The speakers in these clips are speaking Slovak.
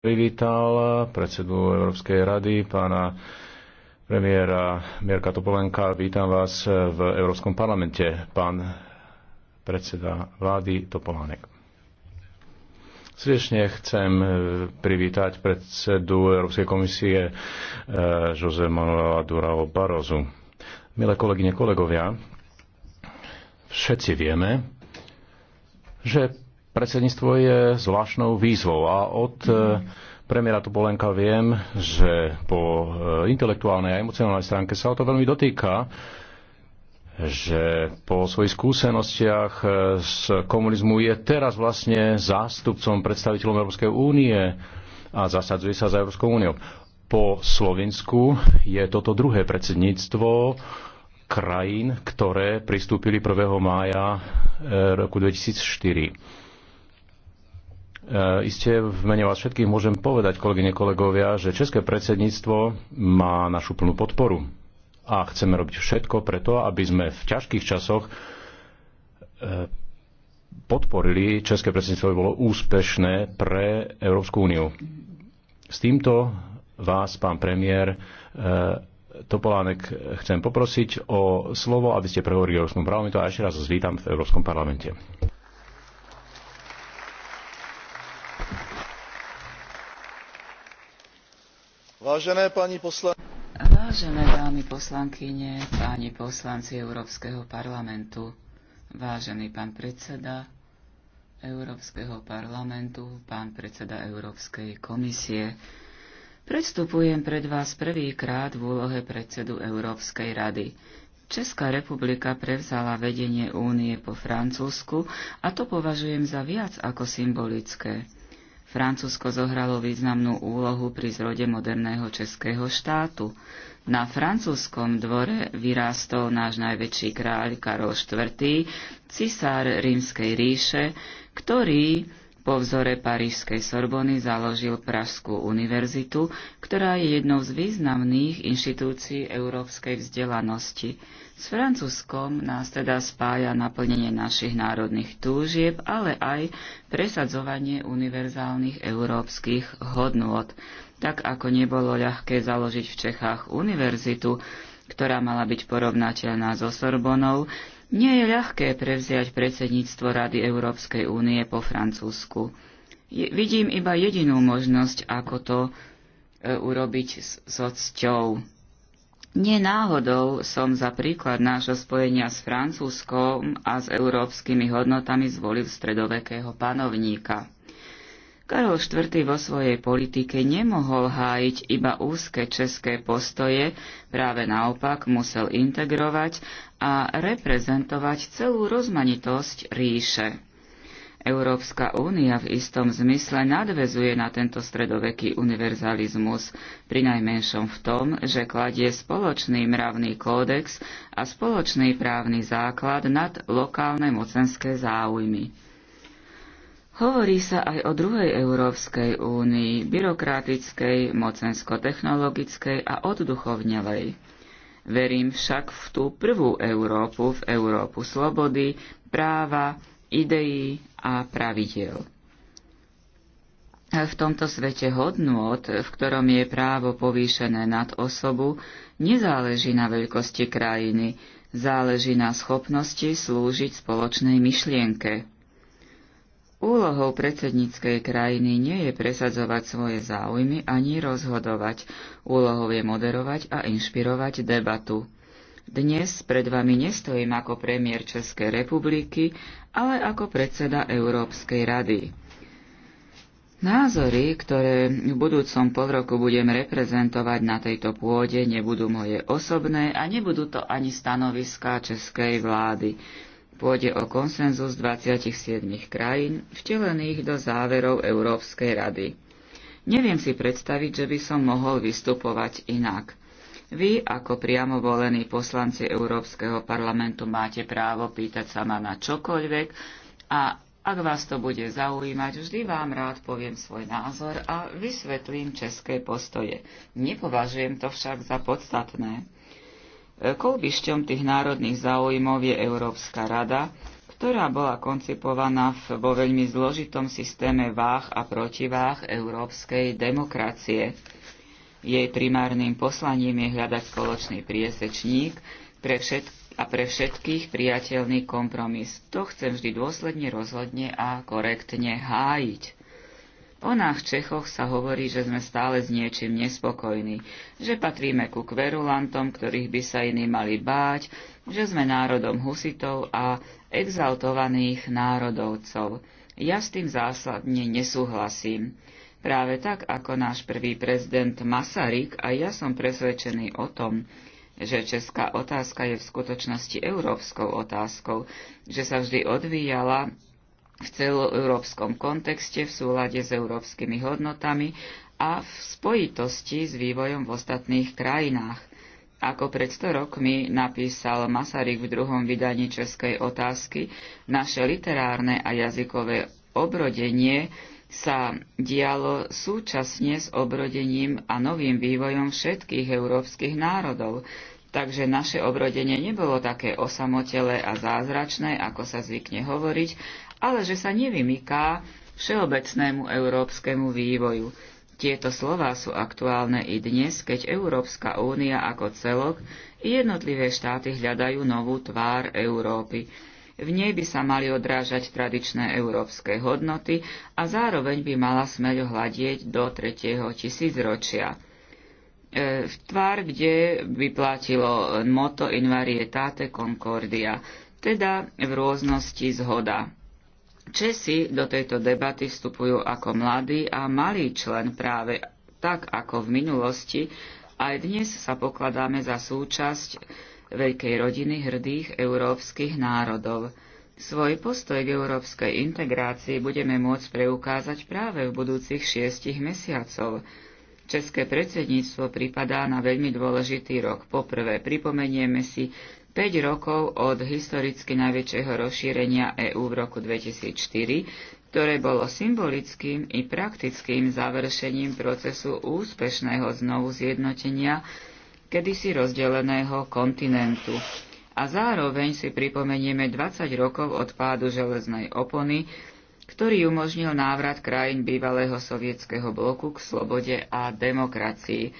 privítal predsedu Európskej rady, pána premiéra Mirka Topolenka. Vítam vás v Európskom parlamente, pán predseda vlády Topolánek. Srdečne chcem privítať predsedu Európskej komisie eh, Jose Manuela Durao Barozu. Milé kolegyne, kolegovia, všetci vieme, že predsedníctvo je zvláštnou výzvou a od e, premiéra Topolenka viem, že po e, intelektuálnej a emocionálnej stránke sa o to veľmi dotýka, že po svojich skúsenostiach e, z komunizmu je teraz vlastne zástupcom predstaviteľom Európskej únie a zasadzuje sa za Európskou úniou. Po Slovensku je toto druhé predsedníctvo krajín, ktoré pristúpili 1. mája roku 2004 E, Isté v mene vás všetkých môžem povedať, kolegyne, kolegovia, že České predsedníctvo má našu plnú podporu a chceme robiť všetko preto, aby sme v ťažkých časoch e, podporili České predsedníctvo, aby bolo úspešné pre Európsku úniu. S týmto vás, pán premiér e, Topolánek, chcem poprosiť o slovo, aby ste prehovorili Európskom parlamentu a ešte raz vás vítam v Európskom parlamente. Vážené pani poslanky. Vážené dámy poslankyne, páni poslanci Európskeho parlamentu, vážený pán predseda Európskeho parlamentu, pán predseda Európskej komisie, predstupujem pred vás prvýkrát v úlohe predsedu Európskej rady. Česká republika prevzala vedenie únie po Francúzsku a to považujem za viac ako symbolické. Francúzsko zohralo významnú úlohu pri zrode moderného českého štátu. Na francúzskom dvore vyrástol náš najväčší kráľ Karol IV., cisár rímskej ríše, ktorý po vzore parížskej Sorbony založil Pražskú univerzitu, ktorá je jednou z významných inštitúcií európskej vzdelanosti. S Francúzskom nás teda spája naplnenie našich národných túžieb, ale aj presadzovanie univerzálnych európskych hodnôt. Tak ako nebolo ľahké založiť v Čechách univerzitu, ktorá mala byť porovnateľná so Sorbonou, nie je ľahké prevziať predsedníctvo Rady Európskej únie po Francúzsku. Je, vidím iba jedinú možnosť, ako to e, urobiť s, s cťou. Nenáhodou som za príklad nášho spojenia s Francúzskom a s európskymi hodnotami zvolil stredovekého panovníka. Karol IV. vo svojej politike nemohol hájiť iba úzke české postoje, práve naopak musel integrovať a reprezentovať celú rozmanitosť ríše. Európska únia v istom zmysle nadvezuje na tento stredoveký univerzalizmus, pri najmenšom v tom, že kladie spoločný mravný kódex a spoločný právny základ nad lokálne mocenské záujmy. Hovorí sa aj o druhej Európskej únii, byrokratickej, mocensko-technologickej a odduchovnelej. Verím však v tú prvú Európu, v Európu slobody, práva, ideí a pravidiel. V tomto svete hodnôt, v ktorom je právo povýšené nad osobu, nezáleží na veľkosti krajiny, záleží na schopnosti slúžiť spoločnej myšlienke. Úlohou predsedníckej krajiny nie je presadzovať svoje záujmy ani rozhodovať. Úlohou je moderovať a inšpirovať debatu. Dnes pred vami nestojím ako premiér Českej republiky ale ako predseda Európskej rady. Názory, ktoré v budúcom polroku budem reprezentovať na tejto pôde, nebudú moje osobné a nebudú to ani stanoviská českej vlády. Pôjde o konsenzus 27 krajín, vtelených do záverov Európskej rady. Neviem si predstaviť, že by som mohol vystupovať inak. Vy, ako priamo volení poslanci Európskeho parlamentu, máte právo pýtať sa ma na čokoľvek a ak vás to bude zaujímať, vždy vám rád poviem svoj názor a vysvetlím české postoje. Nepovažujem to však za podstatné. Kolbišťom tých národných záujmov je Európska rada, ktorá bola koncipovaná v, vo veľmi zložitom systéme váh a protiváh európskej demokracie. Jej primárnym poslaním je hľadať spoločný priesečník pre všetk- a pre všetkých priateľný kompromis. To chcem vždy dôsledne, rozhodne a korektne hájiť. O nás Čechoch sa hovorí, že sme stále s niečím nespokojní, že patríme ku kverulantom, ktorých by sa iní mali báť, že sme národom husitov a exaltovaných národovcov. Ja s tým zásadne nesúhlasím práve tak ako náš prvý prezident Masaryk a ja som presvedčený o tom, že česká otázka je v skutočnosti európskou otázkou, že sa vždy odvíjala v celoeurópskom kontexte v súlade s európskymi hodnotami a v spojitosti s vývojom v ostatných krajinách. Ako pred 100 rokmi napísal Masaryk v druhom vydaní Českej otázky, naše literárne a jazykové obrodenie sa dialo súčasne s obrodením a novým vývojom všetkých európskych národov, takže naše obrodenie nebolo také osamotelé a zázračné, ako sa zvykne hovoriť, ale že sa nevymyká všeobecnému európskemu vývoju. Tieto slová sú aktuálne i dnes, keď Európska únia ako celok i jednotlivé štáty hľadajú novú tvár Európy. V nej by sa mali odrážať tradičné európske hodnoty a zároveň by mala smeľ hľadieť do tretieho tisícročia. E, v tvár, kde by platilo moto in varietate concordia, teda v rôznosti zhoda. Česi do tejto debaty vstupujú ako mladý a malý člen práve tak ako v minulosti, aj dnes sa pokladáme za súčasť veľkej rodiny hrdých európskych národov. Svoj postoj k európskej integrácii budeme môcť preukázať práve v budúcich šiestich mesiacov. České predsedníctvo pripadá na veľmi dôležitý rok. Poprvé pripomenieme si 5 rokov od historicky najväčšieho rozšírenia EÚ v roku 2004, ktoré bolo symbolickým i praktickým završením procesu úspešného znovu zjednotenia kedysi rozdeleného kontinentu. A zároveň si pripomenieme 20 rokov od pádu železnej opony, ktorý umožnil návrat krajín bývalého sovietského bloku k slobode a demokracii.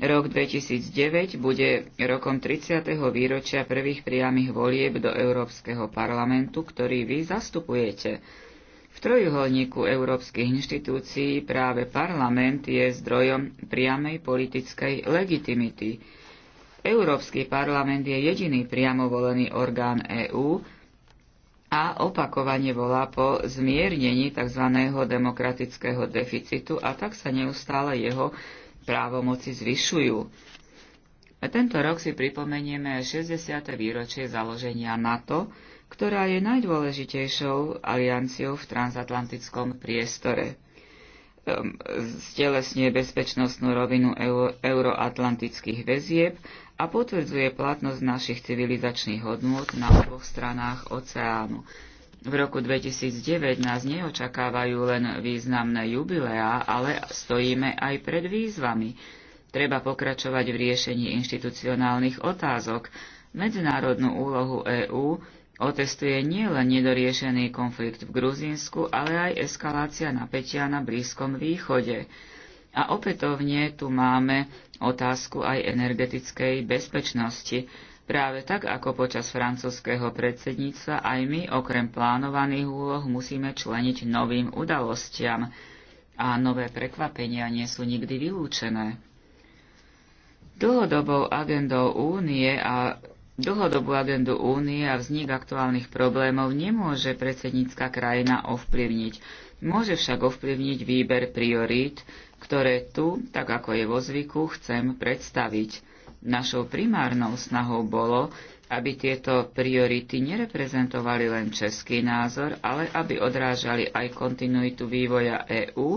Rok 2009 bude rokom 30. výročia prvých priamých volieb do Európskeho parlamentu, ktorý vy zastupujete. V trojuholníku európskych inštitúcií práve parlament je zdrojom priamej politickej legitimity. Európsky parlament je jediný priamo volený orgán EÚ a opakovane volá po zmiernení tzv. demokratického deficitu a tak sa neustále jeho právomoci zvyšujú. A tento rok si pripomenieme 60. výročie založenia NATO, ktorá je najdôležitejšou alianciou v transatlantickom priestore. Ehm, stelesňuje bezpečnostnú rovinu euroatlantických väzieb a potvrdzuje platnosť našich civilizačných hodnôt na oboch stranách oceánu. V roku 2009 nás neočakávajú len významné jubileá, ale stojíme aj pred výzvami. Treba pokračovať v riešení inštitucionálnych otázok, medzinárodnú úlohu EÚ, Otestuje nielen nedoriešený konflikt v Gruzínsku, ale aj eskalácia napätia na Blízkom východe. A opätovne tu máme otázku aj energetickej bezpečnosti. Práve tak, ako počas francúzského predsedníctva, aj my okrem plánovaných úloh musíme členiť novým udalostiam. A nové prekvapenia nie sú nikdy vylúčené. Dlhodobou agendou únie a Dlhodobú agendu únie a vznik aktuálnych problémov nemôže predsednícka krajina ovplyvniť. Môže však ovplyvniť výber priorít, ktoré tu, tak ako je vo zvyku, chcem predstaviť. Našou primárnou snahou bolo, aby tieto priority nereprezentovali len český názor, ale aby odrážali aj kontinuitu vývoja EÚ,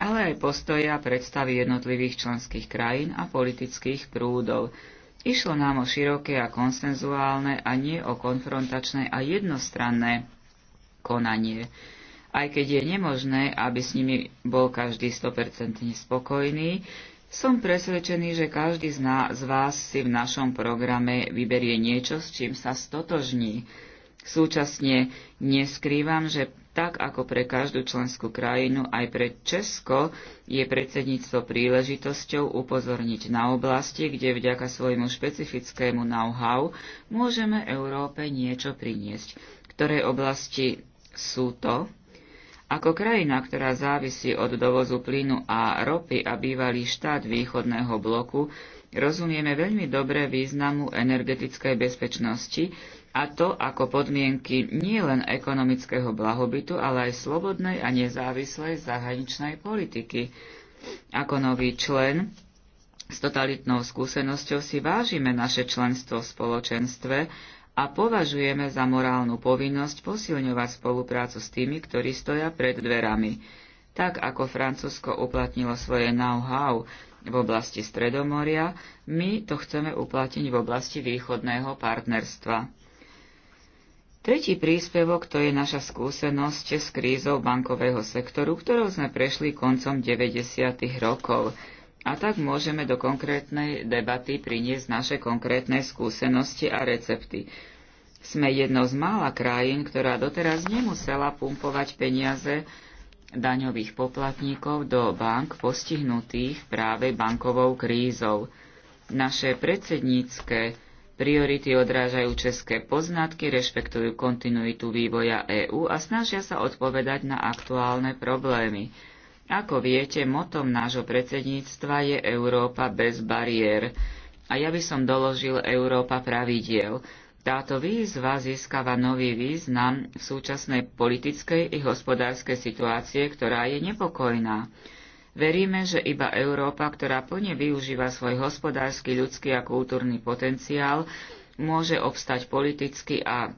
ale aj postoja a predstavy jednotlivých členských krajín a politických prúdov. Išlo nám o široké a konsenzuálne a nie o konfrontačné a jednostranné konanie. Aj keď je nemožné, aby s nimi bol každý 100% spokojný, som presvedčený, že každý z vás si v našom programe vyberie niečo, s čím sa stotožní. Súčasne neskrývam, že tak ako pre každú členskú krajinu, aj pre Česko je predsedníctvo príležitosťou upozorniť na oblasti, kde vďaka svojmu špecifickému know-how môžeme Európe niečo priniesť. Ktoré oblasti sú to? Ako krajina, ktorá závisí od dovozu plynu a ropy a bývalý štát východného bloku, rozumieme veľmi dobre významu energetickej bezpečnosti, a to ako podmienky nielen ekonomického blahobytu, ale aj slobodnej a nezávislej zahraničnej politiky. Ako nový člen s totalitnou skúsenosťou si vážime naše členstvo v spoločenstve a považujeme za morálnu povinnosť posilňovať spoluprácu s tými, ktorí stoja pred dverami. Tak ako Francúzsko uplatnilo svoje know-how v oblasti Stredomoria, my to chceme uplatniť v oblasti východného partnerstva. Tretí príspevok to je naša skúsenosť s krízou bankového sektoru, ktorou sme prešli koncom 90. rokov. A tak môžeme do konkrétnej debaty priniesť naše konkrétne skúsenosti a recepty. Sme jednou z mála krajín, ktorá doteraz nemusela pumpovať peniaze daňových poplatníkov do bank postihnutých práve bankovou krízou. Naše predsednícke Priority odrážajú české poznatky, rešpektujú kontinuitu vývoja EÚ a snažia sa odpovedať na aktuálne problémy. Ako viete, motom nášho predsedníctva je Európa bez bariér. A ja by som doložil Európa pravidiel. Táto výzva získava nový význam v súčasnej politickej i hospodárskej situácie, ktorá je nepokojná. Veríme, že iba Európa, ktorá plne využíva svoj hospodársky, ľudský a kultúrny potenciál, môže obstať politicky a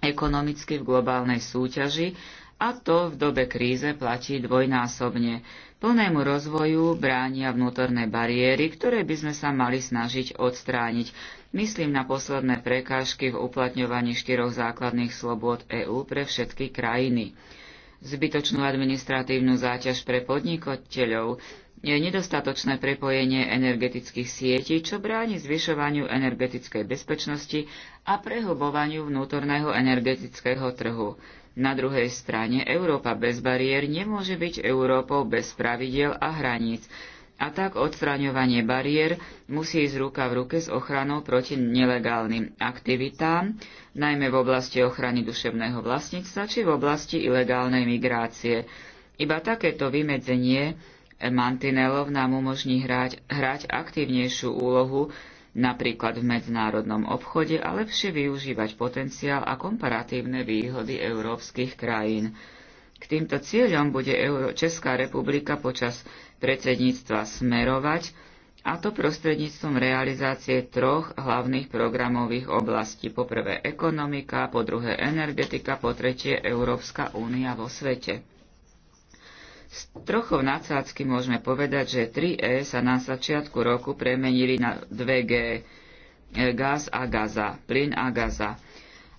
ekonomicky v globálnej súťaži a to v dobe kríze platí dvojnásobne. Plnému rozvoju bránia vnútorné bariéry, ktoré by sme sa mali snažiť odstrániť. Myslím na posledné prekážky v uplatňovaní štyroch základných slobôd EÚ pre všetky krajiny zbytočnú administratívnu záťaž pre podnikateľov, nedostatočné prepojenie energetických sietí, čo bráni zvyšovaniu energetickej bezpečnosti a prehobovaniu vnútorného energetického trhu. Na druhej strane Európa bez bariér nemôže byť Európou bez pravidiel a hraníc. A tak odstraňovanie bariér musí ísť ruka v ruke s ochranou proti nelegálnym aktivitám, najmä v oblasti ochrany duševného vlastníctva či v oblasti ilegálnej migrácie. Iba takéto vymedzenie mantinelov nám umožní hrať, hrať aktívnejšiu úlohu napríklad v medzinárodnom obchode a lepšie využívať potenciál a komparatívne výhody európskych krajín. K týmto cieľom bude Euró- Česká republika počas predsedníctva smerovať, a to prostredníctvom realizácie troch hlavných programových oblastí. Po prvé ekonomika, po druhé energetika, po tretie Európska únia vo svete. S trochou nadsádzky môžeme povedať, že 3E sa na začiatku roku premenili na 2G, e, gaz a gaza, plyn a gaza.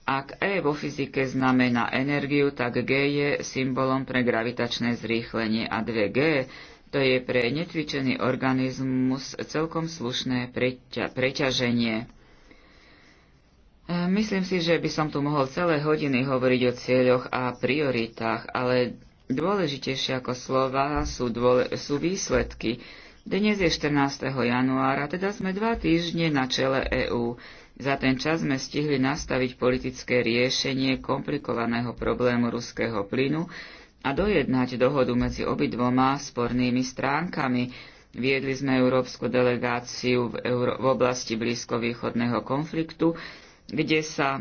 Ak E vo fyzike znamená energiu, tak G je symbolom pre gravitačné zrýchlenie a 2G to je pre netvičený organizmus celkom slušné preťa- preťaženie. E, myslím si, že by som tu mohol celé hodiny hovoriť o cieľoch a prioritách, ale dôležitejšie ako slova sú, dôle- sú výsledky. Dnes je 14. januára, teda sme dva týždne na čele EÚ. Za ten čas sme stihli nastaviť politické riešenie komplikovaného problému ruského plynu, a dojednať dohodu medzi obidvoma spornými stránkami. Viedli sme európsku delegáciu v, Euró- v oblasti blízkovýchodného konfliktu, kde sa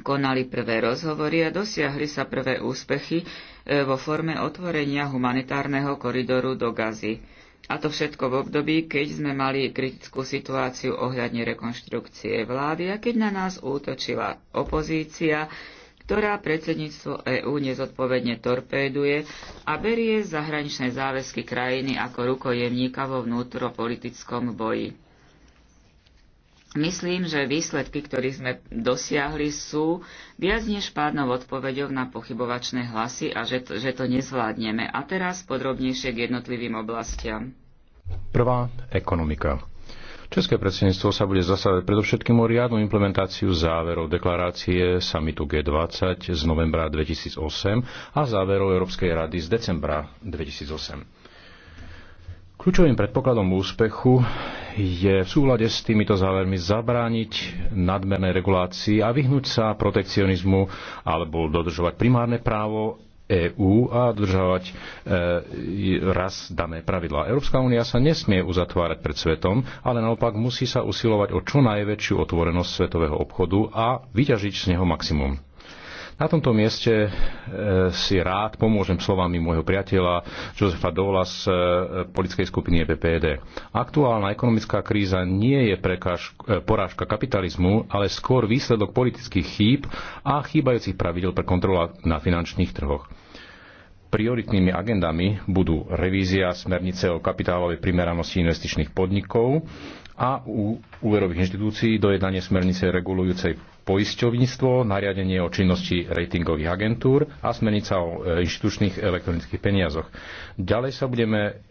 konali prvé rozhovory a dosiahli sa prvé úspechy e, vo forme otvorenia humanitárneho koridoru do Gazy. A to všetko v období, keď sme mali kritickú situáciu ohľadne rekonštrukcie vlády a keď na nás útočila opozícia, ktorá predsedníctvo EÚ nezodpovedne torpéduje a berie zahraničné záväzky krajiny ako rukojemníka vo vnútropolitickom boji. Myslím, že výsledky, ktoré sme dosiahli, sú viac než pádnou odpoveďou na pochybovačné hlasy a že to, že to nezvládneme. A teraz podrobnejšie k jednotlivým oblastiam. Prvá ekonomika. České predsedníctvo sa bude zasadať predovšetkým o riadnu implementáciu záverov deklarácie samitu G20 z novembra 2008 a záverov Európskej rady z decembra 2008. Kľúčovým predpokladom úspechu je v súhľade s týmito závermi zabrániť nadmernej regulácii a vyhnúť sa protekcionizmu alebo dodržovať primárne právo EÚ a dodržovať e, raz dané pravidlá. Európska únia sa nesmie uzatvárať pred svetom, ale naopak musí sa usilovať o čo najväčšiu otvorenosť svetového obchodu a vyťažiť z neho maximum. Na tomto mieste e, si rád pomôžem slovami môjho priateľa Josefa Dola z e, politickej skupiny EPPD. Aktuálna ekonomická kríza nie je porážka kapitalizmu, ale skôr výsledok politických chýb a chýbajúcich pravidel pre kontrola na finančných trhoch. Prioritnými agendami budú revízia smernice o kapitálovej primeranosti investičných podnikov a u úverových inštitúcií dojednanie smernice regulujúcej poisťovníctvo, nariadenie o činnosti ratingových agentúr a smernica o e, inštitučných elektronických peniazoch. Ďalej sa budeme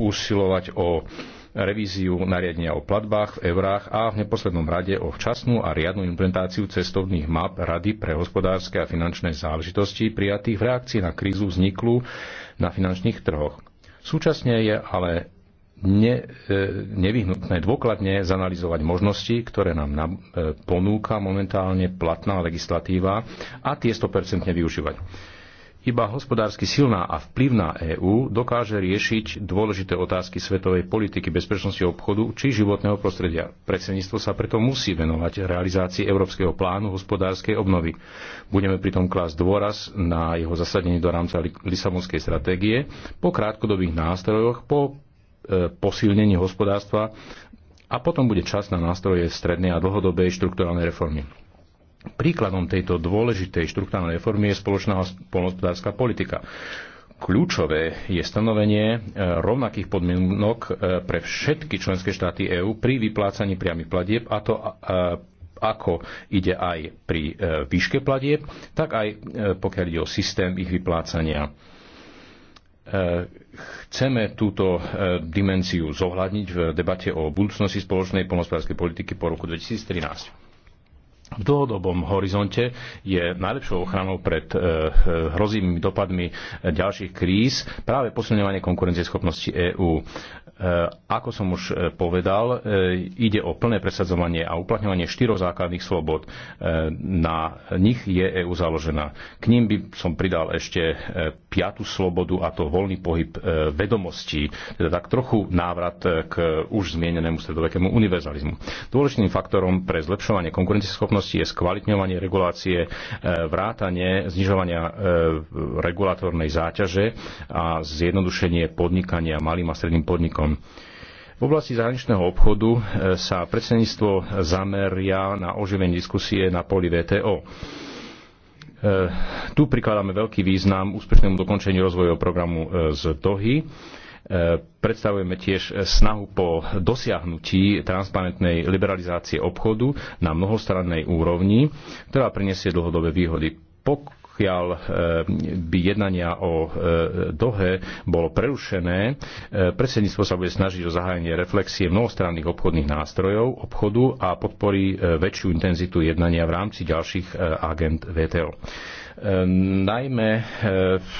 usilovať o revíziu nariadenia o platbách v eurách a v neposlednom rade o včasnú a riadnu implementáciu cestovných map Rady pre hospodárske a finančné záležitosti prijatých v reakcii na krízu vzniklú na finančných trhoch. Súčasne je ale ne, e, nevyhnutné dôkladne zanalizovať možnosti, ktoré nám na, e, ponúka momentálne platná legislatíva a tie 100% využívať. Iba hospodársky silná a vplyvná EÚ dokáže riešiť dôležité otázky svetovej politiky, bezpečnosti obchodu či životného prostredia. Predsedníctvo sa preto musí venovať realizácii Európskeho plánu hospodárskej obnovy. Budeme pritom klásť dôraz na jeho zasadenie do rámca Lisabonskej stratégie, po krátkodobých nástrojoch, po e, posilnení hospodárstva a potom bude čas na nástroje strednej a dlhodobej štruktúralnej reformy. Príkladom tejto dôležitej štruktúrnej reformy je spoločná polnospodárska politika. Kľúčové je stanovenie e, rovnakých podmienok e, pre všetky členské štáty EÚ pri vyplácaní priamých platieb, a to e, ako ide aj pri výške platieb, tak aj pokiaľ ide o systém ich vyplácania chceme túto dimenziu zohľadniť v debate o budúcnosti spoločnej polnospodárskej politiky po roku 2013 v dlhodobom horizonte je najlepšou ochranou pred eh, eh, hrozivými dopadmi eh, ďalších kríz práve posilňovanie konkurencieschopnosti EÚ. Ako som už povedal, ide o plné presadzovanie a uplatňovanie štyroch základných slobod. Na nich je EÚ založená. K ním by som pridal ešte piatu slobodu a to voľný pohyb e, vedomostí, teda tak trochu návrat e, k už zmienenému stredovekému univerzalizmu. Dôležitým faktorom pre zlepšovanie konkurencieschopnosti je skvalitňovanie regulácie, e, vrátanie, znižovania regulatórnej záťaže a zjednodušenie podnikania malým a stredným podnikom. V oblasti zahraničného obchodu sa predsedníctvo zameria na oživenie diskusie na poli VTO E, tu prikladáme veľký význam úspešnému dokončeniu rozvojového programu e, z Dohy. E, predstavujeme tiež snahu po dosiahnutí transparentnej liberalizácie obchodu na mnohostrannej úrovni, ktorá prinesie dlhodobé výhody pokiaľ e, by jednania o e, dohe bolo prerušené, e, predsedníctvo sa bude snažiť o zahájenie reflexie mnohostranných obchodných nástrojov obchodu a podporí väčšiu intenzitu jednania v rámci ďalších agent VTO. Najmä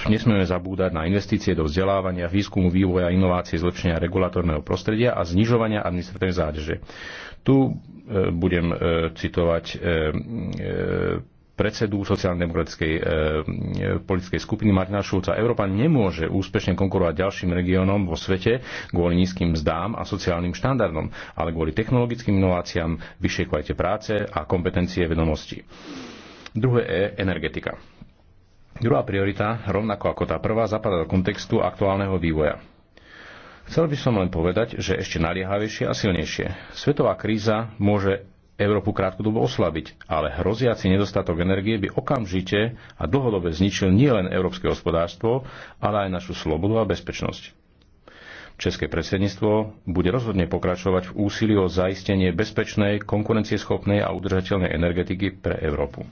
nesmieme zabúdať na investície do vzdelávania, výskumu, vývoja, inovácie, zlepšenia regulatorného prostredia a znižovania administratívnej záťaže. Tu budem citovať predsedu sociálno-demokratickej e, e, politickej skupiny Martina Šulca. Európa nemôže úspešne konkurovať ďalším regiónom vo svete kvôli nízkym zdám a sociálnym štandardom, ale kvôli technologickým inováciám, vyššej kvalite práce a kompetencie vedomostí. Druhé E, energetika. Druhá priorita, rovnako ako tá prvá, zapadá do kontextu aktuálneho vývoja. Chcel by som len povedať, že ešte naliehavejšie a silnejšie. Svetová kríza môže Európu krátkodobo oslabiť, ale hroziaci nedostatok energie by okamžite a dlhodobé zničil nielen európske hospodárstvo, ale aj našu slobodu a bezpečnosť. České predsedníctvo bude rozhodne pokračovať v úsilí o zaistenie bezpečnej, konkurencieschopnej a udržateľnej energetiky pre Európu.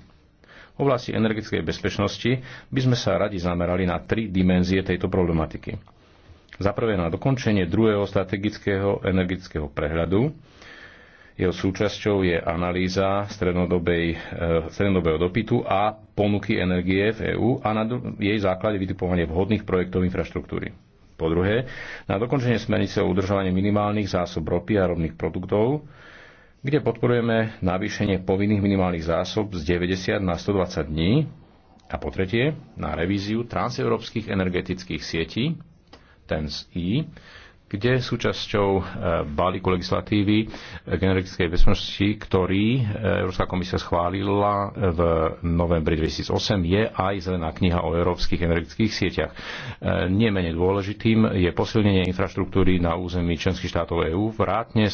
V oblasti energetickej bezpečnosti by sme sa radi zamerali na tri dimenzie tejto problematiky. Za prvé na dokončenie druhého strategického energetického prehľadu, jeho súčasťou je analýza e, strednodobého dopytu a ponuky energie v EÚ a na jej základe vytipovanie vhodných projektov infraštruktúry. Po druhé, na dokončenie smernice o udržovanie minimálnych zásob ropy a rovných produktov, kde podporujeme navýšenie povinných minimálnych zásob z 90 na 120 dní a po tretie, na revíziu transeurópskych energetických sietí, TENS-I, kde súčasťou e, balíku legislatívy e, generickej bezpečnosti, ktorý e, Európska komisia schválila v novembri 2008, je aj zelená kniha o európskych energetických sieťach. Nie menej dôležitým je posilnenie infraštruktúry na území členských štátov EÚ, vrátne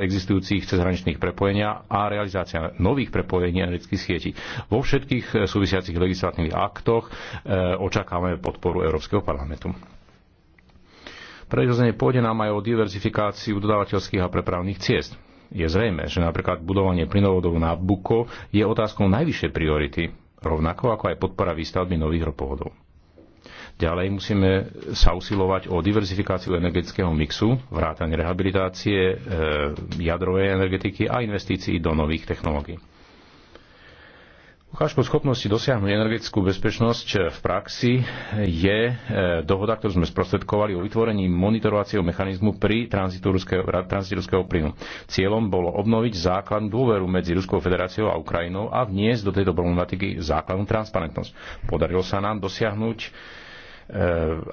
existujúcich cezhraničných prepojenia a realizácia nových prepojení energetických sietí. Vo všetkých súvisiacich legislatívnych aktoch očakávame podporu Európskeho parlamentu. Prirodzene pôjde nám aj o diverzifikáciu dodávateľských a prepravných ciest. Je zrejme, že napríklad budovanie plynovodov na Buko je otázkou najvyššej priority, rovnako ako aj podpora výstavby nových ropovodov. Ďalej musíme sa usilovať o diverzifikáciu energetického mixu, vrátanie rehabilitácie, e, jadrovej energetiky a investícií do nových technológií. Ukážkou schopnosti dosiahnuť energetickú bezpečnosť v praxi je e, dohoda, ktorú sme sprostredkovali o vytvorení monitorovacieho mechanizmu pri tranzite ruského, ruského plynu. Cieľom bolo obnoviť základnú dôveru medzi Ruskou federáciou a Ukrajinou a vniesť do tejto problematiky základnú transparentnosť. Podarilo sa nám dosiahnuť, e,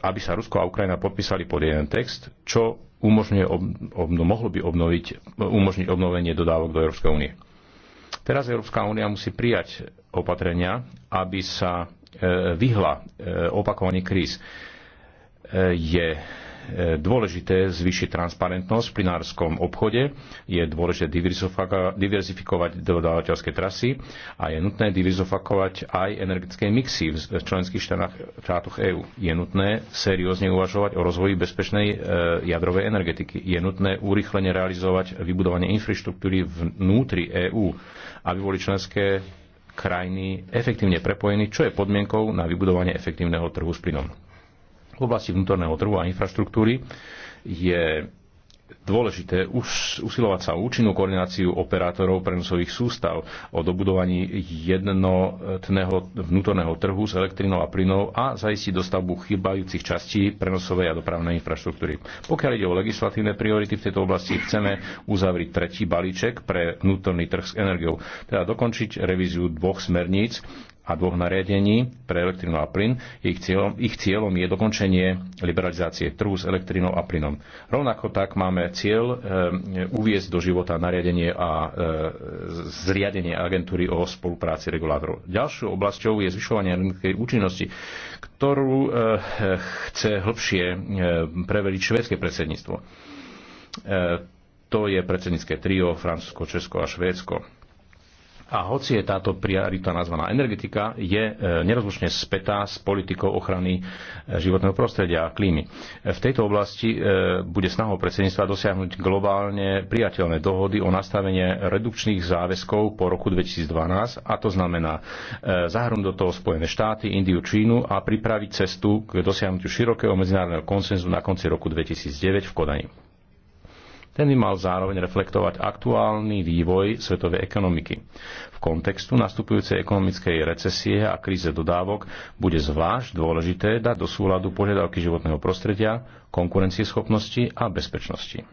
aby sa Rusko a Ukrajina podpísali pod jeden text, čo umožňuje, ob, ob, mohlo by obnoviť, umožniť obnovenie dodávok do Európskej únie. Teraz Európska únia musí prijať opatrenia, aby sa e, vyhla e, opakovaní kríz. E, je dôležité zvýšiť transparentnosť v plinárskom obchode, je dôležité diverzifikovať dodávateľské trasy a je nutné diverzifikovať aj energetické mixy v členských štátoch EÚ. Je nutné seriózne uvažovať o rozvoji bezpečnej jadrovej energetiky. Je nutné urychlene realizovať vybudovanie infraštruktúry vnútri EÚ aby boli členské krajiny efektívne prepojení, čo je podmienkou na vybudovanie efektívneho trhu s plynom. V oblasti vnútorného trhu a infraštruktúry je dôležité us- usilovať sa o účinnú koordináciu operátorov prenosových sústav, o dobudovaní jednotného vnútorného trhu s elektrinou a plynou a zaistiť dostavbu chybajúcich častí prenosovej a dopravnej infraštruktúry. Pokiaľ ide o legislatívne priority v tejto oblasti, chceme uzavriť tretí balíček pre vnútorný trh s energiou, teda dokončiť revíziu dvoch smerníc, a dvoch nariadení pre elektrínu a plyn. Ich cieľom, ich cieľom je dokončenie liberalizácie trhu s elektrínou a plynom. Rovnako tak máme cieľ e, uviezť do života nariadenie a e, zriadenie agentúry o spolupráci regulátorov. Ďalšou oblasťou je zvyšovanie energetickej účinnosti, ktorú e, chce hĺbšie e, preveriť švédske predsedníctvo. E, to je predsednícke trio Francúzsko, Česko a Švédsko a hoci je táto priorita nazvaná energetika, je e, nerozlučne spätá s politikou ochrany e, životného prostredia a klímy. E, v tejto oblasti bude snahou predsedníctva dosiahnuť globálne priateľné dohody o nastavenie redukčných záväzkov po roku 2012, a to znamená zahrnúť do toho Spojené štáty, Indiu, Čínu a pripraviť cestu k dosiahnutiu širokého medzinárodného konsenzu na konci roku 2009 v Kodani. Ten by mal zároveň reflektovať aktuálny vývoj svetovej ekonomiky. V kontextu nastupujúcej ekonomickej recesie a kríze dodávok bude zvlášť dôležité dať do súladu požiadavky životného prostredia, konkurencieschopnosti a bezpečnosti.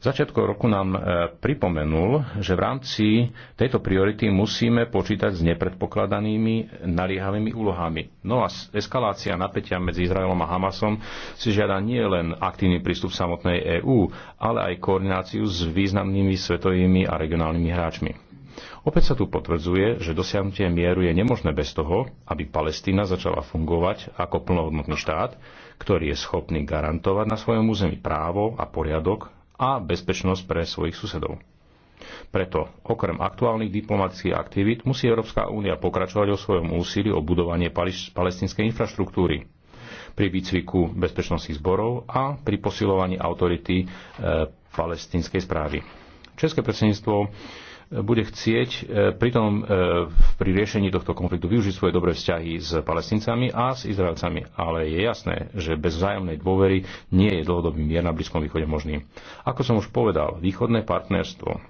začiatku roku nám e, pripomenul, že v rámci tejto priority musíme počítať s nepredpokladanými naliehavými úlohami. No a eskalácia napätia medzi Izraelom a Hamasom si žiada nie len aktívny prístup samotnej EÚ, ale aj koordináciu s významnými svetovými a regionálnymi hráčmi. Opäť sa tu potvrdzuje, že dosiahnutie mieru je nemožné bez toho, aby Palestína začala fungovať ako plnohodnotný štát, ktorý je schopný garantovať na svojom území právo a poriadok a bezpečnosť pre svojich susedov. Preto okrem aktuálnych diplomatických aktivít musí Európska únia pokračovať o svojom úsilí o budovanie palestinskej infraštruktúry pri výcviku bezpečnostných zborov a pri posilovaní autority e, palestinskej správy. České predsedníctvo bude chcieť e, pritom e, pri riešení tohto konfliktu využiť svoje dobré vzťahy s Palestincami a s Izraelcami. Ale je jasné, že bez vzájomnej dôvery nie je dlhodobý mier na Blízkom východe možný. Ako som už povedal, východné partnerstvo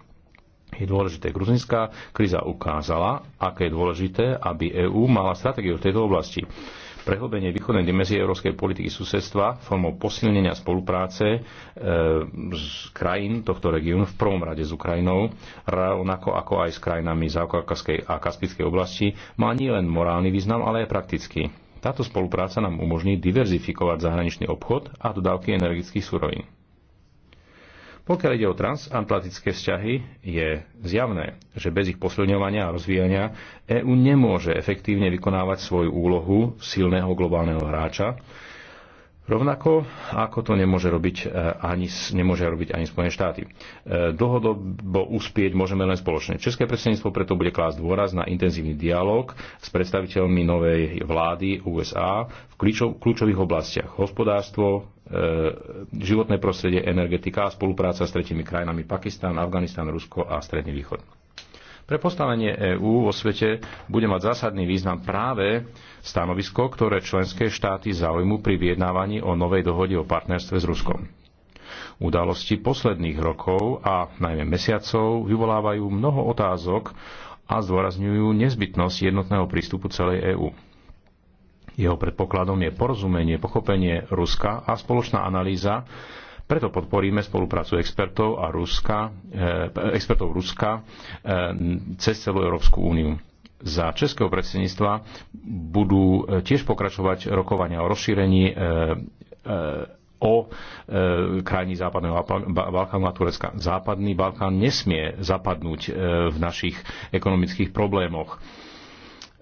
je dôležité. Gruzinská kríza ukázala, aké je dôležité, aby EÚ mala stratégiu v tejto oblasti Prehlbenie východnej dimenzie európskej politiky susedstva formou posilnenia spolupráce e, z krajín tohto regiónu, v prvom rade s Ukrajinou, rovnako ako aj s krajinami Záukavkazskej a Kaspickej oblasti, má nielen morálny význam, ale aj praktický. Táto spolupráca nám umožní diverzifikovať zahraničný obchod a dodávky energických surovín. Pokiaľ ide o transatlantické vzťahy, je zjavné, že bez ich posilňovania a rozvíjania EÚ nemôže efektívne vykonávať svoju úlohu silného globálneho hráča, Rovnako ako to nemôže robiť e, ani, nemôže robiť ani Spojené štáty. E, dlhodobo uspieť môžeme len spoločne. České predsedníctvo preto bude klásť dôraz na intenzívny dialog s predstaviteľmi novej vlády USA v kľúčových oblastiach hospodárstvo, E, životné prostredie, energetika a spolupráca s tretimi krajinami Pakistán, Afganistán, Rusko a Stredný východ. Pre postavenie EÚ vo svete bude mať zásadný význam práve stanovisko, ktoré členské štáty zaujmu pri vyjednávaní o novej dohode o partnerstve s Ruskom. Udalosti posledných rokov a najmä mesiacov vyvolávajú mnoho otázok a zdôrazňujú nezbytnosť jednotného prístupu celej EÚ. Jeho predpokladom je porozumenie, pochopenie Ruska a spoločná analýza. Preto podporíme spoluprácu expertov a Ruska, eh, expertov Ruska eh, cez celú Európsku úniu. Za českého predsedníctva budú eh, tiež pokračovať rokovania o rozšírení eh, eh o e, krajiny Západného Balkánu a Turecka. Západný Balkán nesmie zapadnúť e, v našich ekonomických problémoch. E,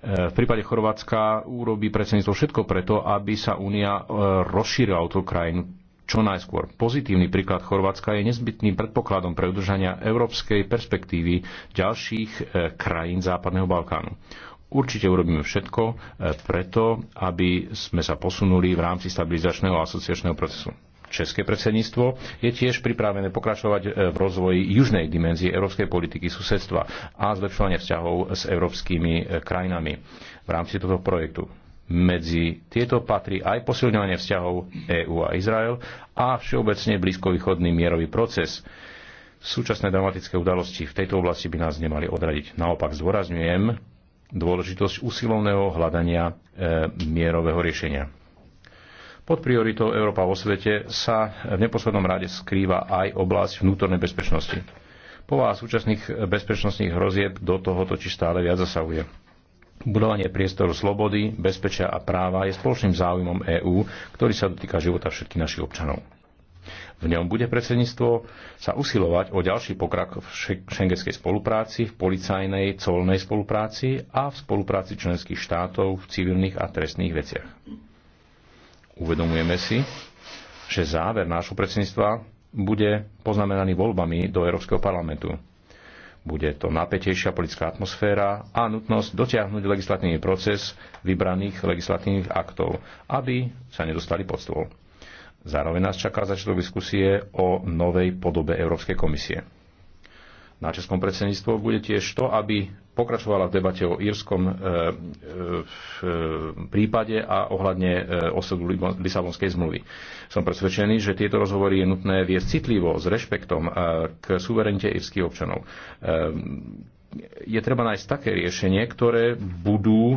v prípade Chorvátska urobí predsedníctvo všetko preto, aby sa únia e, rozšírila o tú krajinu čo najskôr. Pozitívny príklad Chorvátska je nezbytným predpokladom pre udržania európskej perspektívy ďalších e, krajín Západného Balkánu. Určite urobíme všetko e, preto, aby sme sa posunuli v rámci stabilizačného a asociačného procesu. České predsedníctvo je tiež pripravené pokračovať e, v rozvoji južnej dimenzie európskej politiky susedstva a zlepšovania vzťahov s európskymi e, krajinami v rámci tohto projektu. Medzi tieto patrí aj posilňovanie vzťahov EÚ a Izrael a všeobecne blízkovýchodný mierový proces. Súčasné dramatické udalosti v tejto oblasti by nás nemali odradiť. Naopak zdôrazňujem dôležitosť usilovného hľadania e, mierového riešenia. Pod prioritou Európa vo svete sa v neposlednom rade skrýva aj oblasť vnútornej bezpečnosti. Povaha súčasných bezpečnostných hrozieb do toho totiž stále viac zasahuje. Budovanie priestoru slobody, bezpečia a práva je spoločným záujmom EÚ, ktorý sa dotýka života všetkých našich občanov. V ňom bude predsedníctvo sa usilovať o ďalší pokrok v šengenskej spolupráci, v policajnej, colnej spolupráci a v spolupráci členských štátov v civilných a trestných veciach. Uvedomujeme si, že záver nášho predsedníctva bude poznamenaný voľbami do Európskeho parlamentu. Bude to napätejšia politická atmosféra a nutnosť dotiahnuť legislatívny proces vybraných legislatívnych aktov, aby sa nedostali pod stôl. Zároveň nás čaká začiatok diskusie o novej podobe Európskej komisie na Českom predsedníctvo bude tiež to, aby pokračovala v debate o írskom e, e, prípade a ohľadne e, osudu Lisabonskej zmluvy. Som presvedčený, že tieto rozhovory je nutné viesť citlivo, s rešpektom e, k suverenite írskych občanov. E, je treba nájsť také riešenie, ktoré budú e,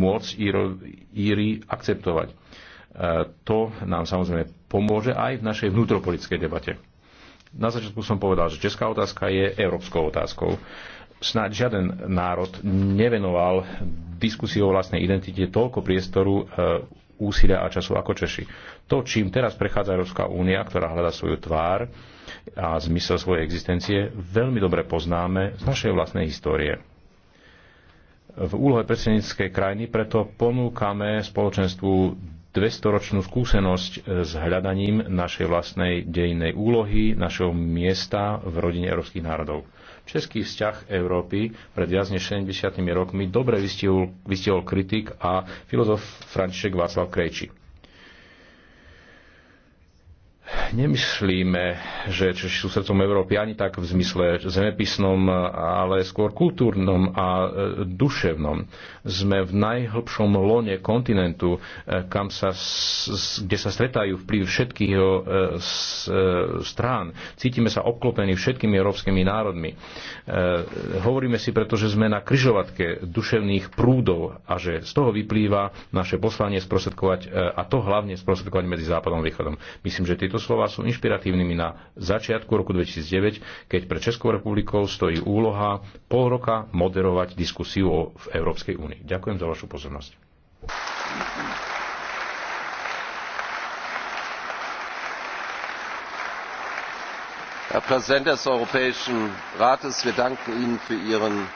môcť Íro, Íry akceptovať. E, to nám samozrejme pomôže aj v našej vnútropolitickej debate. Na začiatku som povedal, že česká otázka je európskou otázkou. Snáď žiaden národ nevenoval diskusii o vlastnej identite toľko priestoru, e, úsilia a času ako Češi. To, čím teraz prechádza Európska únia, ktorá hľadá svoju tvár a zmysel svojej existencie, veľmi dobre poznáme z našej vlastnej histórie. V úlohe predsedníckej krajiny preto ponúkame spoločenstvu 200-ročnú skúsenosť e, s hľadaním našej vlastnej dejnej úlohy, našeho miesta v rodine európskych národov. Český vzťah Európy pred viac než 70 rokmi dobre vystihol, vystihol kritik a filozof František Václav Krejči nemyslíme, že Češi sú srdcom Európy ani tak v zmysle zemepisnom, ale skôr kultúrnom a e, duševnom. Sme v najhlbšom lone kontinentu, e, kam sa, kde sa stretajú vplyv všetkých jeho e, strán. Cítime sa obklopení všetkými európskymi národmi. Hovoríme si preto, že sme na kryžovatke duševných prúdov a že z toho vyplýva naše poslanie sprostredkovať a to hlavne sprostredkovať medzi Západom a Východom. Myslím, že tieto slova a sú inšpiratívnymi na začiatku roku 2009, keď pre Českou republikou stojí úloha pol roka moderovať diskusiu v Európskej únii. Ďakujem za vašu pozornosť. Herr Präsident des Europäischen Rates, wir danken Ihnen für Ihren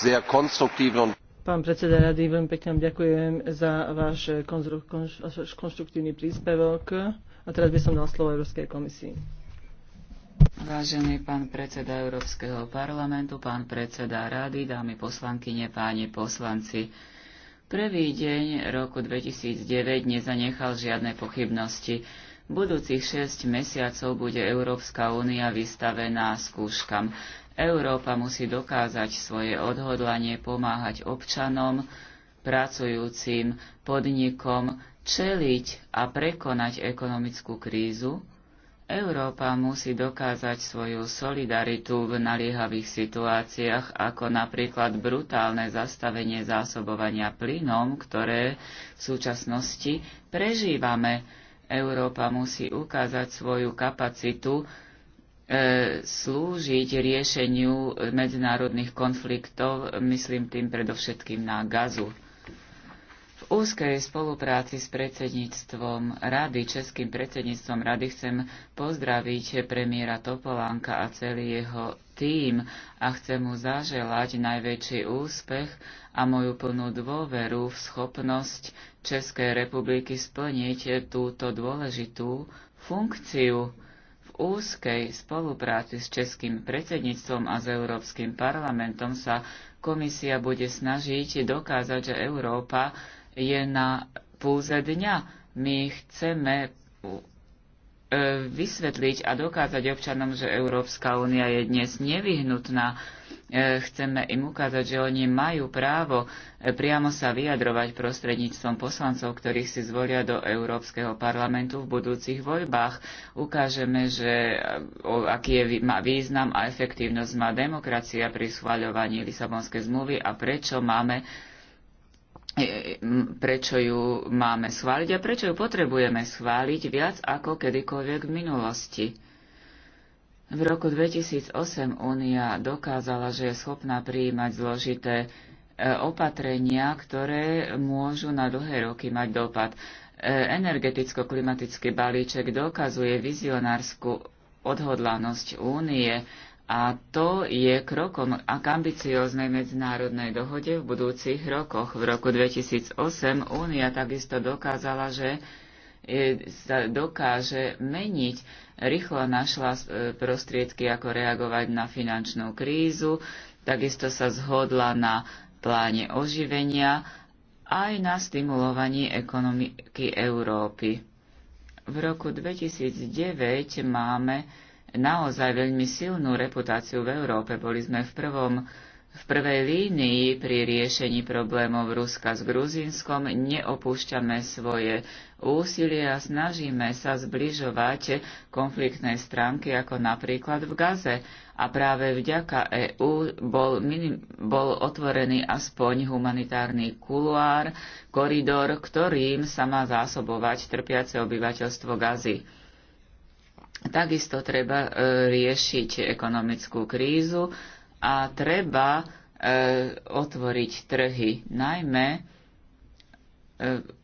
sehr konstruktiven und Pán predseda rady, veľmi pekne ďakujem za váš konštruktívny príspevok. A teraz by som dal slovo Európskej komisii. Vážený pán predseda Európskeho parlamentu, pán predseda rady, dámy poslankyne, páni poslanci, prvý deň roku 2009 nezanechal žiadne pochybnosti. Budúcich 6 mesiacov bude Európska únia vystavená skúškam. Európa musí dokázať svoje odhodlanie pomáhať občanom, pracujúcim, podnikom, čeliť a prekonať ekonomickú krízu, Európa musí dokázať svoju solidaritu v naliehavých situáciách, ako napríklad brutálne zastavenie zásobovania plynom, ktoré v súčasnosti prežívame. Európa musí ukázať svoju kapacitu e, slúžiť riešeniu medzinárodných konfliktov, myslím tým predovšetkým na gazu úzkej spolupráci s predsedníctvom rady, českým predsedníctvom rady chcem pozdraviť premiéra Topolánka a celý jeho tým a chcem mu zaželať najväčší úspech a moju plnú dôveru v schopnosť Českej republiky splniť túto dôležitú funkciu V úzkej spolupráci s českým predsedníctvom a s Európskym parlamentom sa komisia bude snažiť dokázať, že Európa je na púze dňa. My chceme e, vysvetliť a dokázať občanom, že Európska únia je dnes nevyhnutná. E, chceme im ukázať, že oni majú právo e, priamo sa vyjadrovať prostredníctvom poslancov, ktorých si zvolia do Európskeho parlamentu v budúcich voľbách. Ukážeme, že aký je význam a efektívnosť má demokracia pri schvaľovaní Lisabonskej zmluvy a prečo máme E, prečo ju máme schváliť a prečo ju potrebujeme schváliť viac ako kedykoľvek v minulosti. V roku 2008 Únia dokázala, že je schopná prijímať zložité e, opatrenia, ktoré môžu na dlhé roky mať dopad. E, energeticko-klimatický balíček dokazuje vizionárskú odhodlanosť únie a to je krokom a k ambicióznej medzinárodnej dohode v budúcich rokoch. V roku 2008 Únia takisto dokázala, že sa e, dokáže meniť. Rýchlo našla e, prostriedky, ako reagovať na finančnú krízu, takisto sa zhodla na pláne oživenia aj na stimulovanie ekonomiky Európy. V roku 2009 máme naozaj veľmi silnú reputáciu v Európe. Boli sme v, prvom, v prvej línii pri riešení problémov Ruska s Gruzínskom. Neopúšťame svoje úsilie a snažíme sa zbližovať konfliktné stránky, ako napríklad v Gaze. A práve vďaka EÚ bol, minim, bol otvorený aspoň humanitárny kuluár, koridor, ktorým sa má zásobovať trpiace obyvateľstvo Gazy. Takisto treba e, riešiť ekonomickú krízu a treba e, otvoriť trhy. Najmä e,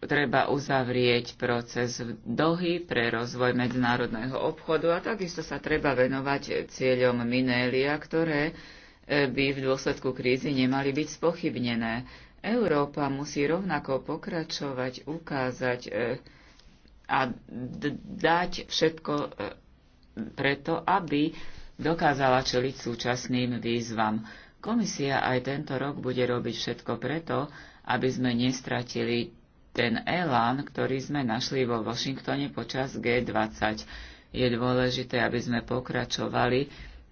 treba uzavrieť proces dohy pre rozvoj medzinárodného obchodu a takisto sa treba venovať cieľom minélia, ktoré by v dôsledku krízy nemali byť spochybnené. Európa musí rovnako pokračovať, ukázať a dať všetko preto, aby dokázala čeliť súčasným výzvam. Komisia aj tento rok bude robiť všetko preto, aby sme nestratili ten elán, ktorý sme našli vo Washingtone počas G20. Je dôležité, aby sme pokračovali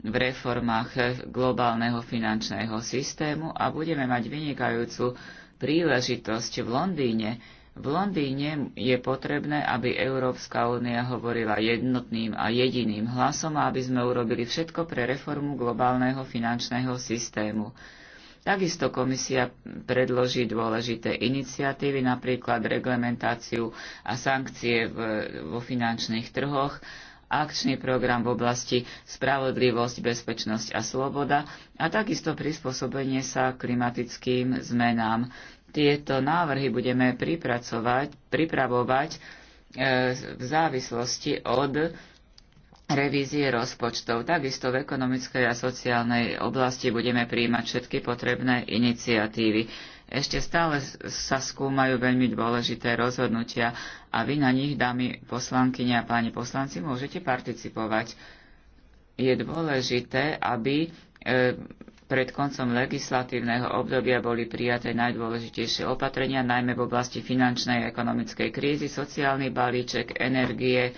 v reformách globálneho finančného systému a budeme mať vynikajúcu príležitosť v Londýne, v Londýne je potrebné, aby Európska únia hovorila jednotným a jediným hlasom aby sme urobili všetko pre reformu globálneho finančného systému. Takisto komisia predloží dôležité iniciatívy, napríklad reglementáciu a sankcie v, vo finančných trhoch, akčný program v oblasti spravodlivosť, bezpečnosť a sloboda a takisto prispôsobenie sa klimatickým zmenám. Tieto návrhy budeme pripracovať, pripravovať e, v závislosti od revízie rozpočtov. Takisto v ekonomickej a sociálnej oblasti budeme príjmať všetky potrebné iniciatívy. Ešte stále sa skúmajú veľmi dôležité rozhodnutia a vy na nich, dámy poslankyne a páni poslanci, môžete participovať. Je dôležité, aby e, pred koncom legislatívneho obdobia boli prijaté najdôležitejšie opatrenia, najmä v oblasti finančnej a ekonomickej krízy, sociálny balíček, energie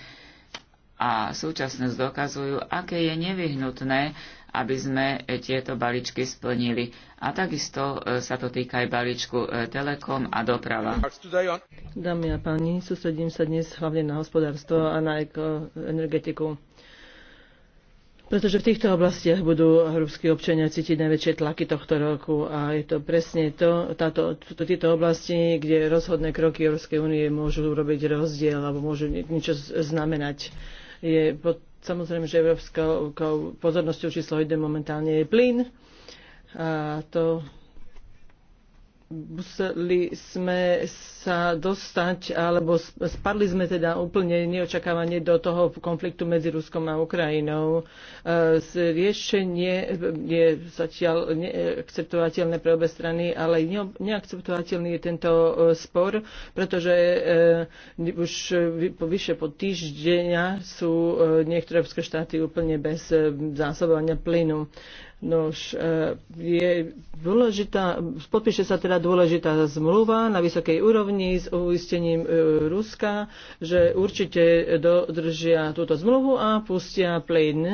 a súčasnosť dokazujú, aké je nevyhnutné, aby sme tieto balíčky splnili. A takisto e, sa to týka aj balíčku e, Telekom a doprava. Dámy a páni, sústredím sa dnes hlavne na hospodárstvo a na energetiku pretože v týchto oblastiach budú európsky občania cítiť najväčšie tlaky tohto roku a je to presne to, táto, to, tieto oblasti, kde rozhodné kroky Európskej únie môžu urobiť rozdiel alebo môžu niečo znamenať. Je pod, samozrejme, že európskou pozornosťou číslo 1 momentálne je plyn. A to museli sme sa dostať, alebo spadli sme teda úplne neočakávanie do toho konfliktu medzi Ruskom a Ukrajinou. E, riešenie je zatiaľ neakceptovateľné pre obe strany, ale neakceptovateľný je tento e, spor, pretože e, už vyše po týždňa sú niektoré európske štáty úplne bez zásobovania plynu. Nož, e, je dôležitá, podpíše sa teda dôležitá zmluva na vysokej úrovni s uistením e, Ruska, že určite dodržia túto zmluvu a pustia plyn. E,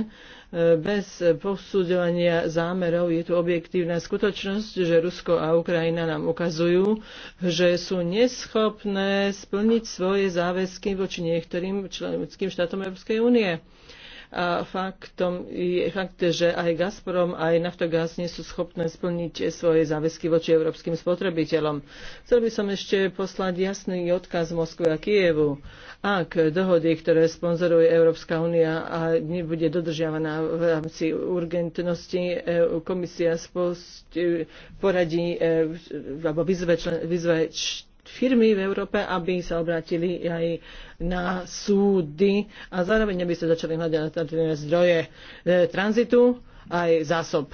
bez posúdovania zámerov je tu objektívna skutočnosť, že Rusko a Ukrajina nám ukazujú, že sú neschopné splniť svoje záväzky voči niektorým členským štátom Európskej únie a faktom je fakt, že aj Gazprom, aj Naftogaz nie sú schopné splniť svoje záväzky voči európskym spotrebiteľom. Chcel by som ešte poslať jasný odkaz Moskve a Kievu. Ak dohody, ktoré sponzoruje Európska únia a nebude dodržiavaná v rámci urgentnosti, e, komisia poradí e, alebo vyzve, člen, vyzve firmy v Európe, aby sa obrátili aj na súdy a zároveň aby sa začali hľadať alternatívne zdroje e, tranzitu aj zásob.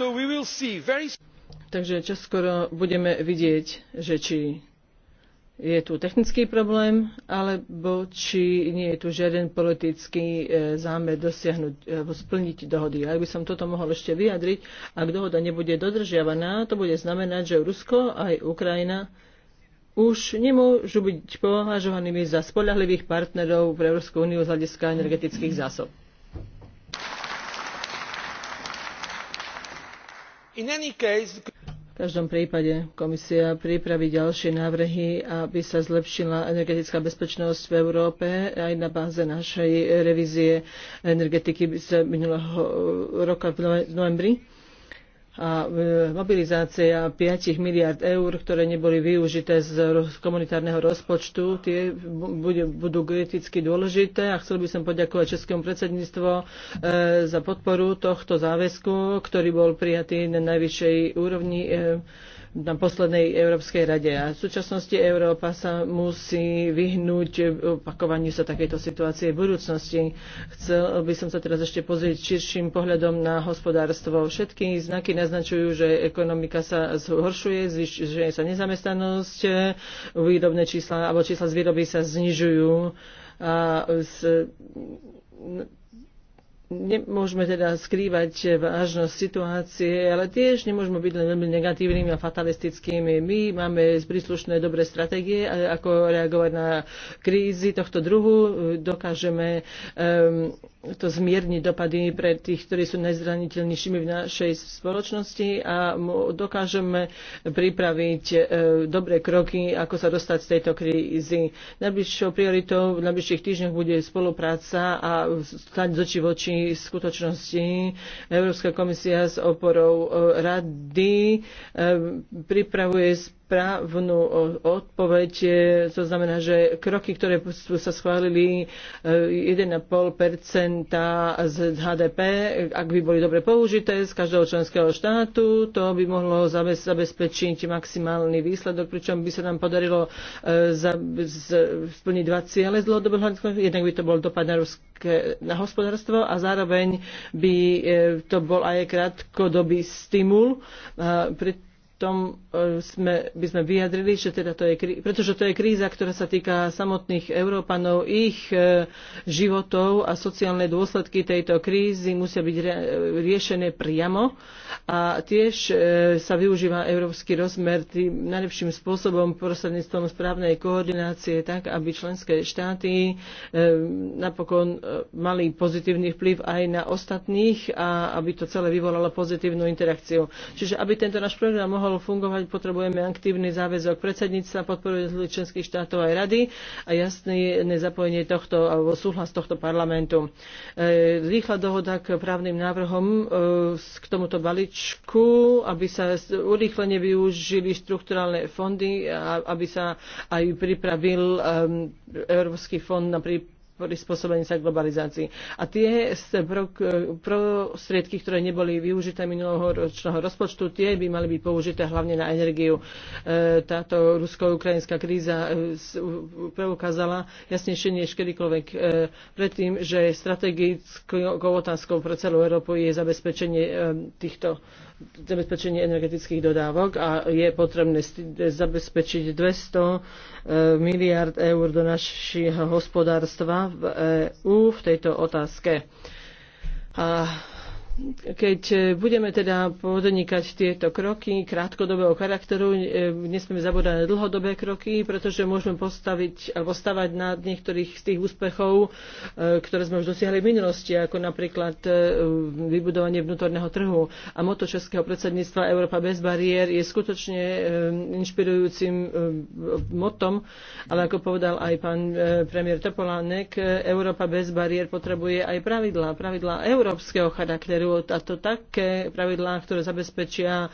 So we will see very... Takže čoskoro budeme vidieť, že či je tu technický problém, alebo či nie je tu žiaden politický e, zámer dosiahnuť alebo splniť dohody. Ak by som toto mohol ešte vyjadriť, ak dohoda nebude dodržiavaná, to bude znamenať, že Rusko aj Ukrajina už nemôžu byť považovanými za spoľahlivých partnerov pre Európsku úniu z hľadiska energetických zásob. In any case... V každom prípade komisia pripraví ďalšie návrhy, aby sa zlepšila energetická bezpečnosť v Európe. Aj na báze našej revízie energetiky z minulého roka v novembri a e, mobilizácia 5 miliard eur, ktoré neboli využité z komunitárneho rozpočtu, tie budú kriticky dôležité a chcel by som poďakovať Českému predsedníctvo e, za podporu tohto záväzku, ktorý bol prijatý na najvyššej úrovni e, na poslednej Európskej rade. A v súčasnosti Európa sa musí vyhnúť opakovaniu sa takejto situácie v budúcnosti. Chcel by som sa teraz ešte pozrieť širším pohľadom na hospodárstvo. Všetky znaky naznačujú, že ekonomika sa zhoršuje, zvyšuje sa nezamestnanosť, výrobné čísla alebo čísla z výroby sa znižujú. A z, nemôžeme teda skrývať vážnosť situácie, ale tiež nemôžeme byť len veľmi negatívnymi a fatalistickými. My máme príslušné dobré stratégie, ako reagovať na krízy tohto druhu. Dokážeme um, to zmierniť dopady pre tých, ktorí sú najzraniteľnejšími v našej spoločnosti a dokážeme pripraviť uh, dobré kroky, ako sa dostať z tejto krízy. Najbližšou prioritou v najbližších týždňoch bude spolupráca a stať z očí v oči ďalšej skutočnosti. Európska komisia s oporou e, rady e, pripravuje správnu odpoveď. E, to znamená, že kroky, ktoré sa schválili 1,5 e, z HDP, ak by boli dobre použité z každého členského štátu, to by mohlo zabezpečiť maximálny výsledok, pričom by sa nám podarilo e, splniť dva ciele z dlhodobého hľadiska. Jednak by to bol dopad na, ruské, na hospodárstvo a zároveň by to bol aj krátkodobý stimul, preto tom e, sme, by sme vyjadrili, že teda to je, pretože to je kríza, ktorá sa týka samotných Európanov, ich e, životov a sociálne dôsledky tejto krízy musia byť riešené priamo a tiež e, sa využíva európsky rozmer tým najlepším spôsobom prostredníctvom správnej koordinácie tak, aby členské štáty napokon mali pozitívny vplyv aj na ostatných a aby to celé vyvolalo pozitívnu interakciu. Čiže aby tento náš program mohol mohol fungovať, potrebujeme aktívny záväzok predsedníctva, podporu členských štátov aj rady a jasné nezapojenie tohto alebo súhlas tohto parlamentu. E, rýchla dohoda k právnym návrhom e, k tomuto baličku, aby sa urýchlene využili štrukturálne fondy, aby sa aj pripravil e, Európsky fond na prípravu prispôsobení sa globalizácii. A tie prostriedky, ktoré neboli využité minulého ročného rozpočtu, tie by mali byť použité hlavne na energiu. E, táto rusko-ukrajinská kríza e, preukázala jasnejšie než kedykoľvek e, predtým, že strategickou otázkou pre celú Európu je zabezpečenie týchto zabezpečenie energetických dodávok a je potrebné zabezpečiť 200 e, miliard eur do našich hospodárstva v EÚ v tejto otázke. A keď e, budeme teda podnikať tieto kroky krátkodobého charakteru, e, nesmieme zabúdať na dlhodobé kroky, pretože môžeme postaviť alebo stavať na niektorých z tých úspechov, e, ktoré sme už dosiahli v minulosti, ako napríklad vybudovanie vnútorného trhu. A moto Českého predsedníctva Európa bez bariér je skutočne inšpirujúcim motom, ale ako povedal aj pán premiér Topolánek, Európa bez bariér potrebuje aj pravidlá, pravidlá európskeho charakteru a to také pravidlá, ktoré zabezpečia e,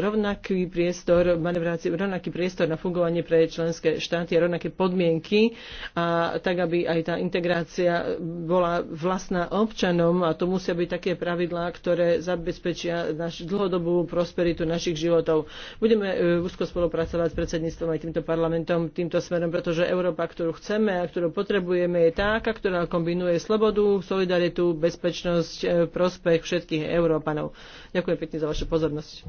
rovnaký priestor, manevrácie, rovnaký priestor na fungovanie pre členské štáty a rovnaké podmienky, a tak aby aj tá integrácia bola vlastná občanom a to musia byť také pravidlá, ktoré zabezpečia naš, dlhodobú prosperitu našich životov. Budeme e, úzko spolupracovať s predsedníctvom aj týmto parlamentom týmto smerom, pretože Európa, ktorú chceme a ktorú potrebujeme, je taká, ktorá kombinuje slobodu, solidaritu, bezpečnosť, e, prospech prospech všetkých Európanov. Ďakujem pekne za vašu pozornosť.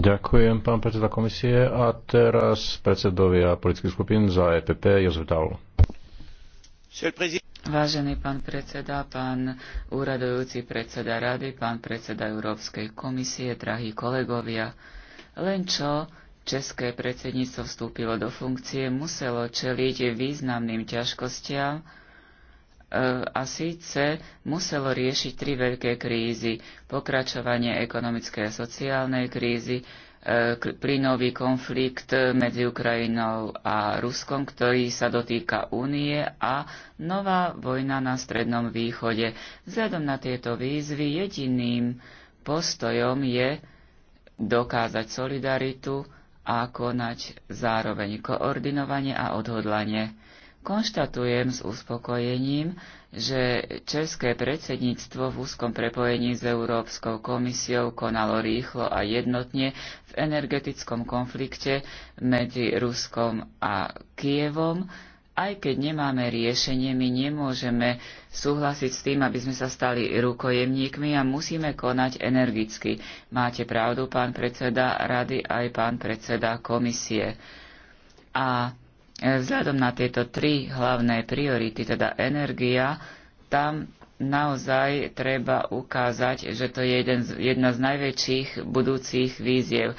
Ďakujem, pán predseda komisie. A teraz predsedovia politických skupín za EPP Jozef Daul. Vážený pán predseda, pán úradujúci predseda rady, pán predseda Európskej komisie, drahí kolegovia, len čo české predsedníctvo vstúpilo do funkcie, muselo čeliť významným ťažkostiam e, a síce muselo riešiť tri veľké krízy. Pokračovanie ekonomickej a sociálnej krízy, e, plynový konflikt medzi Ukrajinou a Ruskom, ktorý sa dotýka únie a nová vojna na Strednom východe. Vzhľadom na tieto výzvy jediným postojom je dokázať solidaritu, a konať zároveň koordinovanie a odhodlanie. Konštatujem s uspokojením, že české predsedníctvo v úzkom prepojení s Európskou komisiou konalo rýchlo a jednotne v energetickom konflikte medzi Ruskom a Kievom, aj keď nemáme riešenie, my nemôžeme súhlasiť s tým, aby sme sa stali rukojemníkmi a musíme konať energicky. Máte pravdu, pán predseda rady, aj pán predseda komisie. A e, vzhľadom na tieto tri hlavné priority, teda energia, tam naozaj treba ukázať, že to je jeden z, jedna z najväčších budúcich víziev.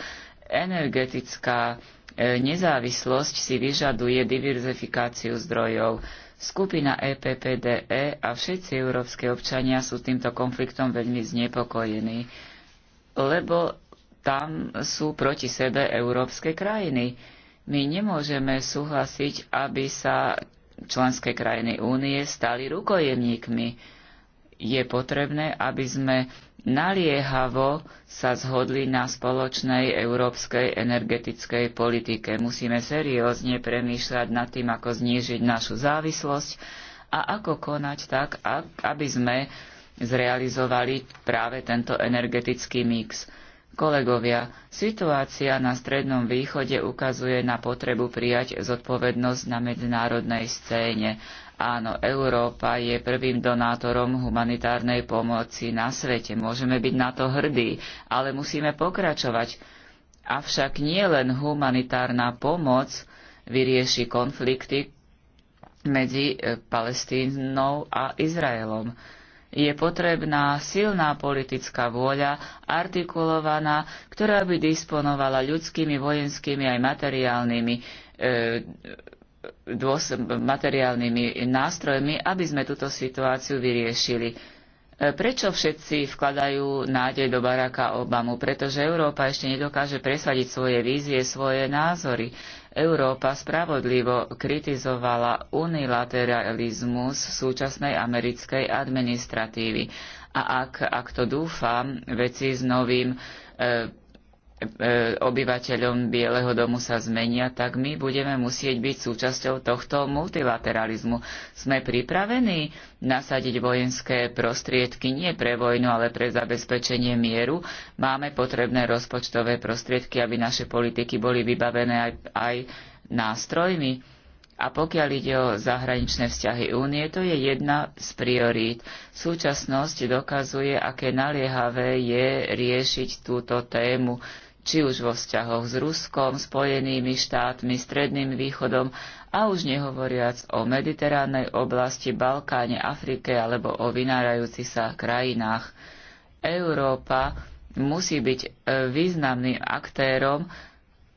Energetická E, nezávislosť si vyžaduje diverzifikáciu zdrojov. Skupina EPPDE e a všetci európske občania sú týmto konfliktom veľmi znepokojení, lebo tam sú proti sebe európske krajiny. My nemôžeme súhlasiť, aby sa členské krajiny únie stali rukojemníkmi. Je potrebné, aby sme naliehavo sa zhodli na spoločnej európskej energetickej politike. Musíme seriózne premýšľať nad tým, ako znížiť našu závislosť a ako konať tak, aby sme zrealizovali práve tento energetický mix. Kolegovia, situácia na Strednom východe ukazuje na potrebu prijať zodpovednosť na medzinárodnej scéne Áno, Európa je prvým donátorom humanitárnej pomoci na svete. Môžeme byť na to hrdí, ale musíme pokračovať. Avšak nie len humanitárna pomoc vyrieši konflikty medzi e, Palestínou a Izraelom je potrebná silná politická vôľa, artikulovaná, ktorá by disponovala ľudskými, vojenskými aj materiálnymi e, materiálnymi nástrojmi, aby sme túto situáciu vyriešili. E, prečo všetci vkladajú nádej do Baracka Obamu? Pretože Európa ešte nedokáže presadiť svoje vízie, svoje názory. Európa spravodlivo kritizovala unilateralizmus súčasnej americkej administratívy. A ak, ak to dúfam, veci s novým e, E, obyvateľom Bieleho domu sa zmenia, tak my budeme musieť byť súčasťou tohto multilateralizmu. Sme pripravení nasadiť vojenské prostriedky nie pre vojnu, ale pre zabezpečenie mieru. Máme potrebné rozpočtové prostriedky, aby naše politiky boli vybavené aj, aj nástrojmi. A pokiaľ ide o zahraničné vzťahy únie, to je jedna z priorít. Súčasnosť dokazuje, aké naliehavé je riešiť túto tému či už vo vzťahoch s Ruskom, Spojenými štátmi, Stredným východom a už nehovoriac o mediteránnej oblasti, Balkáne, Afrike alebo o vynárajúcich sa krajinách. Európa musí byť e, významným aktérom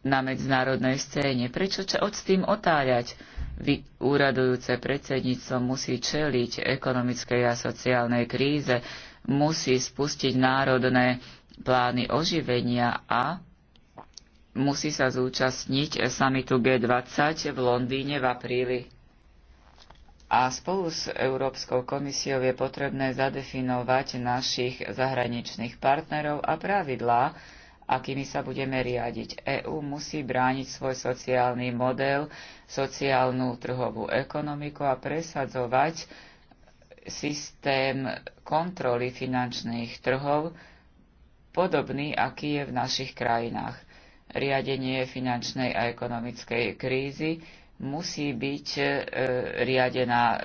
na medzinárodnej scéne. Prečo sa od s tým otáľať? Vy, úradujúce predsedníctvo musí čeliť ekonomickej a sociálnej kríze, musí spustiť národné plány oživenia a musí sa zúčastniť samitu G20 v Londýne v apríli. A spolu s Európskou komisiou je potrebné zadefinovať našich zahraničných partnerov a pravidlá, akými sa budeme riadiť. EÚ musí brániť svoj sociálny model, sociálnu trhovú ekonomiku a presadzovať systém kontroly finančných trhov, podobný, aký je v našich krajinách. Riadenie finančnej a ekonomickej krízy musí byť e, riadená e,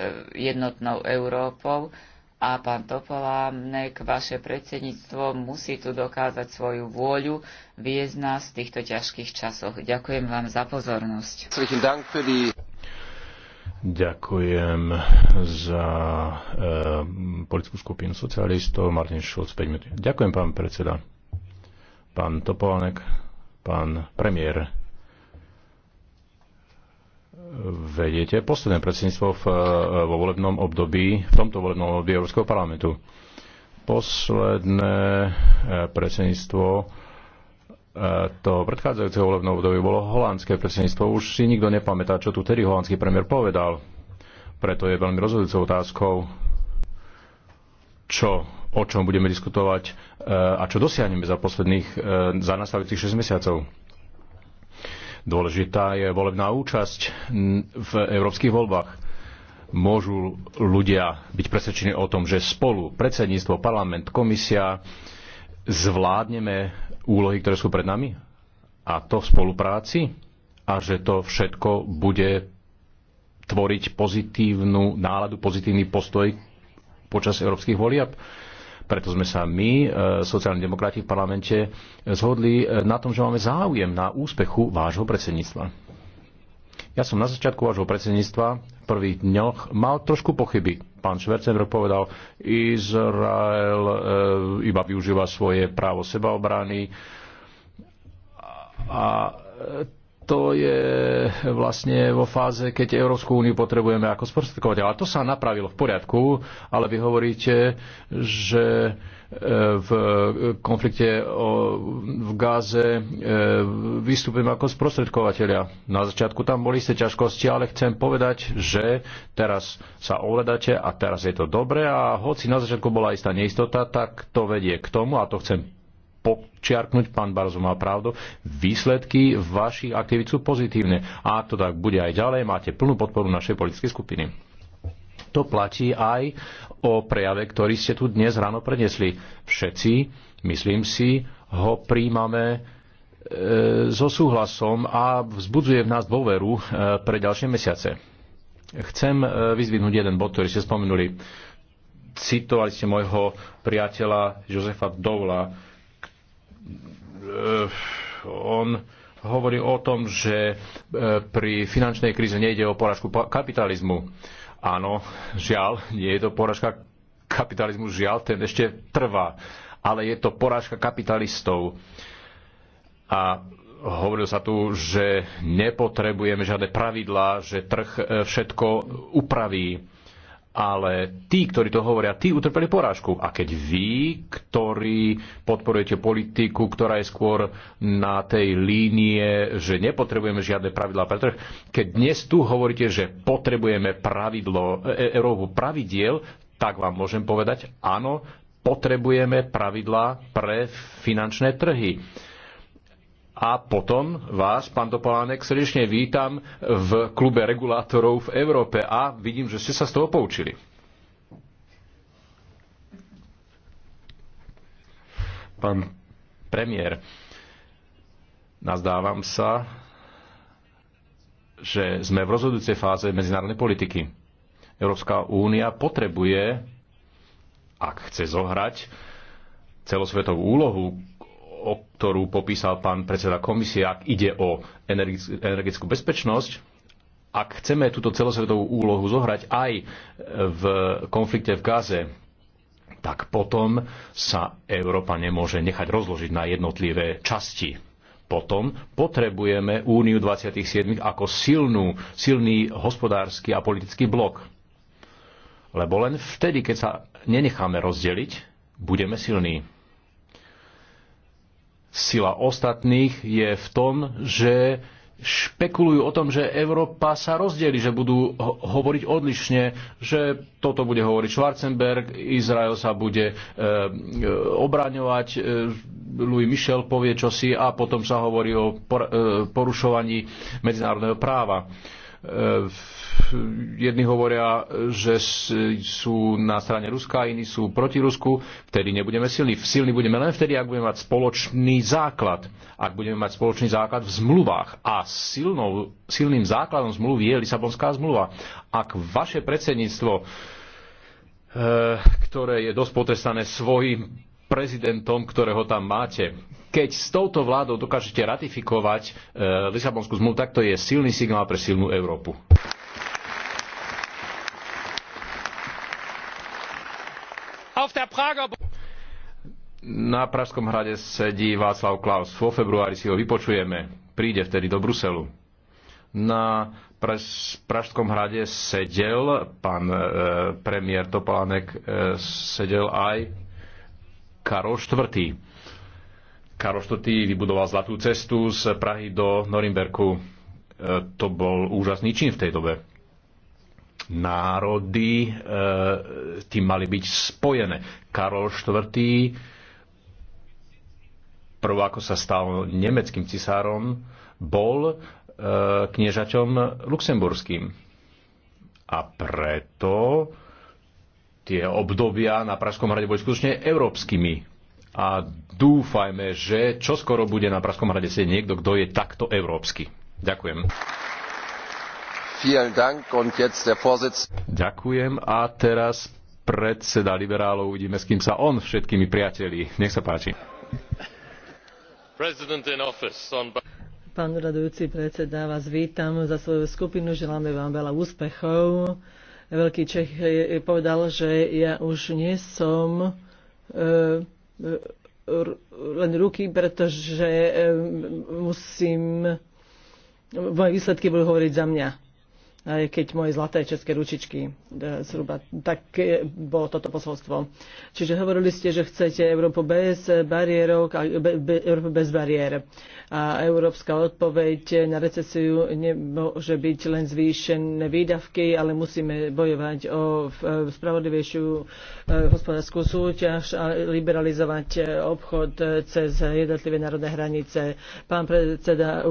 jednotnou Európou a pán Topolánek, vaše predsedníctvo musí tu dokázať svoju vôľu viesť nás v týchto ťažkých časoch. Ďakujem vám za pozornosť. Ďakujem za e, politickú skupinu socialistov. Martin Šulc, 5 minút. Ďakujem, pán predseda. Pán Topolnek, pán premiér. Vediete posledné predsedníctvo v, eh, vo volebnom období, v tomto volebnom období Európskeho parlamentu. Posledné eh, predsedníctvo to predchádzajúceho volebného obdobia bolo holandské predsedníctvo. Už si nikto nepamätá, čo tu tedy holandský premiér povedal. Preto je veľmi rozhodujúcou otázkou, čo, o čom budeme diskutovať e, a čo dosiahneme za posledných, e, za nastavujúcich 6 mesiacov. Dôležitá je volebná účasť v európskych voľbách môžu ľudia byť presvedčení o tom, že spolu predsedníctvo, parlament, komisia zvládneme úlohy, ktoré sú pred nami? A to v spolupráci? A že to všetko bude tvoriť pozitívnu náladu, pozitívny postoj počas európskych voliab? Preto sme sa my, e, sociálni demokrati v parlamente, zhodli e, na tom, že máme záujem na úspechu vášho predsedníctva. Ja som na začiatku vášho predsedníctva v prvých dňoch mal trošku pochyby pán Schwarzenberg povedal, Izrael e, iba využíva svoje právo sebaobrany a to je vlastne vo fáze, keď Európsku úniu potrebujeme ako sprostredkovateľ. A to sa napravilo v poriadku, ale vy hovoríte, že v konflikte v Gáze e, vystupujem ako sprostredkovateľia. Na začiatku tam boli ste ťažkosti, ale chcem povedať, že teraz sa ohľadáte a teraz je to dobre. a hoci na začiatku bola istá neistota, tak to vedie k tomu a to chcem počiarknúť, pán Barzo má pravdu, výsledky vašich aktivít sú pozitívne. A ak to tak bude aj ďalej, máte plnú podporu našej politickej skupiny. To platí aj o prejave, ktorý ste tu dnes ráno prednesli. Všetci, myslím si, ho príjmame e, so súhlasom a vzbudzuje v nás dôveru e, pre ďalšie mesiace. Chcem e, vyzvihnúť jeden bod, ktorý ste spomenuli. Citovali ste môjho priateľa Josefa Dovla. On hovorí o tom, že pri finančnej kríze nejde o porážku kapitalizmu. Áno, žiaľ, nie je to poražka kapitalizmu, žiaľ, ten ešte trvá, ale je to porážka kapitalistov. A hovoril sa tu, že nepotrebujeme žiadne pravidlá, že trh e, všetko upraví ale tí, ktorí to hovoria, tí utrpeli porážku. A keď vy, ktorí podporujete politiku, ktorá je skôr na tej línie, že nepotrebujeme žiadne pravidlá pre trh, keď dnes tu hovoríte, že potrebujeme pravidlo, e, e Európu pravidiel, tak vám môžem povedať, áno, potrebujeme pravidlá pre finančné trhy a potom vás, pán Topolánek, srdečne vítam v klube regulátorov v Európe a vidím, že ste sa z toho poučili. Pán premiér, nazdávam sa, že sme v rozhodujúcej fáze medzinárodnej politiky. Európska únia potrebuje, ak chce zohrať celosvetovú úlohu, o ktorú popísal pán predseda komisie, ak ide o energetickú bezpečnosť, ak chceme túto celosvetovú úlohu zohrať aj v konflikte v Gaze, tak potom sa Európa nemôže nechať rozložiť na jednotlivé časti. Potom potrebujeme Úniu 27 ako silnú, silný hospodársky a politický blok. Lebo len vtedy, keď sa nenecháme rozdeliť, budeme silní. Sila ostatných je v tom, že špekulujú o tom, že Európa sa rozdeli, že budú ho- hovoriť odlišne, že toto bude hovoriť Schwarzenberg, Izrael sa bude e, e, obraňovať, e, Louis Michel povie čosi a potom sa hovorí o por- e, porušovaní medzinárodného práva. E, Eh, jedni hovoria, že sú na strane Ruska, iní sú proti Rusku. Vtedy nebudeme silní. Silní budeme len vtedy, ak budeme mať spoločný základ. Ak budeme mať spoločný základ v zmluvách. A silnou, silným základom zmluvy je Lisabonská zmluva. Ak vaše predsedníctvo, eh, ktoré je dosť potrestané svojim prezidentom, ktorého tam máte, keď s touto vládou dokážete ratifikovať e, Lisabonskú zmluvu, tak to je silný signál pre silnú Európu. Na Pražskom hrade sedí Václav Klaus. Vo februári si ho vypočujeme. Príde vtedy do Bruselu. Na Pražskom hrade sedel pán e, premiér Topolánek, e, sedel aj Karol IV. Karol Štotý vybudoval zlatú cestu z Prahy do Norimberku. E, to bol úžasný čin v tej dobe. Národy e, tým mali byť spojené. Karol IV. prvo ako sa stal nemeckým cisárom, bol e, kniežaťom luxemburským. A preto tie obdobia na Pražskom hrade boli skutočne európskymi a dúfajme, že čoskoro bude na Praskom hrade sedieť niekto, kto je takto európsky. Ďakujem. Ďakujem a teraz predseda liberálov, uvidíme s kým sa on všetkými priatelí. Nech sa páči. Pán radujúci predseda, vás vítam za svoju skupinu, želáme vám veľa úspechov. Veľký Čech povedal, že ja už nie som e, len ruky, pretože eh, musím, moje výsledky budú hovoriť za mňa aj keď moje zlaté české ručičky e, zhruba. Tak e, bolo toto posolstvo. Čiže hovorili ste, že chcete Európu bez bariérov, Európu bez bariér. A európska odpoveď na recesiu nemôže byť len zvýšené výdavky, ale musíme bojovať o e, spravodlivejšiu hospodárskú súťaž a liberalizovať obchod cez jednotlivé národné hranice. Pán predseda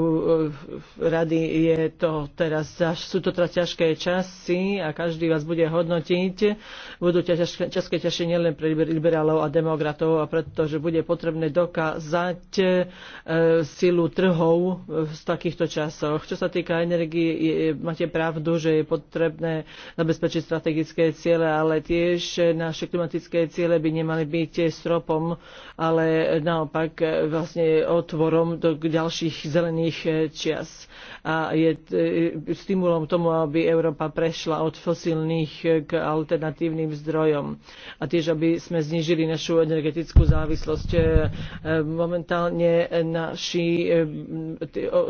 rady je to teraz, sú to zajtra ťažké časy a každý vás bude hodnotiť. Budú ťažké, ťažké ťažšie nielen pre liberálov a demokratov, a pretože bude potrebné dokázať e, silu trhov v takýchto časoch. Čo sa týka energii, je, máte pravdu, že je potrebné zabezpečiť strategické ciele, ale tiež naše klimatické ciele by nemali byť stropom, ale naopak e, vlastne otvorom do ďalších zelených e, čias. A je e, stimulom tomu, tomu, aby Európa prešla od fosilných k alternatívnym zdrojom a tiež, aby sme znížili našu energetickú závislosť. E, e, momentálne naši, e,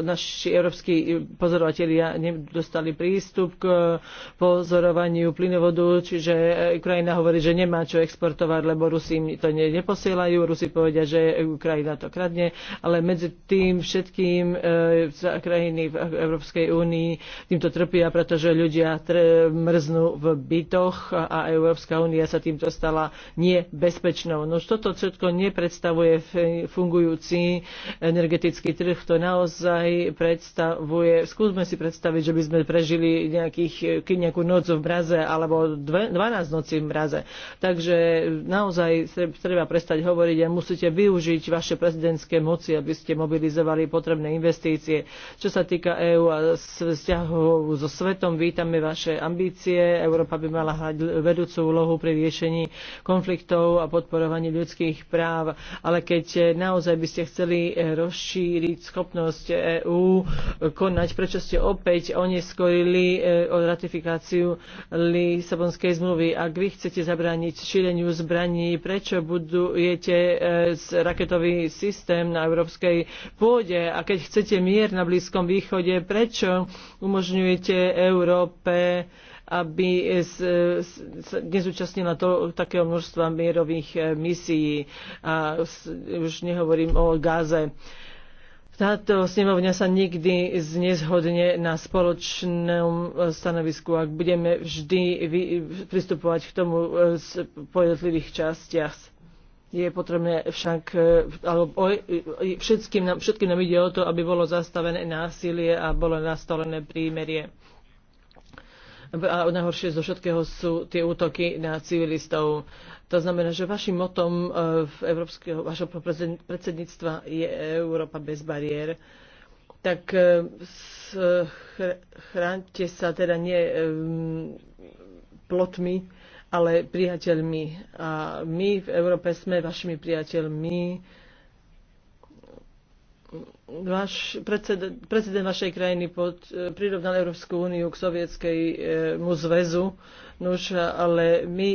naši európsky pozorovatelia nedostali prístup k pozorovaniu plynovodu, čiže Ukrajina hovorí, že nemá čo exportovať, lebo Rusi to neposielajú. Rusi povedia, že Ukrajina to kradne, ale medzi tým všetkým krajiny v Európskej únii týmto trpia pretože ľudia mrznú v bytoch a Európska únia sa týmto stala nebezpečnou. No toto všetko nepredstavuje fungujúci energetický trh. To naozaj predstavuje, skúsme si predstaviť, že by sme prežili nejakých, nejakú noc v mraze alebo dve, 12 nocí v mraze. Takže naozaj treba prestať hovoriť a musíte využiť vaše prezidentské moci, aby ste mobilizovali potrebné investície. Čo sa týka EÚ a vzťahov so svetom. Vítame vaše ambície. Európa by mala hrať vedúcu úlohu pri riešení konfliktov a podporovaní ľudských práv. Ale keď naozaj by ste chceli rozšíriť schopnosť EÚ konať, prečo ste opäť oneskorili e, o ratifikáciu Lisabonskej zmluvy? Ak vy chcete zabrániť šíreniu zbraní, prečo budujete e, raketový systém na európskej pôde? A keď chcete mier na Blízkom východe, prečo umožňujete Európe, aby sa nezúčastnila to, takého množstva mierových eh, misií. A už nehovorím o Gáze. Táto snemovňa sa nikdy znezhodne na spoločnom eh, stanovisku, ak budeme vždy pristupovať k tomu eh, po jednotlivých častiach. Je potrebné však, alebo všetkým nám, všetkým nám ide o to, aby bolo zastavené násilie a bolo nastolené prímerie a najhoršie zo všetkého sú tie útoky na civilistov. To znamená, že vašim motom e, v Európskeho, vašho predsedníctva je Európa bez bariér. Tak e, chránte sa teda nie e, plotmi, ale priateľmi. A my v Európe sme vašimi priateľmi váš predsed, prezident vašej krajiny pod, eh, prirovnal Európsku úniu k sovietskému eh, zväzu, nuž, ale my,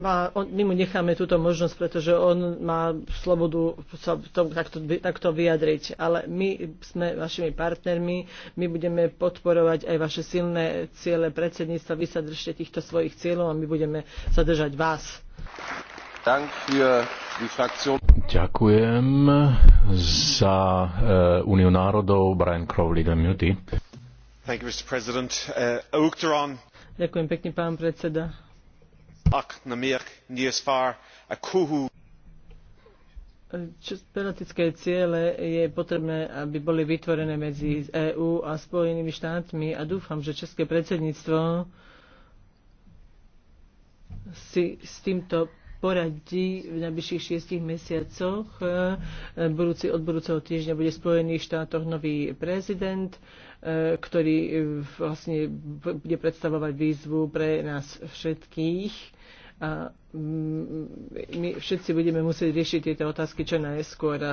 má, my mu necháme túto možnosť, pretože on má slobodu sa to, takto, takto vyjadriť. Ale my sme vašimi partnermi, my budeme podporovať aj vaše silné ciele predsedníctva. Vy sa držte týchto svojich cieľov a my budeme sa držať vás. Ďakujem za Úniu eh, národov. Brian Crowley, dve minúty. Ďakujem pekne, pán predseda. Čo ciele je potrebné, aby boli vytvorené medzi EÚ a Spojenými štátmi a dúfam, že české predsedníctvo si s týmto poradí v najbližších šiestich mesiacoch. E, budúci, od budúceho týždňa bude v Spojených štátoch nový prezident, e, ktorý e, vlastne bude predstavovať výzvu pre nás všetkých a mm, my všetci budeme musieť riešiť tieto otázky čo najskôr. A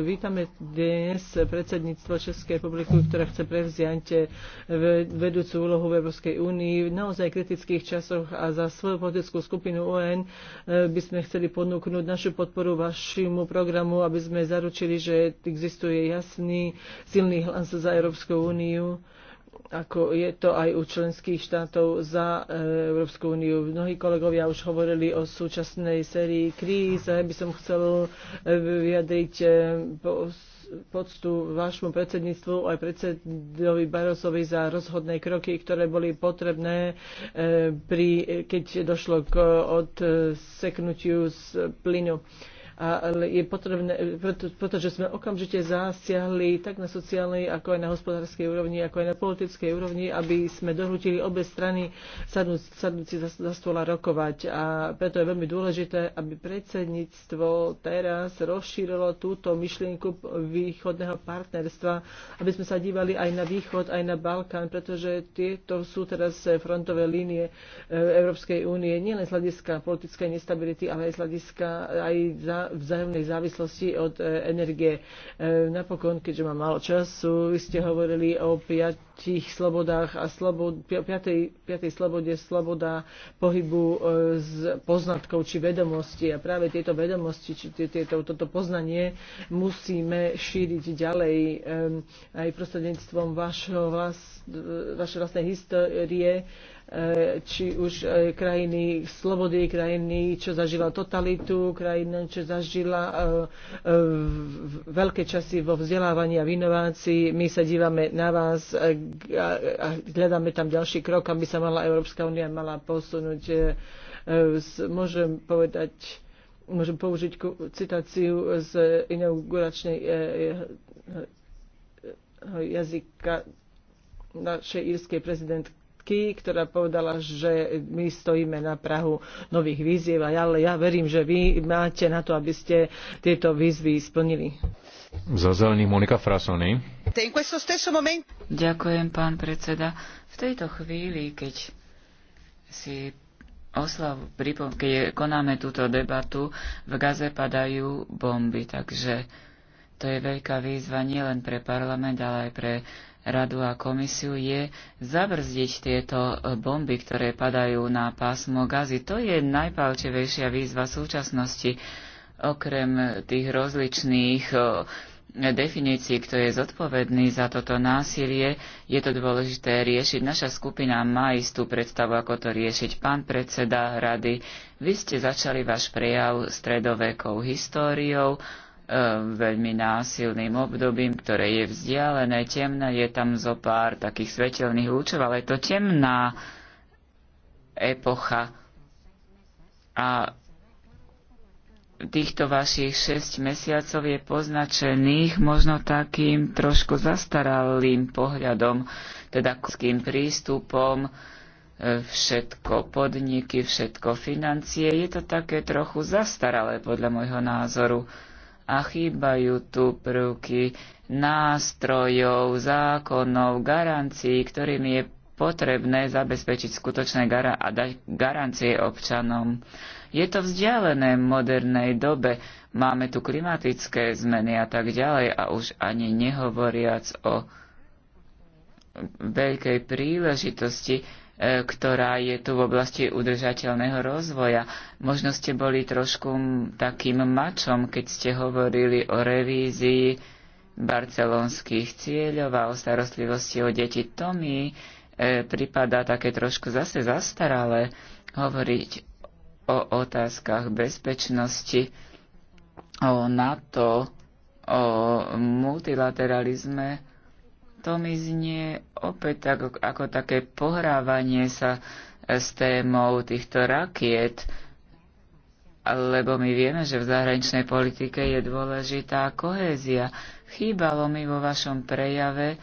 vítame dnes predsedníctvo Českej republiky, ktoré chce prevziať e, vedúcu úlohu v Európskej únii. V naozaj kritických časoch a za svoju politickú skupinu UN e, by sme chceli ponúknuť našu podporu vašemu programu, aby sme zaručili, že existuje jasný, silný hlas za Európsku úniu ako je to aj u členských štátov za e, Európsku úniu. Mnohí kolegovia už hovorili o súčasnej sérii kríz a ja by som chcel e, vyjadriť e, poctu vášmu predsedníctvu aj predsedovi Barosovi za rozhodné kroky, ktoré boli potrebné, pri, keď došlo k odseknutiu z plynu. A je potrebné, preto, pretože sme okamžite zasiahli tak na sociálnej, ako aj na hospodárskej úrovni, ako aj na politickej úrovni, aby sme dohrutili obe strany sadnúť, sadnúť si za, za stola rokovať. A preto je veľmi dôležité, aby predsedníctvo teraz rozšírilo túto myšlienku východného partnerstva, aby sme sa dívali aj na východ, aj na Balkán, pretože tieto sú teraz frontové línie e, Európskej únie, nielen z hľadiska politickej nestability, ale aj z hľadiska aj za vzájomnej závislosti od e, energie. E, napokon, keďže mám málo času, vy ste hovorili o piatich slobodách a slobod, piatej, piatej slobode sloboda pohybu s e, poznatkou či vedomosti. A práve tieto vedomosti či tieto, toto poznanie musíme šíriť ďalej aj prostredníctvom vašho vlast, vašej vlastnej histórie či už krajiny slobody, krajiny, čo zažila totalitu, krajiny, čo zažila veľké časy vo vzdelávaní a v inovácii. My sa dívame na vás a hľadáme tam ďalší krok, aby sa mala Európska únia mala posunúť. Môžem povedať, môžem použiť citáciu z inauguračnej jazyka našej írskej prezidentky Ky, ktorá povedala, že my stojíme na Prahu nových výziev ale ja verím, že vy máte na to, aby ste tieto výzvy splnili. Za Monika Frasony. Ďakujem, pán predseda. V tejto chvíli, keď si oslav, pripom- keď konáme túto debatu, v Gaze padajú bomby, takže to je veľká výzva nielen pre parlament, ale aj pre radu a komisiu, je zabrzdiť tieto e, bomby, ktoré padajú na pásmo gazy. To je najpalčivejšia výzva súčasnosti, okrem tých rozličných e, definícií, kto je zodpovedný za toto násilie, je to dôležité riešiť. Naša skupina má istú predstavu, ako to riešiť. Pán predseda rady, vy ste začali váš prejav stredovekou históriou Eh, veľmi násilným obdobím, ktoré je vzdialené, temné, je tam zo pár takých svetelných lúčov, ale je to temná epocha. A týchto vašich 6 mesiacov je poznačených možno takým trošku zastaralým pohľadom, teda kým prístupom, eh, všetko podniky, všetko financie. Je to také trochu zastaralé podľa môjho názoru a chýbajú tu prvky nástrojov, zákonov, garancií, ktorým je potrebné zabezpečiť skutočné gar- a dať garancie občanom. Je to vzdialené v modernej dobe, máme tu klimatické zmeny a tak ďalej a už ani nehovoriac o veľkej príležitosti, E, ktorá je tu v oblasti udržateľného rozvoja. Možno ste boli trošku takým mačom, keď ste hovorili o revízii barcelonských cieľov a o starostlivosti o deti. To mi e, pripadá také trošku zase zastaralé hovoriť o otázkach bezpečnosti, o NATO, o multilateralizme to mi znie opäť tak, ako také pohrávanie sa e, s témou týchto rakiet, lebo my vieme, že v zahraničnej politike je dôležitá kohézia. Chýbalo mi vo vašom prejave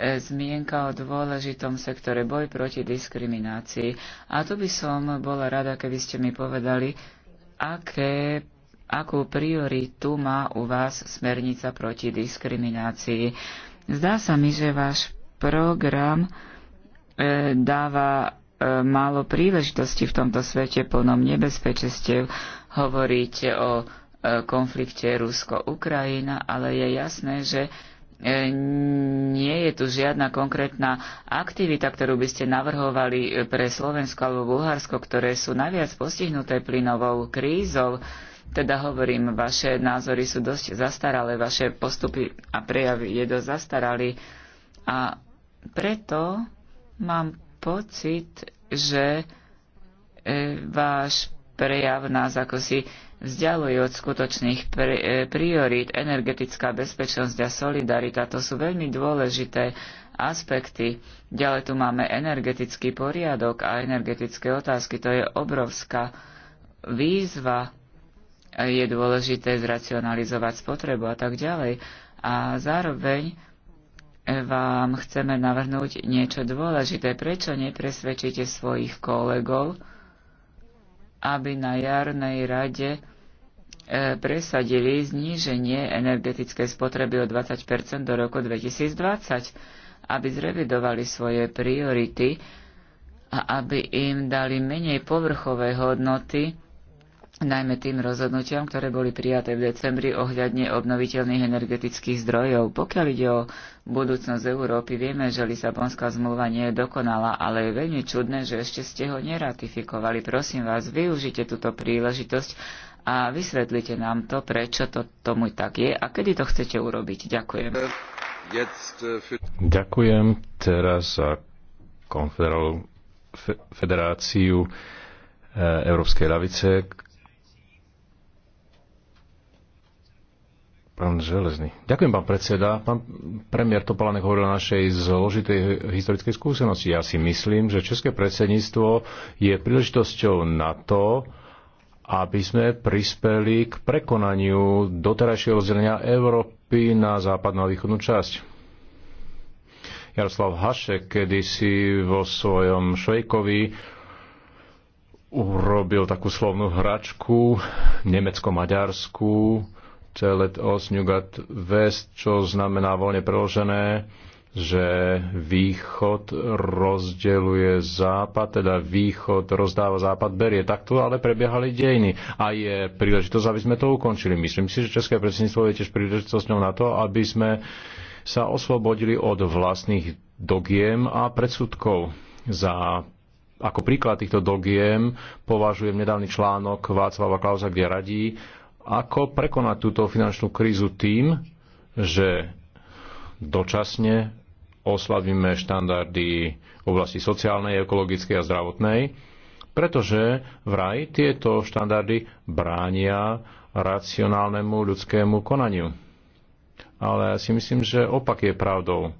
e, zmienka o dôležitom sektore boj proti diskriminácii. A tu by som bola rada, keby ste mi povedali, aké, akú prioritu má u vás smernica proti diskriminácii. Zdá sa mi, že váš program e, dáva e, málo príležitosti v tomto svete plnom nebezpečestiev. Hovoríte o e, konflikte Rusko-Ukrajina, ale je jasné, že e, nie je tu žiadna konkrétna aktivita, ktorú by ste navrhovali e, pre Slovensko alebo Bulharsko, ktoré sú najviac postihnuté plynovou krízou. E, teda hovorím, vaše názory sú dosť zastaralé, vaše postupy a prejavy je dosť zastaralý. A preto mám pocit, že e, váš prejav nás ako si vzdialuje od skutočných e, priorít. Energetická bezpečnosť a solidarita to sú veľmi dôležité aspekty. Ďalej tu máme energetický poriadok a energetické otázky. To je obrovská výzva je dôležité zracionalizovať spotrebu a tak ďalej. A zároveň vám chceme navrhnúť niečo dôležité. Prečo nepresvedčíte svojich kolegov, aby na jarnej rade e, presadili zníženie energetickej spotreby o 20 do roku 2020, aby zrevidovali svoje priority a aby im dali menej povrchové hodnoty najmä tým rozhodnutiam, ktoré boli prijaté v decembri ohľadne obnoviteľných energetických zdrojov. Pokiaľ ide o budúcnosť Európy, vieme, že Lisabonská zmluva nie je dokonalá, ale je veľmi čudné, že ešte ste ho neratifikovali. Prosím vás, využite túto príležitosť a vysvetlite nám to, prečo to tomu tak je a kedy to chcete urobiť. Ďakujem. Äh, Ďakujem teraz za konferol, federáciu äh, Európskej k Pán Železný. Ďakujem, pán predseda. Pán premiér Topalanek hovoril o našej zložitej historickej skúsenosti. Ja si myslím, že České predsedníctvo je príležitosťou na to, aby sme prispeli k prekonaniu doterajšieho rozdelenia Európy na západnú a východnú časť. Jaroslav Hašek kedysi vo svojom Švejkovi urobil takú slovnú hračku nemecko-maďarskú Čelet os Jugat West, čo znamená voľne preložené, že východ rozdeluje západ, teda východ rozdáva západ, berie. Takto ale prebiehali dejiny a je príležitosť, aby sme to ukončili. Myslím si, že České predsedníctvo je tiež príležitosťou na to, aby sme sa oslobodili od vlastných dogiem a predsudkov. Za ako príklad týchto dogiem považujem nedávny článok Václava Klausa, kde radí, ako prekonať túto finančnú krízu tým, že dočasne oslavíme štandardy v oblasti sociálnej, ekologickej a zdravotnej, pretože vraj tieto štandardy bránia racionálnemu ľudskému konaniu. Ale ja si myslím, že opak je pravdou.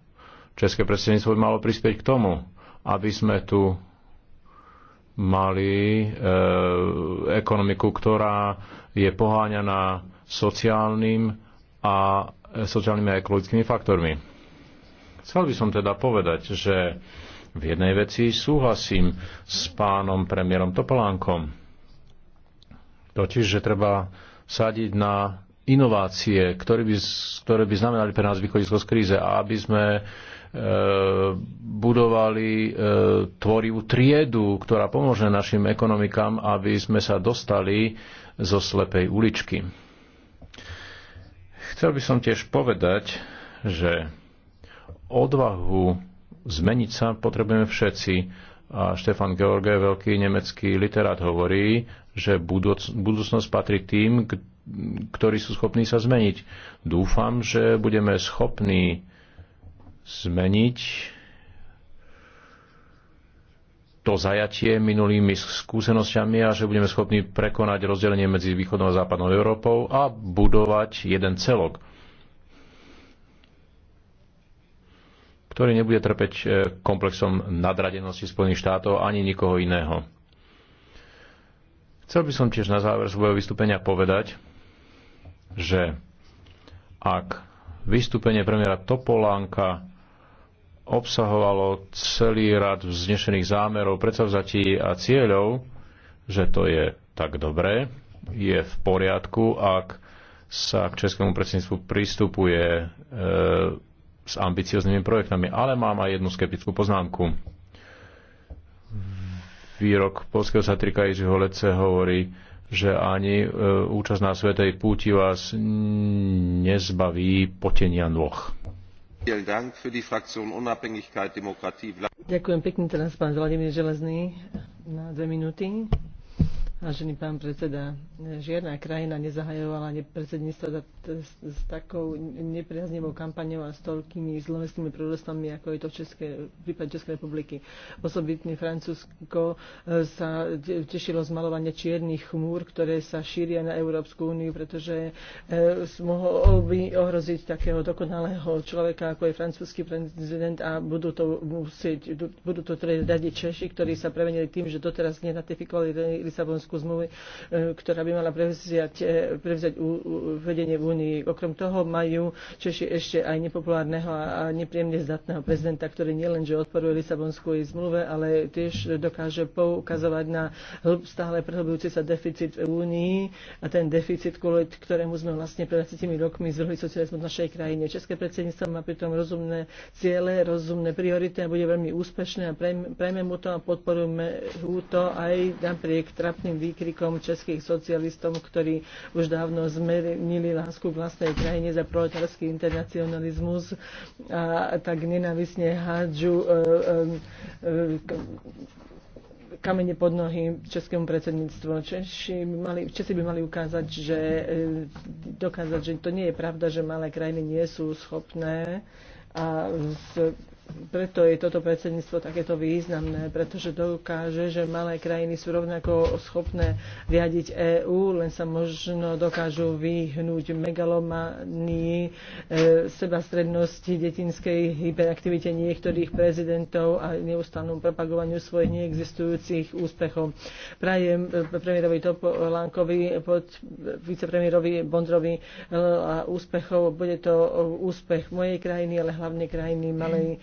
České predsedníctvo by malo prispieť k tomu, aby sme tu mali e, ekonomiku, ktorá je poháňaná sociálnym a e, sociálnymi a ekologickými faktormi. Chcel by som teda povedať, že v jednej veci súhlasím s pánom premiérom Topolánkom. Totiž, že treba sadiť na inovácie, ktoré by, ktoré by znamenali pre nás východisko z kríze a aby sme e, budovali e, tvorivú triedu, ktorá pomôže našim ekonomikám, aby sme sa dostali e, zo slepej uličky. Chcel by som tiež povedať, že odvahu zmeniť sa potrebujeme všetci. A Štefan George, veľký nemecký literát, hovorí, že budúc- budúcnosť patrí tým, ktorí sú schopní sa zmeniť. Dúfam, že budeme schopní zmeniť to zajatie minulými skúsenosťami a že budeme schopní prekonať rozdelenie medzi východnou a západnou Európou a budovať jeden celok, ktorý nebude trpeť e, komplexom nadradenosti Spojených štátov ani nikoho iného. Chcel by som tiež na záver svojho vystúpenia povedať, že ak vystúpenie premiéra Topolánka obsahovalo celý rad vznešených zámerov, predsavzatí a cieľov, že to je tak dobré, je v poriadku, ak sa k českému predsedníctvu pristupuje e, s ambicioznými projektami. Ale mám aj jednu skeptickú poznámku. Výrok polského satrika Jiřího Lece hovorí, že ani e, účasť na svetej púti vás nezbaví potenia nôh. Ďakujem pekne teraz pán Vladimír Železný na dve minúty. Vážený pán predseda, žiadna krajina nezahajovala predsedníctva s takou nepriaznivou kampaniou a s toľkými zlovestnými prorostami, ako je to v, České, v prípade Českej republiky. Osobitne Francúzsko e, sa tešilo z malovania čiernych chmúr, ktoré sa šíria na Európsku úniu, pretože e, mohol by ohroziť takého dokonalého človeka, ako je francúzsky prezident a budú to, musieť, budú to teda radi Češi, ktorí sa prevenili tým, že doteraz nenatifikovali Lisabonskú Lisabonskú zmluvy, e, ktorá by mala prevziať, e, prevziať vedenie v Únii. Okrem toho majú Češi ešte aj nepopulárneho a nepríjemne zdatného prezidenta, ktorý nielenže odporuje Lisabonskú zmluve, ale tiež dokáže poukazovať na stále prehlbujúci sa deficit v Únii a ten deficit, kvôli ktorému sme vlastne pred 20 rokmi zvrhli socializmus v našej krajine. České predsedníctvo má pritom rozumné ciele, rozumné priority a bude veľmi úspešné a prejme mu to a podporujeme mu to aj napriek trapným výkrikom českých socialistov, ktorí už dávno zmenili lásku k vlastnej krajine za proletársky internacionalizmus a tak nenávisne hádžu e, e, e, kamene pod nohy českému predsedníctvu. Češi by mali, Česi by mali ukázať, že, dokázať, že to nie je pravda, že malé krajiny nie sú schopné a preto je toto predsedníctvo takéto významné, pretože dokáže, že malé krajiny sú rovnako schopné riadiť EÚ, len sa možno dokážu vyhnúť megalomanii, e, sebastrednosti, detinskej hyperaktivite niektorých prezidentov a neustálnom propagovaniu svojich neexistujúcich úspechov. Prajem e, premiérovi Topolánkovi, pod vicepremiérovi Bondrovi e, a úspechov. Bude to úspech mojej krajiny, ale hlavne krajiny malej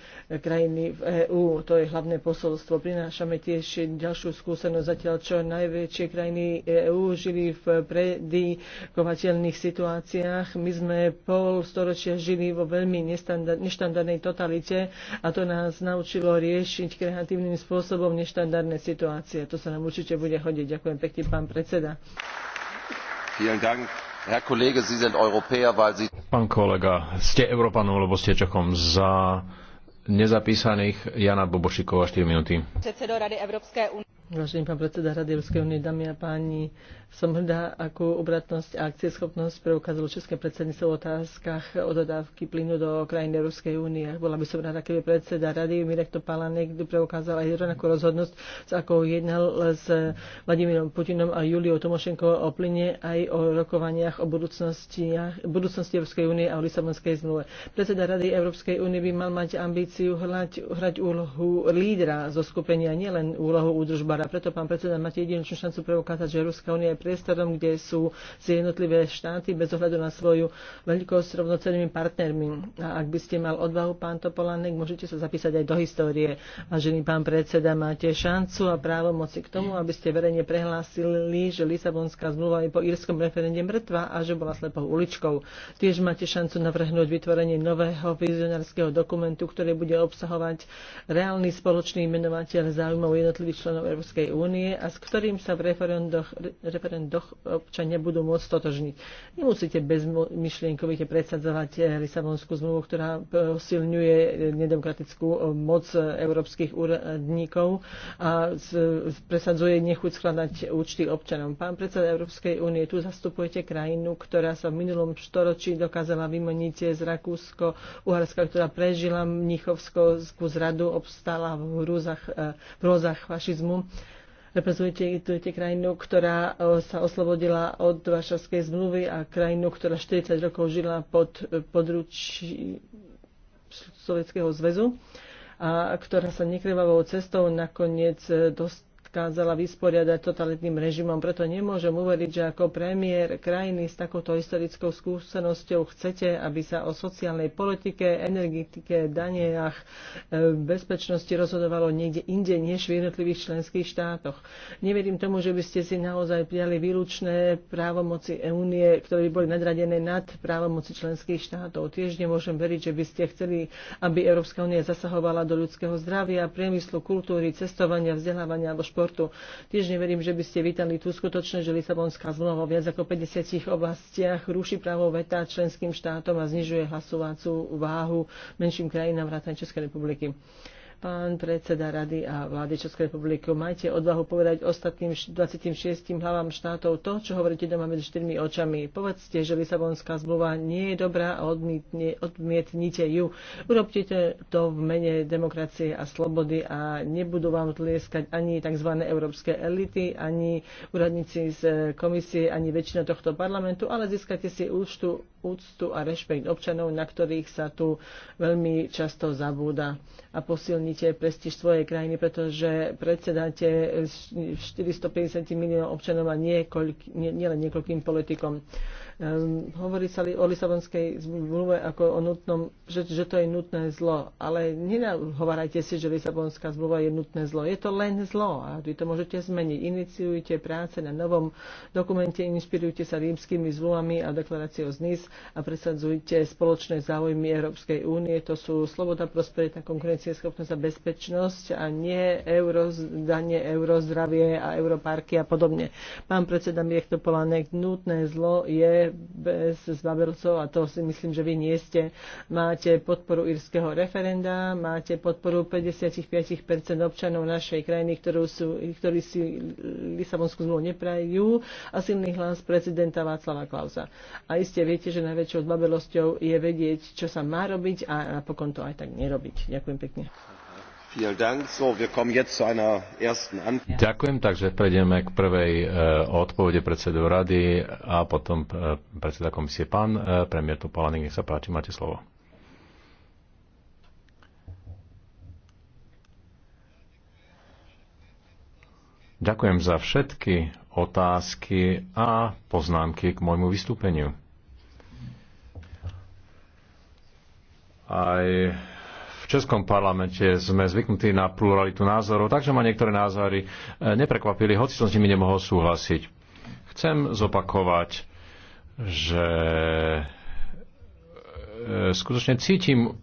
krajiny v EÚ. To je hlavné posolstvo. Prinášame tiež ďalšiu skúsenosť zatiaľ, čo najväčšie krajiny EÚ žili v predikovateľných situáciách. My sme pol storočia žili vo veľmi neštandardnej totalite a to nás naučilo riešiť kreatívnym spôsobom neštandardné situácie. To sa nám určite bude hodiť. Ďakujem pekne, pán predseda. Pán kolega, ste Európanom, lebo ste Čechom za nezapísaných Jana Bobošikova 4 minúty. Vážený pán predseda Rady Európskej únie, dámy a páni, som hrdá, akú obratnosť a akcieschopnosť preukázalo České predsedníctvo v otázkach o dodávky plynu do krajín Európskej únie. Bola by som rada, keby predseda Rady Mirek Topalanek preukázal aj rovnakú rozhodnosť, s akou jednal s Vladimírom Putinom a Juliou Tomošenko o plyne aj o rokovaniach o budúcnosti, budúcnosti Európskej únie a o Lisabonskej zmluve. Predseda Rady Európskej únie by mal mať ambíciu hrať, hrať úlohu lídra zo skupenia, nielen úlohu údržba a Preto, pán predseda, máte jedinečnú šancu preukázať, že Európska únia je priestorom, kde sú si jednotlivé štáty bez ohľadu na svoju veľkosť rovnocennými partnermi. A ak by ste mal odvahu, pán Topolánek, môžete sa zapísať aj do histórie. Vážený pán predseda, máte šancu a právo moci k tomu, aby ste verejne prehlásili, že Lisabonská zmluva je po írskom referende mŕtva a že bola slepou uličkou. Tiež máte šancu navrhnúť vytvorenie nového vizionárskeho dokumentu, ktorý bude obsahovať reálny spoločný menovateľ záujmov jednotlivých členov Európskej Európskej únie a s ktorým sa v referendoch, referendoch občania budú môcť totožniť. Nemusíte bezmyšlienkovite presadzovať eh, Lisabonskú zmluvu, ktorá posilňuje eh, nedemokratickú eh, moc európskych úradníkov a presadzuje nechuť skladať účty občanom. Pán predseda Európskej únie, tu zastupujete krajinu, ktorá sa v minulom štoročí dokázala vymeniť z Rakúsko-Uharska, ktorá prežila Mnichovskú zradu, obstála v hrúzach, v fašizmu reprezentujete krajinu, ktorá eh, sa oslobodila od Varšavskej zmluvy a krajinu, ktorá 40 rokov žila pod eh, područí Sovjetského zväzu a ktorá sa nekrvavou cestou nakoniec eh, dostala dokázala vysporiadať totalitným režimom. Preto nemôžem uveriť, že ako premiér krajiny s takouto historickou skúsenosťou chcete, aby sa o sociálnej politike, energetike, daniach, e, bezpečnosti rozhodovalo niekde inde než v jednotlivých členských štátoch. Neverím tomu, že by ste si naozaj prijali výlučné právomoci únie, ktoré by boli nadradené nad právomoci členských štátov. Tiež nemôžem veriť, že by ste chceli, aby Európska únia zasahovala do ľudského zdravia, priemyslu, kultúry, cestovania, vzdelávania alebo športu. Tiež neverím, že by ste vítali tú skutočnosť, že Lisabonská zmluva vo viac ako 50 oblastiach ruší právo veta členským štátom a znižuje hlasovacú váhu menším krajinám vrátane Českej republiky. Pán predseda Rady a vlády Českej republiky, majte odvahu povedať ostatným 26 hlavám štátov to, čo hovoríte doma medzi štyrmi očami. Povedzte, že Lisabonská zmluva nie je dobrá a odmietne, odmietnite ju. Urobte to v mene demokracie a slobody a nebudú vám tlieskať ani tzv. európske elity, ani úradníci z eh, komisie, ani väčšina tohto parlamentu, ale získate si úctu, úctu a rešpekt občanov, na ktorých sa tu veľmi často zabúda a posilní chránite prestíž svojej krajiny, pretože predsedáte 450 miliónov občanov a nielen nie, nie niekoľkým politikom. Ehm, hovorí sa o Lisabonskej zmluve ako o nutnom, že, že to je nutné zlo, ale nenahovárajte si, že Lisabonská zmluva je nutné zlo. Je to len zlo a vy to môžete zmeniť. Iniciujte práce na novom dokumente, inšpirujte sa rímskymi zmluvami a deklaráciou z NIS a presadzujte spoločné záujmy Európskej únie. To sú sloboda, prosperita, konkurencieschopnosť a bezpečnosť a nie euro, danie euro, zdravie a europarky a podobne. Pán predseda Miechto polanek nutné zlo je bez zbabelcov a to si myslím, že vy nie ste. Máte podporu írskeho referenda, máte podporu 55% občanov našej krajiny, ktorú sú, ktorí si Lisabonskú zmluvu neprajú a silný hlas prezidenta Václava Klauza. A iste viete, že najväčšou zbabelosťou je vedieť, čo sa má robiť a napokon to aj tak nerobiť. Ďakujem pekne. Ďakujem, takže prejdeme k prvej eh, odpovede predsedu rady a potom eh, predseda komisie. Pán eh, premiér Topolanek, nech sa páči, máte slovo. Ďakujem za všetky otázky a poznámky k môjmu vystúpeniu. Aj Českom parlamente sme zvyknutí na pluralitu názorov, takže ma niektoré názory e, neprekvapili, hoci som s nimi nemohol súhlasiť. Chcem zopakovať, že e, skutočne cítim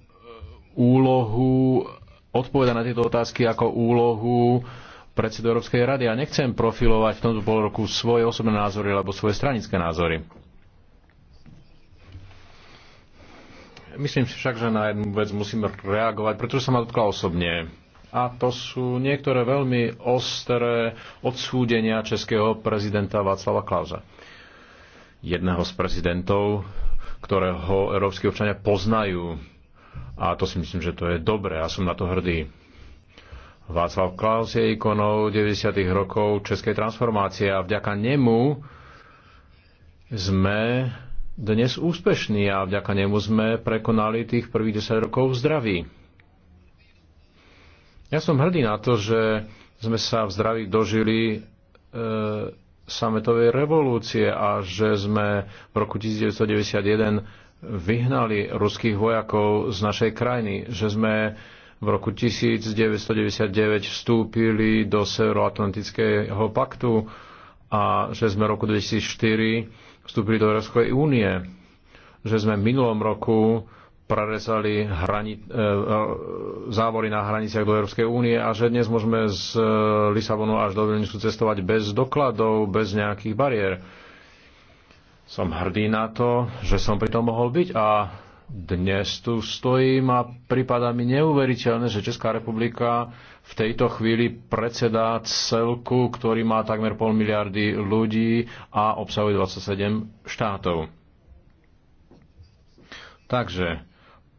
úlohu odpoveda na tieto otázky ako úlohu predsedu Európskej rady a nechcem profilovať v tomto polroku svoje osobné názory alebo svoje stranické názory. Myslím si však, že na jednu vec musíme reagovať, pretože sa ma dotkla osobne. A to sú niektoré veľmi ostré odsúdenia českého prezidenta Václava Klauza. Jedného z prezidentov, ktorého európsky občania poznajú. A to si myslím, že to je dobré a som na to hrdý. Václav Klaus je ikonou 90. rokov českej transformácie a vďaka nemu sme dnes úspešní a vďaka nemu sme prekonali tých prvých 10 rokov zdraví. Ja som hrdý na to, že sme sa v zdraví dožili e, sametovej revolúcie a že sme v roku 1991 vyhnali ruských vojakov z našej krajiny, že sme v roku 1999 vstúpili do Severoatlantického paktu a že sme v roku 2004 vstúpili do Európskej únie, že sme v minulom roku prerezali hrani, e, e, závory na hraniciach do Európskej únie a že dnes môžeme z Lisabonu až do Vilniusu cestovať bez dokladov, bez nejakých bariér. Som hrdý na to, že som pri tom mohol byť a dnes tu stojím a prípada mi neuveriteľné, že Česká republika v tejto chvíli predsedá celku, ktorý má takmer pol miliardy ľudí a obsahuje 27 štátov. Takže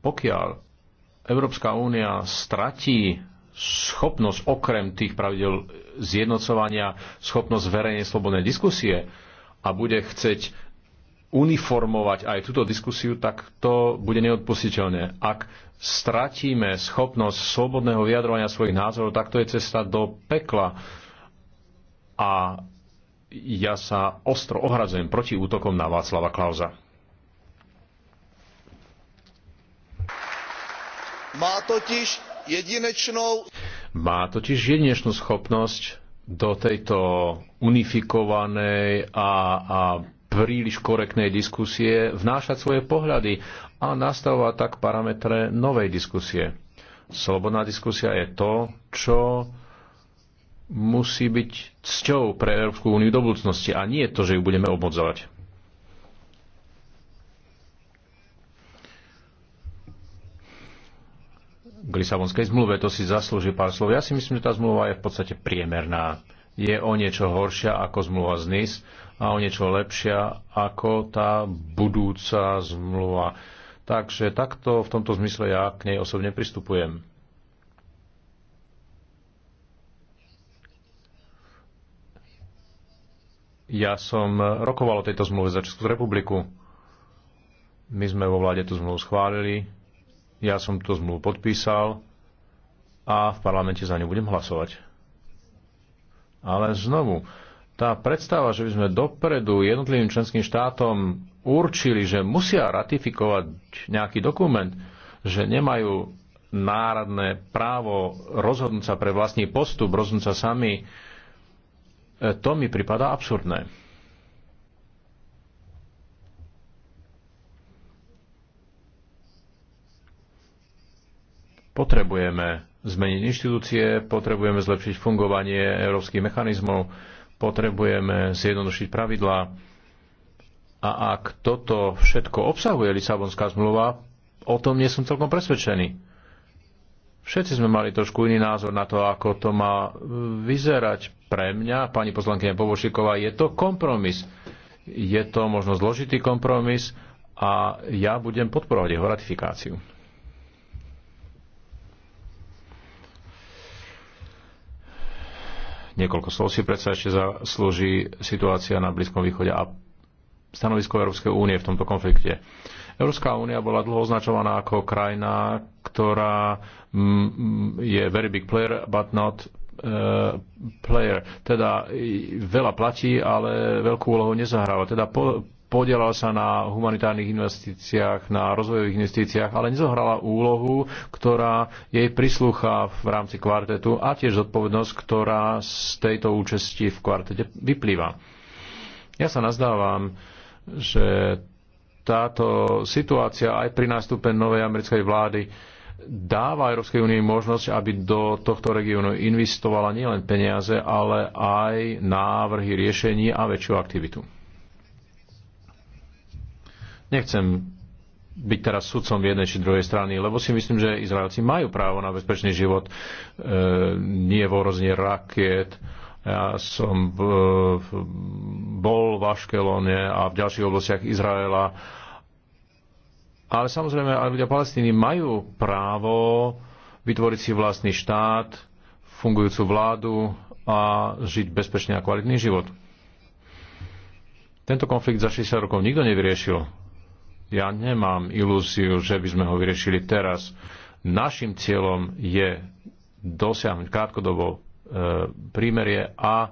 pokiaľ Európska únia stratí schopnosť okrem tých pravidel zjednocovania, schopnosť verejnej slobodnej diskusie a bude chceť uniformovať aj túto diskusiu, tak to bude neodpustiteľné. Ak stratíme schopnosť slobodného vyjadrovania svojich názorov, tak to je cesta do pekla. A ja sa ostro ohradzujem proti útokom na Václava Klauza. Má totiž jedinečnou... Má totiž jedinečnú schopnosť do tejto unifikovanej a, a príliš korektnej diskusie vnášať svoje pohľady a nastavovať tak parametre novej diskusie. Slobodná diskusia je to, čo musí byť cťou pre Európsku úniu do budúcnosti a nie to, že ju budeme obmodzovať. K Lisabonskej zmluve to si zaslúži pár slov. Ja si myslím, že tá zmluva je v podstate priemerná. Je o niečo horšia ako zmluva z NIS a o niečo lepšia ako tá budúca zmluva. Takže takto v tomto zmysle ja k nej osobne pristupujem. Ja som rokoval o tejto zmluve za Českú republiku. My sme vo vláde tú zmluvu schválili, ja som tú zmluvu podpísal a v parlamente za ňu budem hlasovať. Ale znovu, tá predstava, že by sme dopredu jednotlivým členským štátom určili, že musia ratifikovať nejaký dokument, že nemajú národné právo rozhodnúť sa pre vlastný postup, rozhodnúť sa sami, e, to mi pripadá absurdné. Potrebujeme zmeniť inštitúcie, potrebujeme zlepšiť fungovanie európskych mechanizmov, potrebujeme zjednodušiť pravidlá. A ak toto všetko obsahuje Lisabonská zmluva, o tom nie som celkom presvedčený. Všetci sme mali trošku iný názor na to, ako to má e, vyzerať. Pre mňa, pani poslankyňa Pobošiková, je to kompromis. Je to možno zložitý kompromis a ja budem podporovať jeho ratifikáciu. Niekoľko slov si predsa ešte zaslúži situácia na Blízkom východe a stanovisko Európskej únie v tomto konflikte. Európska únia bola dlho označovaná ako krajina, ktorá mm, mm, je very big player, but not eh, player. Teda veľa platí, ale veľkú úlohu nezahráva. Teda po, podielal sa na humanitárnych investíciách, na rozvojových investíciách, ale nezohrala úlohu, ktorá jej prislúcha v rámci kvartetu a tiež zodpovednosť, ktorá z tejto účasti v kvartete vyplýva. Ja sa nazdávam, že táto situácia aj pri nástupe novej americkej vlády dáva Európskej únii možnosť, aby do tohto regiónu investovala nielen peniaze, ale aj návrhy riešení a väčšiu aktivitu. Nechcem byť teraz sudcom v jednej či druhej strany, lebo si myslím, že Izraelci majú právo na bezpečný život, e, nie vo ohrozne rakiet. Ja som v, bol v Aškelone a v ďalších oblastiach Izraela. Ale samozrejme aj ľudia Palestíny majú právo vytvoriť si vlastný štát, fungujúcu vládu a žiť bezpečný a kvalitný život. Tento konflikt za 60 rokov nikto nevyriešil ja nemám ilúziu, že by sme ho vyriešili teraz. Našim cieľom je dosiahnuť krátkodobo e, prímerie a e,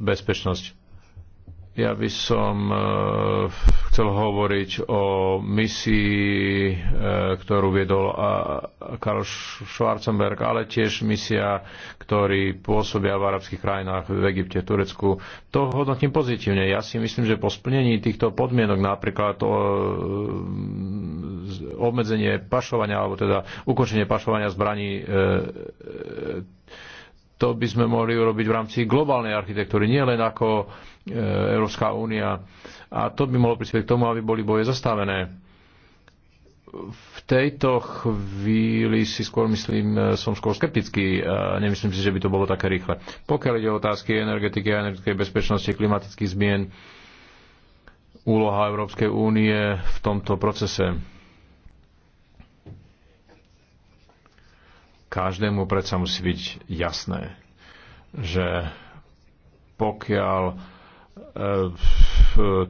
bezpečnosť. Ja by som e, chcel hovoriť o misii, e, ktorú viedol Karl Schwarzenberg, ale tiež misia, ktorí pôsobia v arabských krajinách, v Egypte, Turecku. To hodnotím pozitívne. Ja si myslím, že po splnení týchto podmienok, napríklad to obmedzenie pašovania, alebo teda ukončenie pašovania zbraní, e, to by sme mohli urobiť v rámci globálnej architektúry, nie len ako E, Európska únia. A to by mohlo prispieť k tomu, aby boli boje zastavené. V tejto chvíli si skôr myslím, e, som skôr skeptický a nemyslím si, že by to bolo také rýchle. Pokiaľ ide o otázky energetiky a energetickej bezpečnosti, klimatických zmien, úloha Európskej únie v tomto procese. Každému predsa musí byť jasné, že pokiaľ Eh,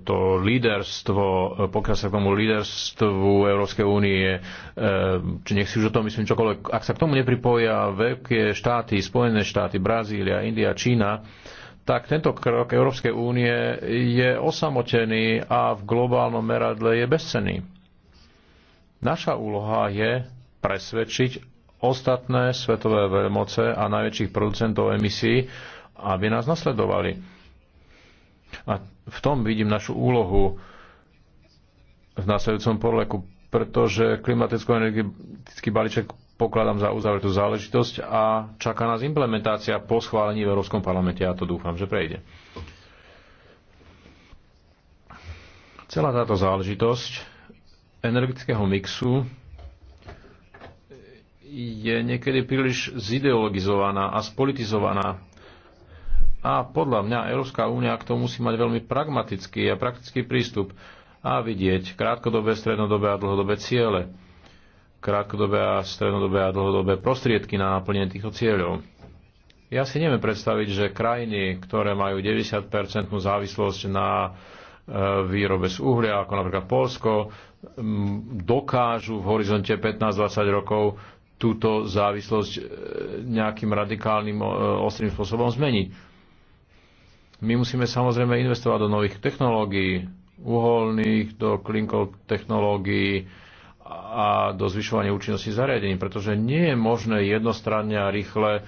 to líderstvo, eh, pokiaľ sa k tomu líderstvu Európskej únie, eh, či nech si už o tom myslím čokoľvek, ak sa k tomu nepripoja veľké štáty, Spojené štáty, Brazília, India, Čína, tak tento krok Európskej únie je osamotený a v globálnom meradle je bezcenný. Naša úloha je presvedčiť ostatné svetové veľmoce a najväčších producentov emisí, aby nás nasledovali a v tom vidím našu úlohu v následujúcom porleku, pretože klimaticko-energetický balíček pokladám za uzavretú záležitosť a čaká nás implementácia po schválení v Európskom parlamente. Ja to dúfam, že prejde. Celá táto záležitosť energetického mixu je niekedy príliš zideologizovaná a spolitizovaná a podľa mňa Európska únia k tomu musí mať veľmi pragmatický a praktický prístup a vidieť krátkodobé, strednodobé a dlhodobé ciele, krátkodobé a strednodobé a dlhodobé prostriedky na naplnenie týchto cieľov. Ja si neviem predstaviť, že krajiny, ktoré majú 90% závislosť na e, výrobe z uhlia, ako napríklad Polsko, dokážu v horizonte 15-20 rokov túto závislosť e, nejakým radikálnym e, ostrým spôsobom zmeniť. My musíme samozrejme investovať do nových technológií, uholných, do klinkov technológií a do zvyšovania účinnosti zariadení, pretože nie je možné jednostranne a rýchle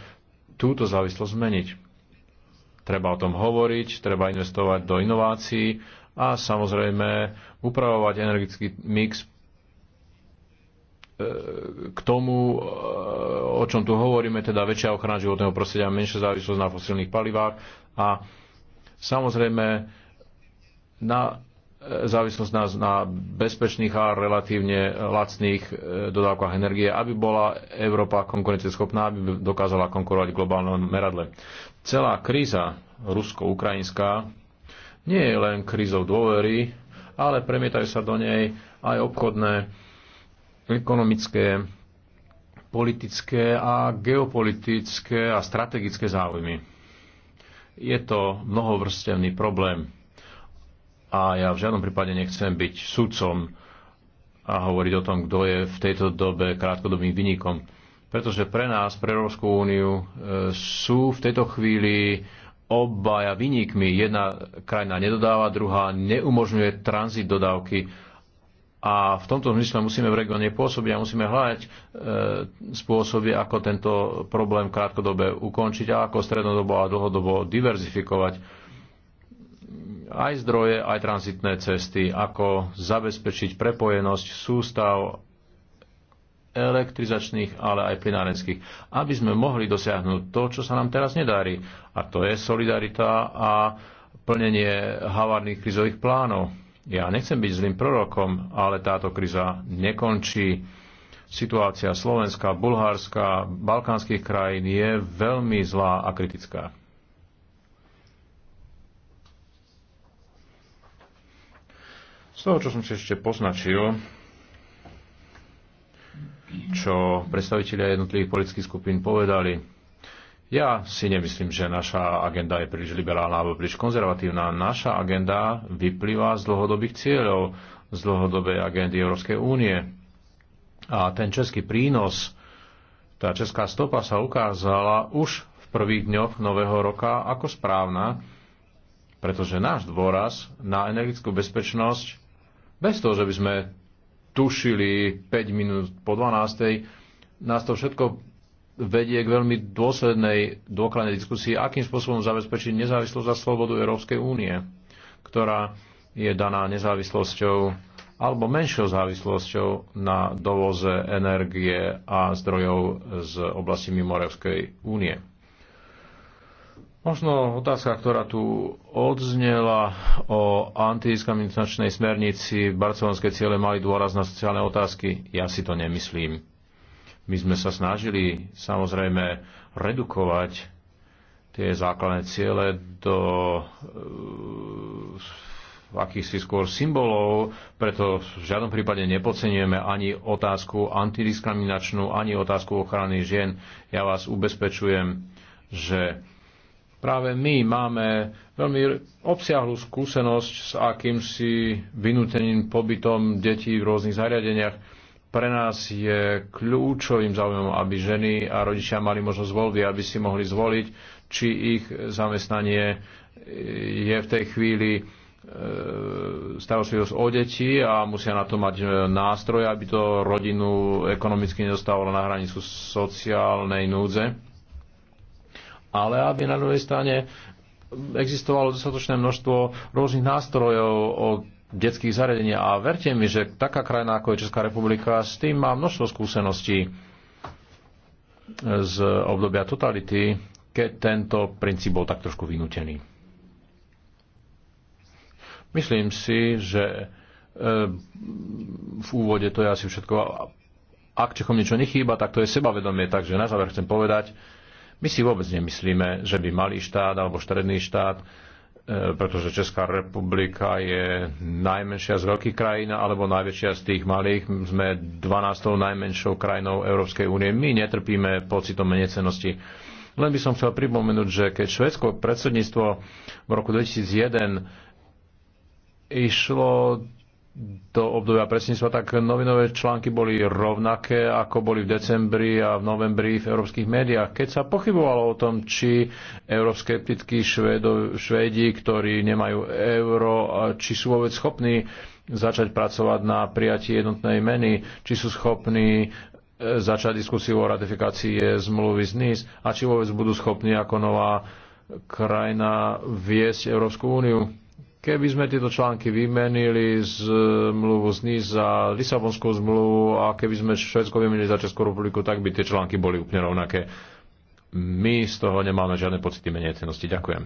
túto závislosť zmeniť. Treba o tom hovoriť, treba investovať do inovácií a samozrejme upravovať energetický mix e, k tomu, e, o čom tu hovoríme, teda väčšia ochrana životného prostredia, menšia závislosť na fosilných palivách a Samozrejme, na e, závislosť nás na bezpečných a relatívne lacných e, dodávkach energie, aby bola Európa konkurencieschopná, aby dokázala konkurovať v globálnom meradle. Celá kríza rusko-ukrajinská nie je len krízou dôvery, ale premietajú sa do nej aj obchodné, ekonomické, politické a geopolitické a strategické záujmy je to mnohovrstevný problém a ja v žiadnom prípade nechcem byť sudcom a hovoriť o tom, kto je v tejto dobe krátkodobým vynikom. Pretože pre nás, pre Európsku úniu, e, sú v tejto chvíli obaja vynikmi. Jedna krajina nedodáva, druhá neumožňuje tranzit dodávky a v tomto zmysle musíme v regióne pôsobiť a musíme hľadať e, spôsoby, ako tento problém krátkodobe ukončiť a ako strednodobo a dlhodobo diverzifikovať aj zdroje, aj transitné cesty, ako zabezpečiť prepojenosť sústav elektrizačných, ale aj plinárenských, aby sme mohli dosiahnuť to, čo sa nám teraz nedarí. A to je solidarita a plnenie havárnych krizových plánov ja nechcem byť zlým prorokom, ale táto kríza nekončí. Situácia Slovenska, Bulharska, balkánskych krajín je veľmi zlá a kritická. Z toho, čo som si ešte poznačil, čo predstavitelia jednotlivých politických skupín povedali, ja si nemyslím, že naša agenda je príliš liberálna alebo príliš konzervatívna. Naša agenda vyplýva z dlhodobých cieľov, z dlhodobej agendy Európskej únie. A ten český prínos, tá česká stopa sa ukázala už v prvých dňoch nového roka ako správna, pretože náš dôraz na energetickú bezpečnosť, bez toho, že by sme tušili 5 minút po 12. nás to všetko vedie k veľmi dôslednej, dôkladnej diskusii, akým spôsobom zabezpečiť nezávislosť a slobodu Európskej únie, ktorá je daná nezávislosťou alebo menšou závislosťou na dovoze energie a zdrojov z oblasti Mimorevskej únie. Možno otázka, ktorá tu odznela o antidiskriminačnej smernici, barcelonské ciele mali dôraz na sociálne otázky. Ja si to nemyslím. My sme sa snažili samozrejme redukovať tie základné ciele do e, akýchsi skôr symbolov, preto v žiadnom prípade nepocenujeme ani otázku antidiskriminačnú, ani otázku ochrany žien. Ja vás ubezpečujem, že práve my máme veľmi obsiahlu skúsenosť s akýmsi vynúteným pobytom detí v rôznych zariadeniach pre nás je kľúčovým záujmom, aby ženy a rodičia mali možnosť voľby, aby si mohli zvoliť, či ich zamestnanie e, je v tej chvíli e, starostlivosť o deti a musia na to mať e, nástroje, aby to rodinu ekonomicky nedostávalo na hranicu sociálnej núdze. Ale aby na druhej strane existovalo dostatočné množstvo rôznych nástrojov, od detských zariadení. A verte mi, že taká krajina ako je Česká republika s tým má množstvo skúseností z obdobia totality, keď tento princíp bol tak trošku vynútený. Myslím si, že eh, v úvode to je asi všetko. Ak Čechom niečo nechýba, tak to je sebavedomie. Takže na záver chcem povedať, my si vôbec nemyslíme, že by malý štát alebo štredný štát E, pretože Česká republika je najmenšia z veľkých krajín alebo najväčšia z tých malých. Sme 12. najmenšou krajinou Európskej únie. My netrpíme pocitom menecenosti. Len by som chcel pripomenúť, že keď Švedsko predsedníctvo v roku 2001 išlo do obdobia predsedníctva, tak novinové články boli rovnaké, ako boli v decembri a v novembri v európskych médiách. Keď sa pochybovalo o tom, či euroskeptickí Švédi, ktorí nemajú euro, či sú vôbec schopní začať pracovať na prijatí jednotnej meny, či sú schopní e, začať diskusiu o ratifikácii zmluvy z NIS a či vôbec budú schopní ako nová krajina viesť Európsku úniu Keby sme tieto články vymenili z eh, mluvu z NIS za Lisabonskú zmluvu a keby sme Švedsko vymenili za Českú republiku, tak by tie články boli úplne rovnaké. My z toho nemáme žiadne pocity menej cenosti. Ďakujem.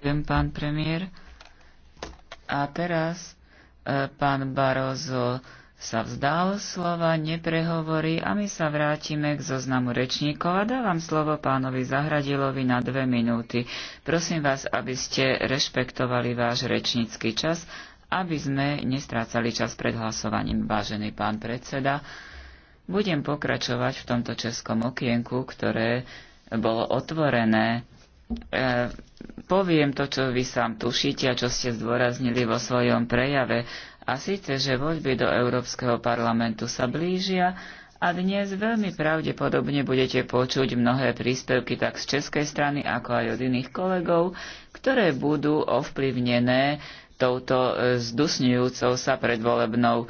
Ďakujem, pán premiér. A teraz e, pán Barozo sa vzdal slova, neprehovorí a my sa vrátime k zoznamu rečníkov a dávam slovo pánovi Zahradilovi na dve minúty. Prosím vás, aby ste rešpektovali váš rečnícky čas, aby sme nestrácali čas pred hlasovaním, vážený pán predseda. Budem pokračovať v tomto českom okienku, ktoré bolo otvorené. E, poviem to, čo vy sám tušíte a čo ste zdôraznili vo svojom prejave a síce, že voľby do Európskeho parlamentu sa blížia a dnes veľmi pravdepodobne budete počuť mnohé príspevky tak z českej strany, ako aj od iných kolegov, ktoré budú ovplyvnené touto e, zdusňujúcou sa predvolebnou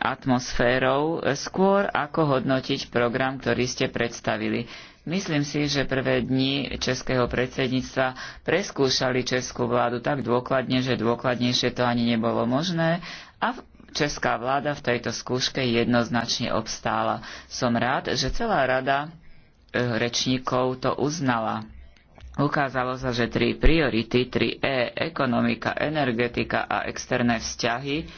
atmosférou skôr ako hodnotiť program, ktorý ste predstavili. Myslím si, že prvé dni českého predsedníctva preskúšali českú vládu tak dôkladne, že dôkladnejšie to ani nebolo možné a česká vláda v tejto skúške jednoznačne obstála. Som rád, že celá rada e, rečníkov to uznala. Ukázalo sa, že tri priority, tri E, ekonomika, energetika a externé vzťahy,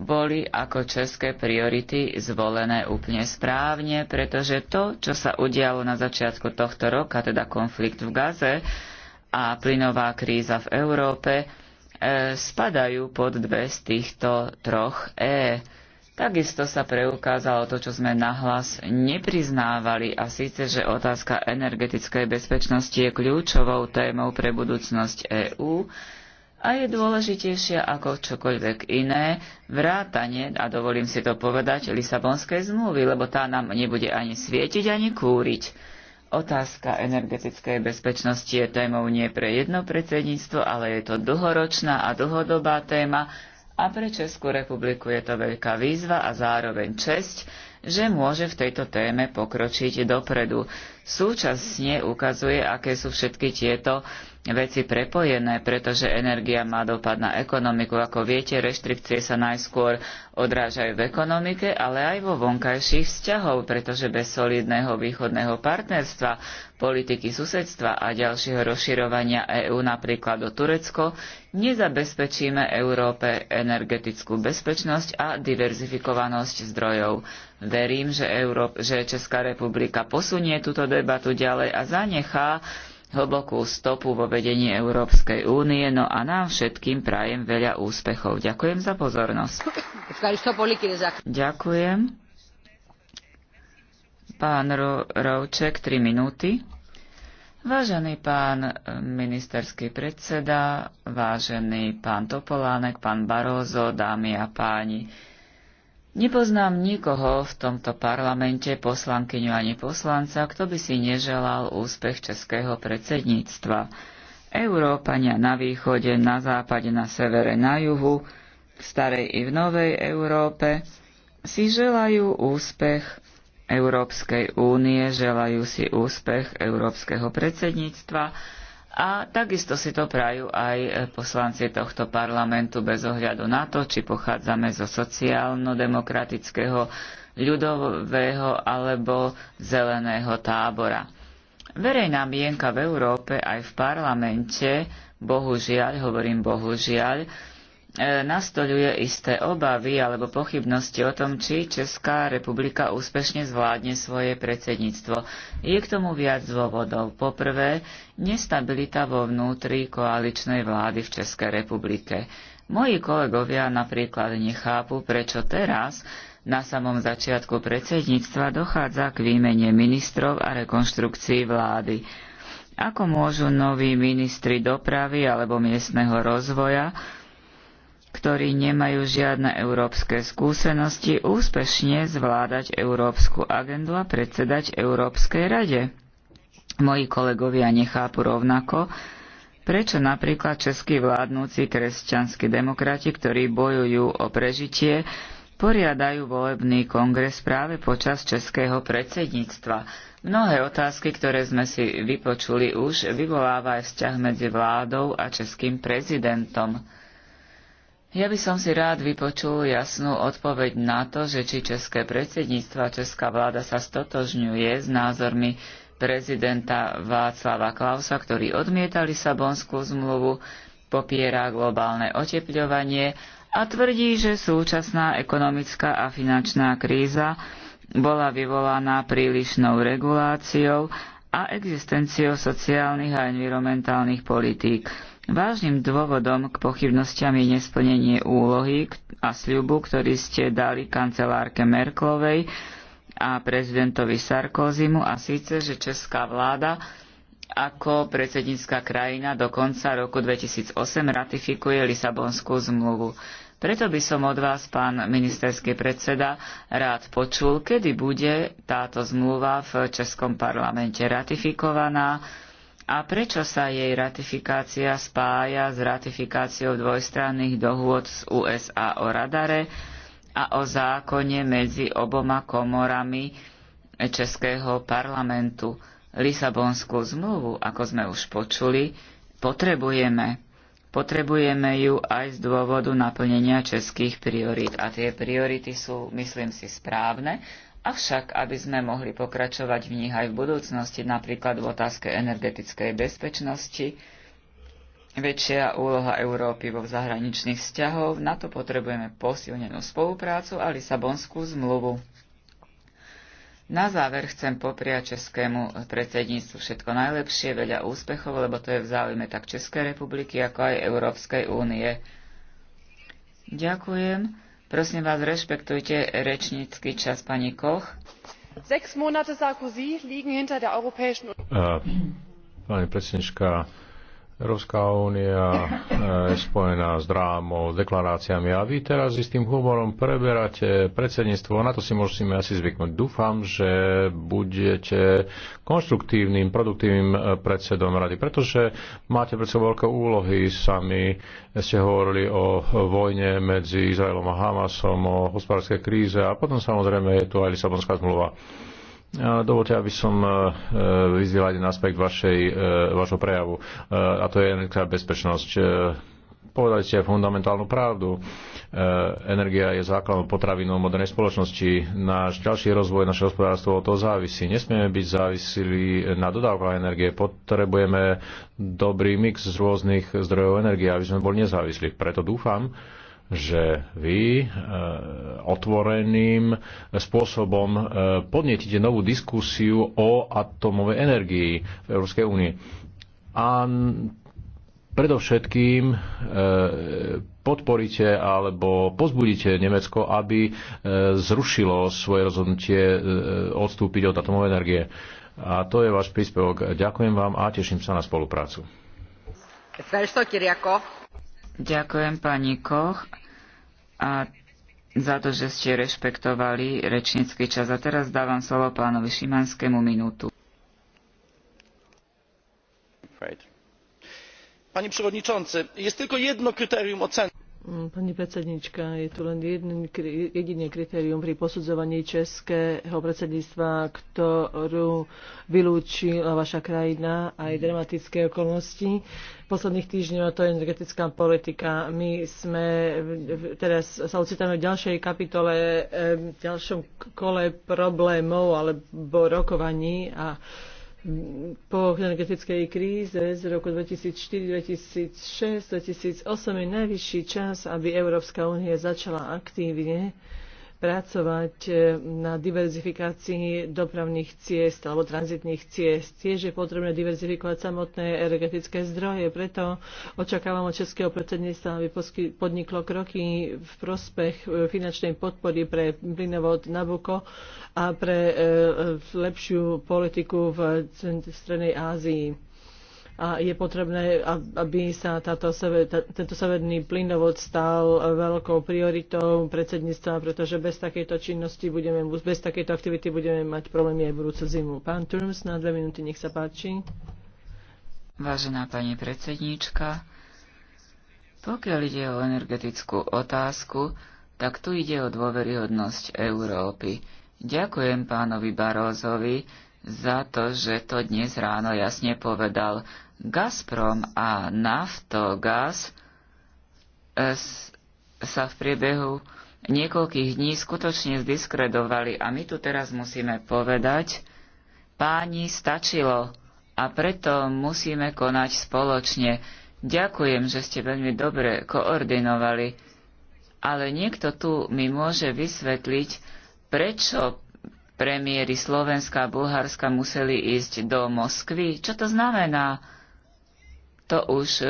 boli ako české priority zvolené úplne správne, pretože to, čo sa udialo na začiatku tohto roka, teda konflikt v Gaze a plynová kríza v Európe, e, spadajú pod dve z týchto troch E. Takisto sa preukázalo to, čo sme nahlas nepriznávali, a síce, že otázka energetickej bezpečnosti je kľúčovou témou pre budúcnosť EÚ a je dôležitejšia ako čokoľvek iné, vrátane, a dovolím si to povedať, Lisabonskej zmluvy, lebo tá nám nebude ani svietiť, ani kúriť. Otázka energetickej bezpečnosti je témou nie pre jedno predsedníctvo, ale je to dlhoročná a dlhodobá téma a pre Českú republiku je to veľká výzva a zároveň česť, že môže v tejto téme pokročiť dopredu. Súčasne ukazuje, aké sú všetky tieto veci prepojené, pretože energia má dopad na ekonomiku. Ako viete, reštrikcie sa najskôr odrážajú v ekonomike, ale aj vo vonkajších vzťahov, pretože bez solidného východného partnerstva, politiky susedstva a ďalšieho rozširovania EÚ napríklad do Turecko, nezabezpečíme Európe energetickú bezpečnosť a diverzifikovanosť zdrojov. Verím, že, Európ- že Česká republika posunie túto debatu ďalej a zanechá hlbokú stopu vo vedení Európskej únie, no a nám všetkým prajem veľa úspechov. Ďakujem za pozornosť. Ďakujem. Pán Rovček, 3 minúty. Vážený pán eh, ministerský predseda, vážený pán Topolánek, pán Barózo, dámy a páni, Nepoznám nikoho v tomto parlamente, poslankyňu ani poslanca, kto by si neželal úspech českého predsedníctva. Európania na východe, na západe, na severe, na juhu, v starej i v novej Európe si želajú úspech Európskej únie, želajú si úspech Európskeho predsedníctva, a takisto si to prajú aj e, poslanci tohto parlamentu bez ohľadu na to, či pochádzame zo sociálno-demokratického, ľudového alebo zeleného tábora. Verejná mienka v Európe aj v parlamente, bohužiaľ, hovorím bohužiaľ, E, nastoľuje isté obavy alebo pochybnosti o tom, či Česká republika úspešne zvládne svoje predsedníctvo. Je k tomu viac dôvodov. Poprvé, nestabilita vo vnútri koaličnej vlády v Českej republike. Moji kolegovia napríklad nechápu, prečo teraz, na samom začiatku predsedníctva, dochádza k výmene ministrov a rekonštrukcii vlády. Ako môžu noví ministri dopravy alebo miestneho rozvoja ktorí nemajú žiadne európske skúsenosti, úspešne zvládať európsku agendu a predsedať Európskej rade. Moji kolegovia nechápu rovnako, prečo napríklad českí vládnúci kresťanskí demokrati, ktorí bojujú o prežitie, poriadajú volebný kongres práve počas českého predsedníctva. Mnohé otázky, ktoré sme si vypočuli už, vyvoláva aj vzťah medzi vládou a českým prezidentom. Ja by som si rád vypočul jasnú odpoveď na to, že či české predsedníctvo a česká vláda sa stotožňuje s názormi prezidenta Václava Klausa, ktorý odmieta Lisabonskú zmluvu, popiera globálne otepľovanie a tvrdí, že súčasná ekonomická a finančná kríza bola vyvolaná prílišnou reguláciou a existenciou sociálnych a environmentálnych politík. Vážnym dôvodom k pochybnostiam je nesplnenie úlohy a sľubu, ktorý ste dali kancelárke Merklovej a prezidentovi Sarkozimu a síce, že česká vláda ako predsednícka krajina do konca roku 2008 ratifikuje Lisabonskú zmluvu. Preto by som od vás, pán ministerský predseda, rád počul, kedy bude táto zmluva v Českom parlamente ratifikovaná, a prečo sa jej ratifikácia spája s ratifikáciou dvojstranných dohôd z USA o radare a o zákone medzi oboma komorami Českého parlamentu? Lisabonskú zmluvu, ako sme už počuli, potrebujeme. Potrebujeme ju aj z dôvodu naplnenia českých priorít. A tie priority sú, myslím si, správne Avšak, aby sme mohli pokračovať v nich aj v budúcnosti, napríklad v otázke energetickej bezpečnosti, väčšia úloha Európy vo zahraničných vzťahov, na to potrebujeme posilnenú spoluprácu a Lisabonskú zmluvu. Na záver chcem popriať Českému predsedníctvu všetko najlepšie, veľa úspechov, lebo to je v záujme tak Českej republiky, ako aj Európskej únie. Ďakujem. Prosím vás, rešpektujte rečnícky čas pani Koch. Sechs Monate Sarkozy liegen hinter der Europäischen Union. Uh, äh, pani predsednička, Európska únia e, je spojená s drámou, deklaráciami a vy teraz s tým humorom preberáte predsedníctvo. Na to si musíme asi zvyknúť. Dúfam, že budete konštruktívnym, produktívnym e, predsedom rady, pretože máte pred sebou veľké úlohy. Sami ste hovorili o vojne medzi Izraelom a Hamasom, o hospodárskej kríze a potom samozrejme je tu aj Lisabonská zmluva. Dovolte, aby som e, e, vyzvihla jeden aspekt vašej, e, vašho prejavu, a to je energetická bezpečnosť. Povedali ste fundamentálnu pravdu. Energia je základnou potravinou modernej spoločnosti. Náš ďalší rozvoj, naše hospodárstvo od toho závisí. Nesmieme byť závislí na dodávkach energie. Potrebujeme dobrý mix z rôznych zdrojov energie, aby sme boli nezávislí. Preto dúfam, že vy e, otvoreným spôsobom e, podnetíte novú diskusiu o atómovej energii v Európskej únii. A predovšetkým e, podporíte alebo pozbudíte Nemecko, aby zrušilo svoje rozhodnutie odstúpiť od atomovej energie. A to je váš príspevok. Ďakujem vám a teším sa na spoluprácu. Ďakujem pani Koch a za to, že ste rešpektovali rečnícky čas. A teraz dávam slovo pánovi Šimanskému minútu. Right. Panie przewodniczący, jest tylko jedno kryterium oceny. Mm, pani predsednička, je tu len jediné kritérium pri posudzovaní českého predsedníctva, ktorú vylúčila vaša krajina aj dramatické okolnosti. Posledných týždňov to je energetická politika. My sme teraz sa ocitáme v ďalšej kapitole, v ďalšom kole problémov alebo rokovaní a po energetickej kríze z roku 2004, 2006, 2008 je najvyšší čas, aby Európska únia začala aktívne pracovať eh, na diverzifikácii dopravných ciest alebo tranzitných ciest. Tiež je potrebné diverzifikovať samotné energetické zdroje, preto očakávam od Českého predsedníctva, aby podniklo kroky v prospech eh, finančnej podpory pre plynovod Nabuko a pre eh, lepšiu politiku v Strednej Ázii a je potrebné, aby sa táto, tento severný plynovod stal veľkou prioritou predsedníctva, pretože bez takejto činnosti budeme, bez takejto aktivity budeme mať problémy aj budúcu zimu. Pán Turms, na dve minúty, nech sa páči. Vážená pani predsedníčka, pokiaľ ide o energetickú otázku, tak tu ide o dôveryhodnosť Európy. Ďakujem pánovi Barózovi za to, že to dnes ráno jasne povedal Gazprom a Naftogaz eh, sa v priebehu niekoľkých dní skutočne zdiskredovali a my tu teraz musíme povedať, páni, stačilo a preto musíme konať spoločne. Ďakujem, že ste veľmi dobre koordinovali, ale niekto tu mi môže vysvetliť, prečo premiéry Slovenska a Bulharska museli ísť do Moskvy. Čo to znamená? to už e,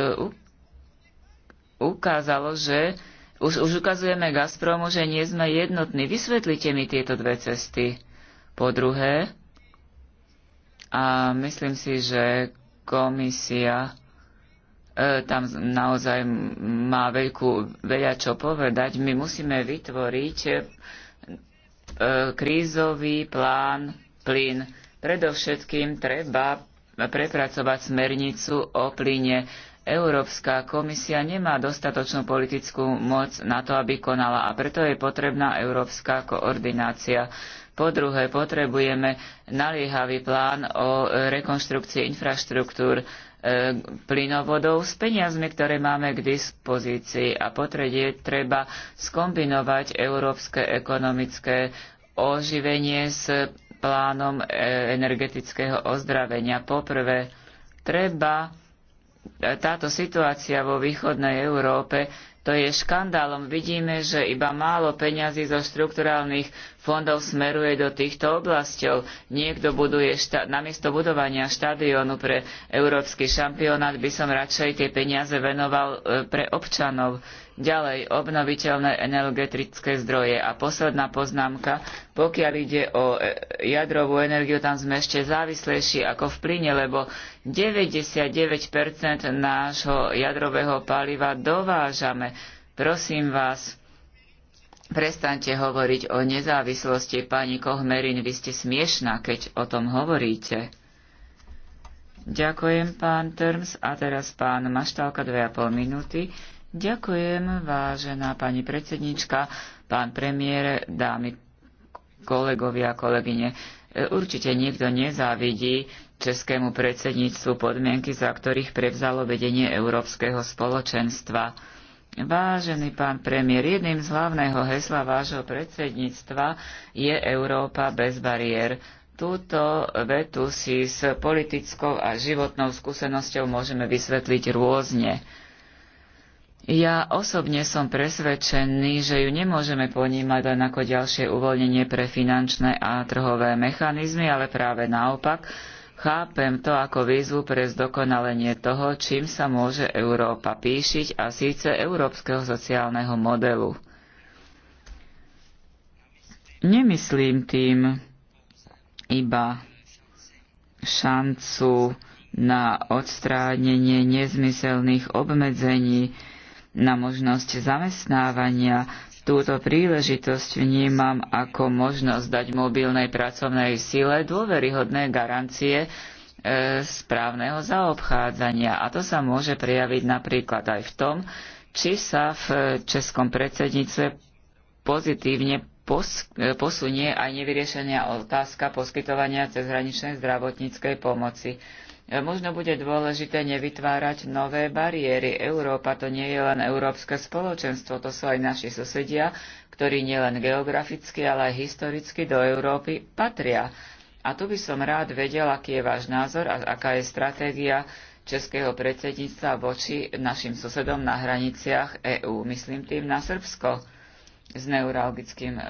ukázalo, že už, už ukazujeme Gazpromu, že nie sme jednotní. Vysvetlite mi tieto dve cesty. Po druhé, a myslím si, že komisia e, tam naozaj má veľkú, veľa čo povedať. My musíme vytvoriť e, krízový plán plyn. Predovšetkým treba prepracovať smernicu o plyne. Európska komisia nemá dostatočnú politickú moc na to, aby konala a preto je potrebná európska koordinácia. Po druhé, potrebujeme naliehavý plán o rekonštrukcii infraštruktúr e, plynovodov s peniazmi, ktoré máme k dispozícii. A po treba skombinovať európske ekonomické oživenie s plánom e, energetického ozdravenia. Poprvé, treba e, táto situácia vo východnej Európe, to je škandálom. Vidíme, že iba málo peňazí zo štrukturálnych fondov smeruje do týchto oblasťov. Niekto buduje šta- namiesto budovania štadiónu pre európsky šampionát by som radšej tie peniaze venoval e, pre občanov Ďalej, obnoviteľné energetické zdroje. A posledná poznámka, pokiaľ ide o e, jadrovú energiu, tam sme ešte závislejší ako v plyne, lebo 99% nášho jadrového paliva dovážame. Prosím vás, prestaňte hovoriť o nezávislosti. Pani Kohmerin, vy ste smiešná, keď o tom hovoríte. Ďakujem, pán Terms. A teraz pán Maštálka, 2,5 minúty. Ďakujem, vážená pani predsednička, pán premiér, dámy, kolegovia, kolegyne. E, určite nikto nezávidí českému predsedníctvu podmienky, za ktorých prevzalo vedenie Európskeho spoločenstva. Vážený pán premiér, jedným z hlavného hesla vášho predsedníctva je Európa bez bariér. Túto vetu si s politickou a životnou skúsenosťou môžeme vysvetliť rôzne. Ja osobne som presvedčený, že ju nemôžeme ponímať len ako ďalšie uvoľnenie pre finančné a trhové mechanizmy, ale práve naopak chápem to ako výzvu pre zdokonalenie toho, čím sa môže Európa píšiť a síce európskeho sociálneho modelu. Nemyslím tým iba šancu na odstránenie nezmyselných obmedzení, na možnosť zamestnávania. Túto príležitosť vnímam ako možnosť dať mobilnej pracovnej sile dôveryhodné garancie e, správneho zaobchádzania. A to sa môže prejaviť napríklad aj v tom, či sa v českom predsedníctve pozitívne e, posunie aj nevyriešenia otázka poskytovania cezhraničnej zdravotníckej pomoci. E, možno bude dôležité nevytvárať nové bariéry. Európa to nie je len európske spoločenstvo, to sú aj naši susedia, ktorí nielen geograficky, ale aj historicky do Európy patria. A tu by som rád vedel, aký je váš názor a aká je stratégia českého predsedníctva voči našim susedom na hraniciach EÚ. Myslím tým na Srbsko s neuralgickým e,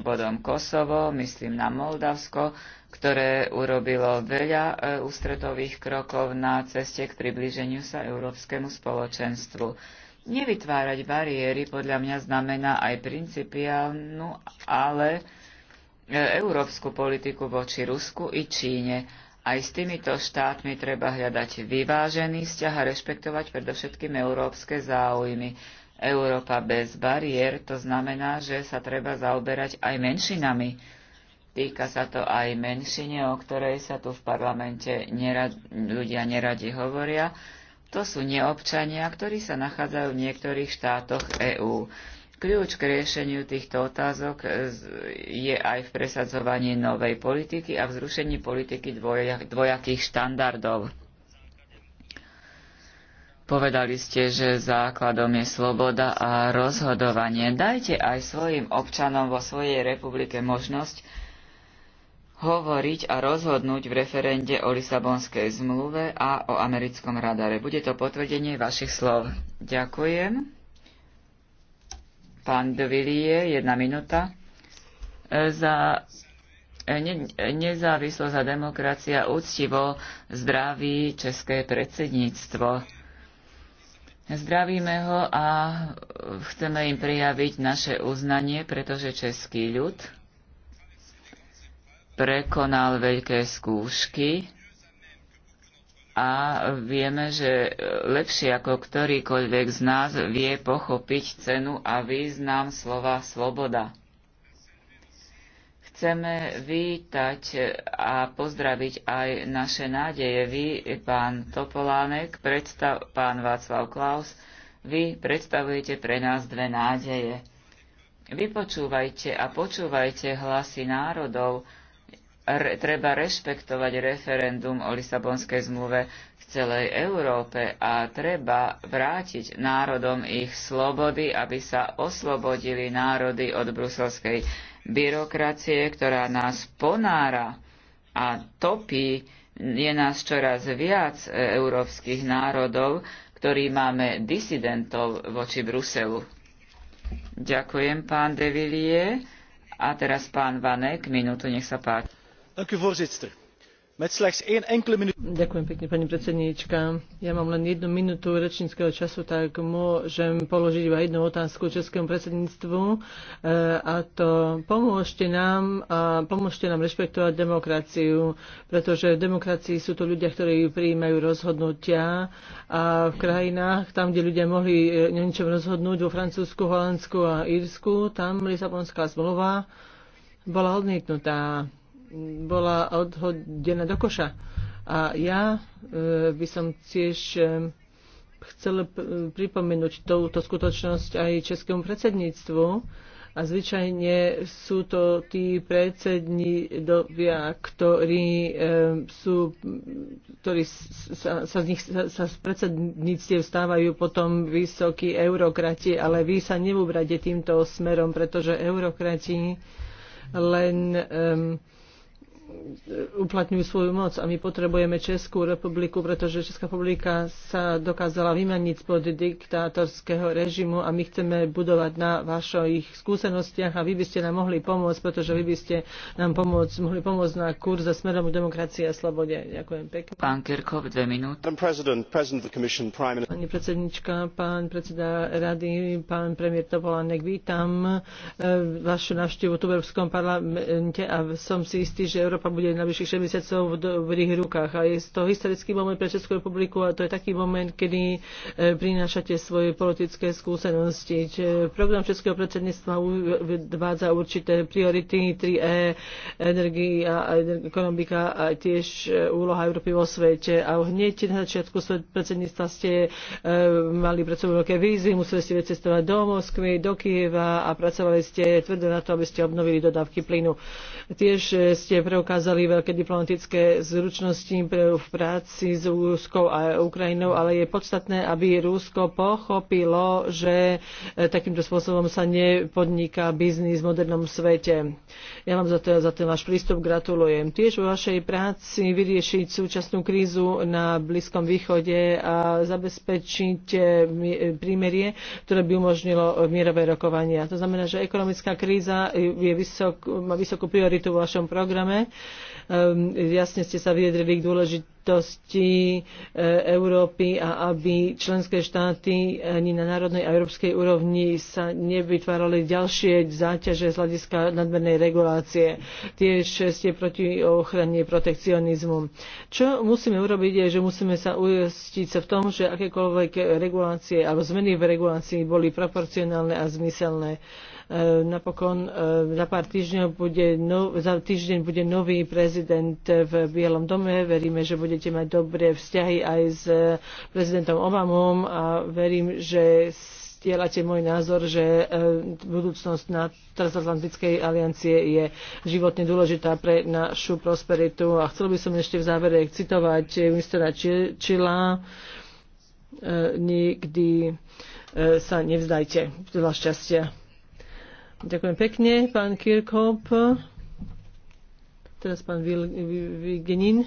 bodom Kosovo, myslím na Moldavsko, ktoré urobilo veľa e, ústretových krokov na ceste k priblíženiu sa európskemu spoločenstvu. Nevytvárať bariéry podľa mňa znamená aj principiálnu, ale e, európsku politiku voči Rusku i Číne. Aj s týmito štátmi treba hľadať vyvážený vzťah a rešpektovať predovšetkým európske záujmy. Európa bez bariér, to znamená, že sa treba zaoberať aj menšinami. Týka sa to aj menšine, o ktorej sa tu v parlamente nerad, ľudia neradi hovoria. To sú neobčania, ktorí sa nachádzajú v niektorých štátoch EÚ. Kľúč k riešeniu týchto otázok e, je aj v presadzovaní novej politiky a v zrušení politiky dvojakých štandardov. Povedali ste, že základom je sloboda a rozhodovanie. Dajte aj svojim občanom vo svojej republike možnosť hovoriť a rozhodnúť v referende o Lisabonskej zmluve a o americkom radare. Bude to potvrdenie vašich slov. Ďakujem. Pán Dovilie, jedna minúta. E, za e, e, nezávislosť a demokracia úctivo zdraví české predsedníctvo Zdravíme ho a chceme im prijaviť naše uznanie, pretože český ľud prekonal veľké skúšky a vieme, že lepšie ako ktorýkoľvek z nás vie pochopiť cenu a význam slova sloboda. Chceme vítať a pozdraviť aj naše nádeje. Vy, pán Topolánek, predstav, pán Václav Klaus, vy predstavujete pre nás dve nádeje. Vypočúvajte a počúvajte hlasy národov. Re, treba rešpektovať referendum o Lisabonskej zmluve v celej Európe a treba vrátiť národom ich slobody, aby sa oslobodili národy od bruselskej byrokracie, ktorá nás ponára a topí, je nás čoraz viac e, európskych národov, ktorí máme disidentov voči Bruselu. Ďakujem, pán De Villiers. A teraz pán Vanek, minútu, nech sa páči. Ďakujem, voorzitter. Ďakujem pekne, pani predsedníčka. Ja mám len jednu minútu rečníckého času, tak môžem položiť iba jednu otázku českému predsedníctvu e, a to pomôžte nám a pomôžte nám rešpektovať demokraciu, pretože v demokracii sú to ľudia, ktorí prijímajú rozhodnutia a v krajinách, tam, kde ľudia mohli e, ničom rozhodnúť, vo Francúzsku, Holandsku a Írsku, tam Lisabonská zmluva bola odmietnutá bola odhodená do koša. A ja e, by som tiež e, chcel pripomenúť touto skutočnosť aj českému predsedníctvu. A zvyčajne sú to tí predsednídovia, ktorí, e, sú, ktorí sa, sa, z nich, sa, sa z predsedníctiev stávajú potom vysokí eurokrati, ale vy sa nevúbrate týmto smerom, pretože eurokrati len E, uplatňujú svoju moc a my potrebujeme Českú republiku, pretože Česká republika sa dokázala vymaniť spod diktátorského režimu a my chceme budovať na vašich skúsenostiach a vy by ste nám mohli pomôcť, pretože vy by ste nám pomôcť, mohli pomôcť na kurz za smerom demokracie a slobode. Ďakujem pekne. Pán Kirkov, dve minúty. Pani predsednička, pán predseda rady, pán premiér Topolánek, vítam eh, vašu návštevu v Európskom parlamente a som si istý, že Európa Európa bude na vyšších 6 mesiacov v dobrých rukách. A je to historický moment pre Českú republiku a to je taký moment, kedy e, prinášate svoje politické skúsenosti. E, program Českého predsedníctva vádza určité priority 3E, energii a ekonomika a tiež e, úloha Európy vo svete. A hneď na začiatku predsedníctva ste mali pred sebou veľké vízy, museli ste cestovať do Moskvy, do Kieva a pracovali ste tvrdo na to, aby ste obnovili dodávky plynu. Tiež ste preukázali ukázali veľké diplomatické zručnosti v práci s Ruskou a Ukrajinou, ale je podstatné, aby Rusko pochopilo, že e, takýmto spôsobom sa nepodniká biznis v modernom svete. Ja vám za, to, za ten váš prístup gratulujem. Tiež vo vašej práci vyriešiť súčasnú krízu na Blízkom východe a zabezpečiť e, e, prímerie, ktoré by umožnilo mierové rokovania. To znamená, že ekonomická kríza je vysok, má vysokú prioritu vo vašom programe Ehm, jasne ste sa vyjadrili k dôležitosti e, Európy a aby členské štáty ani na národnej a európskej úrovni sa nevytvárali ďalšie záťaže z hľadiska nadmernej regulácie. Tiež ste proti ochrane protekcionizmu. Čo musíme urobiť je, že musíme sa ujistiť sa v tom, že akékoľvek regulácie alebo zmeny v regulácii boli proporcionálne a zmyselné. E, napokon e, za pár týždňov bude, no, za týždeň bude nový prezident v Bielom dome. Veríme, že budete mať dobré vzťahy aj s prezidentom Obamom a verím, že stielate môj názor, že e, budúcnosť na transatlantickej aliancie je životne dôležitá pre našu prosperitu. A chcel by som ešte v závere citovať ministra Čila. Nikdy sa nevzdajte. Veľa šťastia. Ďakujem pekne, pán Kirkop. Teraz pán Vigenin,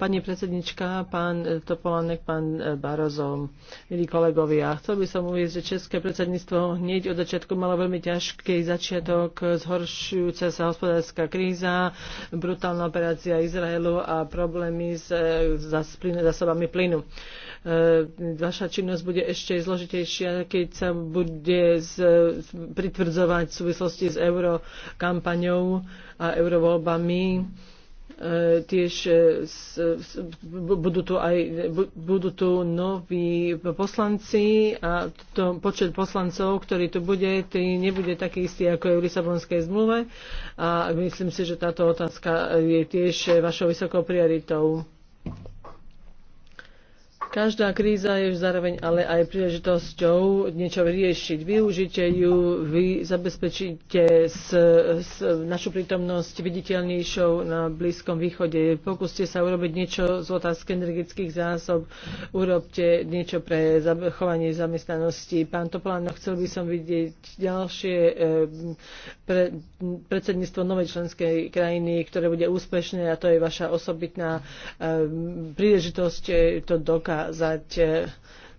pani predsednička, pán Topolanek, pán Barozo, milí kolegovia. Chcel by som uvieť, že České predsedníctvo hneď od začiatku malo veľmi ťažký začiatok, zhoršujúca sa hospodárska kríza, brutálna operácia Izraelu a problémy s e, zásobami plynu. E, vaša činnosť bude ešte zložitejšia, keď sa bude z, pritvrdzovať v súvislosti s eurokampaňou a eurovoľbami e, tiež e, budú tu, aj, budú tu noví poslanci a to, počet poslancov, ktorý tu bude, tý nebude taký istý ako je v Lisabonskej zmluve a myslím si, že táto otázka je tiež vašou vysokou prioritou. Každá kríza je zároveň ale aj príležitosťou niečo riešiť. Využite ju, vy zabezpečíte s, s našu prítomnosť viditeľnejšou na Blízkom východe. Pokúste sa urobiť niečo z otázky energetických zásob, urobte niečo pre zachovanie zamestnanosti. Pán Topolano, chcel by som vidieť ďalšie e, pre, predsedníctvo novej členskej krajiny, ktoré bude úspešné a to je vaša osobitná e, príležitosť e, to dokáže zakázať eh,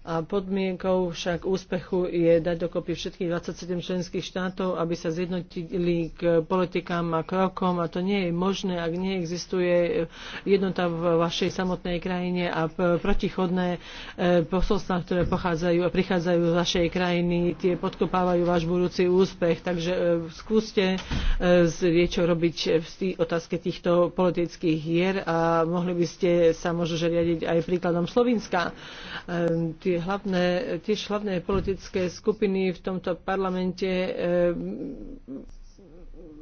a podmienkou však úspechu je dať dokopy všetkých 27 členských štátov, aby sa zjednotili k politikám a krokom a to nie je možné, ak neexistuje jednota v vašej samotnej krajine a protichodné e, posolstvá, ktoré pochádzajú a prichádzajú z vašej krajiny, tie podkopávajú váš budúci úspech. Takže e, skúste e, niečo robiť v tý, otázke týchto politických hier a mohli by ste sa možno riadiť aj príkladom Slovenska. Tie hlavné, tiež hlavné politické skupiny v tomto parlamente eh,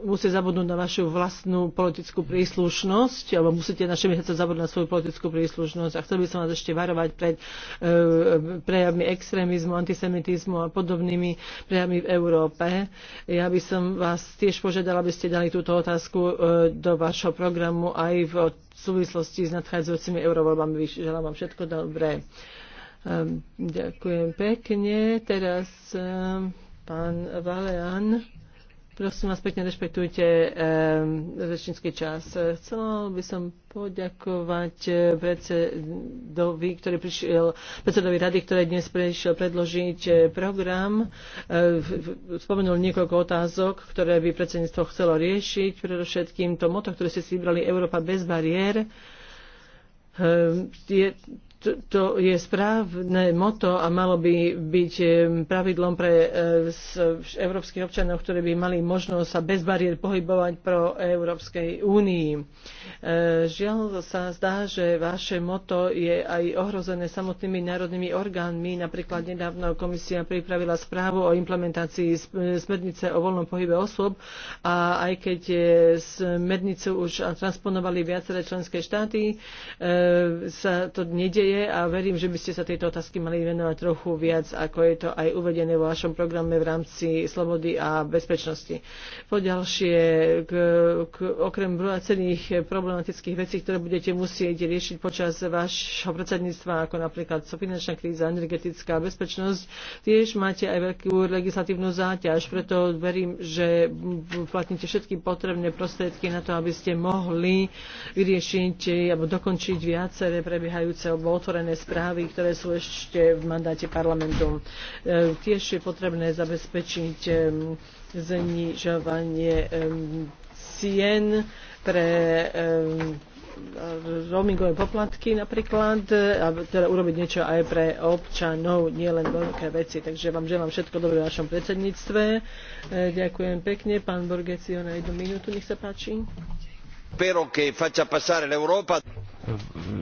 musí zabudnúť na vašu vlastnú politickú príslušnosť, alebo musíte naše mesiace zabudnúť na svoju politickú príslušnosť. A chcel by som vás ešte varovať pred e, prejavmi extrémizmu, antisemitizmu a podobnými prejavmi v Európe. Ja by som vás tiež požiadala, aby ste dali túto otázku e, do vašho programu aj v súvislosti s nadchádzajúcimi eurovoľbami. Želám vám všetko dobré. Ehm, ďakujem pekne. Teraz ehm, pán Valean. Prosím vás pekne, rešpektujte e, rečnícky čas. Chcela by som poďakovať eh, predsedovi, ktorý prišiel, predsedovi rady, ktorý dnes prišiel predložiť eh, program. E, spomenul niekoľko otázok, ktoré by predsedníctvo chcelo riešiť. Predovšetkým to moto, ktoré ste si vybrali Európa bez bariér. E, je to, to je správne moto a malo by byť eh, pravidlom pre eh, európskych občanov, ktorí by mali možnosť sa bez bariér pohybovať pro Európskej únii. Eh, žiaľ sa zdá, že vaše moto je aj ohrozené samotnými národnými orgánmi. Napríklad nedávno komisia pripravila správu o implementácii smernice o voľnom pohybe osôb a aj keď smernicu už transponovali viaceré členské štáty, sa to nedeje diskusie a verím, že by ste sa tejto otázky mali venovať trochu viac, ako je to aj uvedené vo vašom programe v rámci slobody a bezpečnosti. Poďalšie, k, k, okrem cených problematických vecí, ktoré budete musieť riešiť počas vášho predsedníctva, ako napríklad finančná kríza, energetická bezpečnosť, tiež máte aj veľkú legislatívnu záťaž, preto verím, že platníte všetky potrebné prostriedky na to, aby ste mohli vyriešiť alebo dokončiť viaceré prebiehajúce obvod otvorené správy, ktoré sú ešte v mandáte parlamentu. E, tiež je potrebné zabezpečiť e, znižovanie e, cien pre roamingové poplatky napríklad, a teda urobiť niečo aj pre občanov, nie len veľké veci. Takže vám želám všetko dobré v vašom predsedníctve. Ďakujem pekne. Pán Borgeci, na jednu minútu, nech sa páči.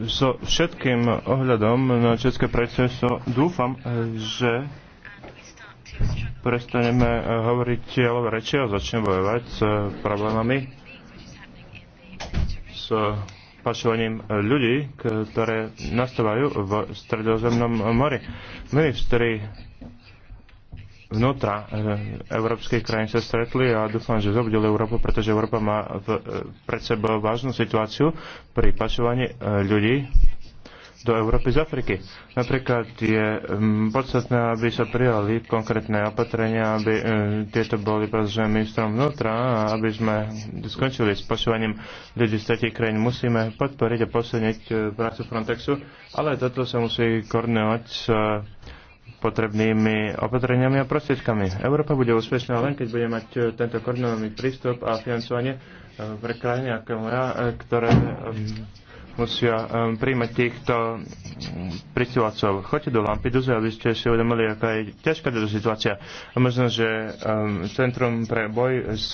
So všetkým ohľadom na české predsedstvo dúfam, eh, že prestaneme eh, hovoriť jelové reči a začneme bojovať s eh, problémami s pašovaním ľudí, ktoré nastávajú v stredozemnom mori. Ministri vnútra eh, európskych krajín sa stretli a dúfam, že zobudili Európu, pretože Európa má v, eh, pred sebou vážnu situáciu pri pašovaní eh, ľudí do Európy z Afriky. Napríklad je mm, podstatné, aby sa prijali konkrétne opatrenia, aby tieto boli pretože ministrom vnútra a aby sme skončili s pašovaním ľudí z tretich krajín. Musíme podporiť a posunieť prácu Frontexu, ale toto sa musí koordinovať s potrebnými opatreniami a prostriedkami. Európa bude úspešná len, keď bude mať e, tento koordinovaný prístup a financovanie e, pre krajiny ako moja, e, ktoré musia príjmať týchto mm, pristilovacov. Choďte do Lampiduze, aby ste si uvedomili, aká je ťažká táto situácia. A možno, že Centrum pre boj s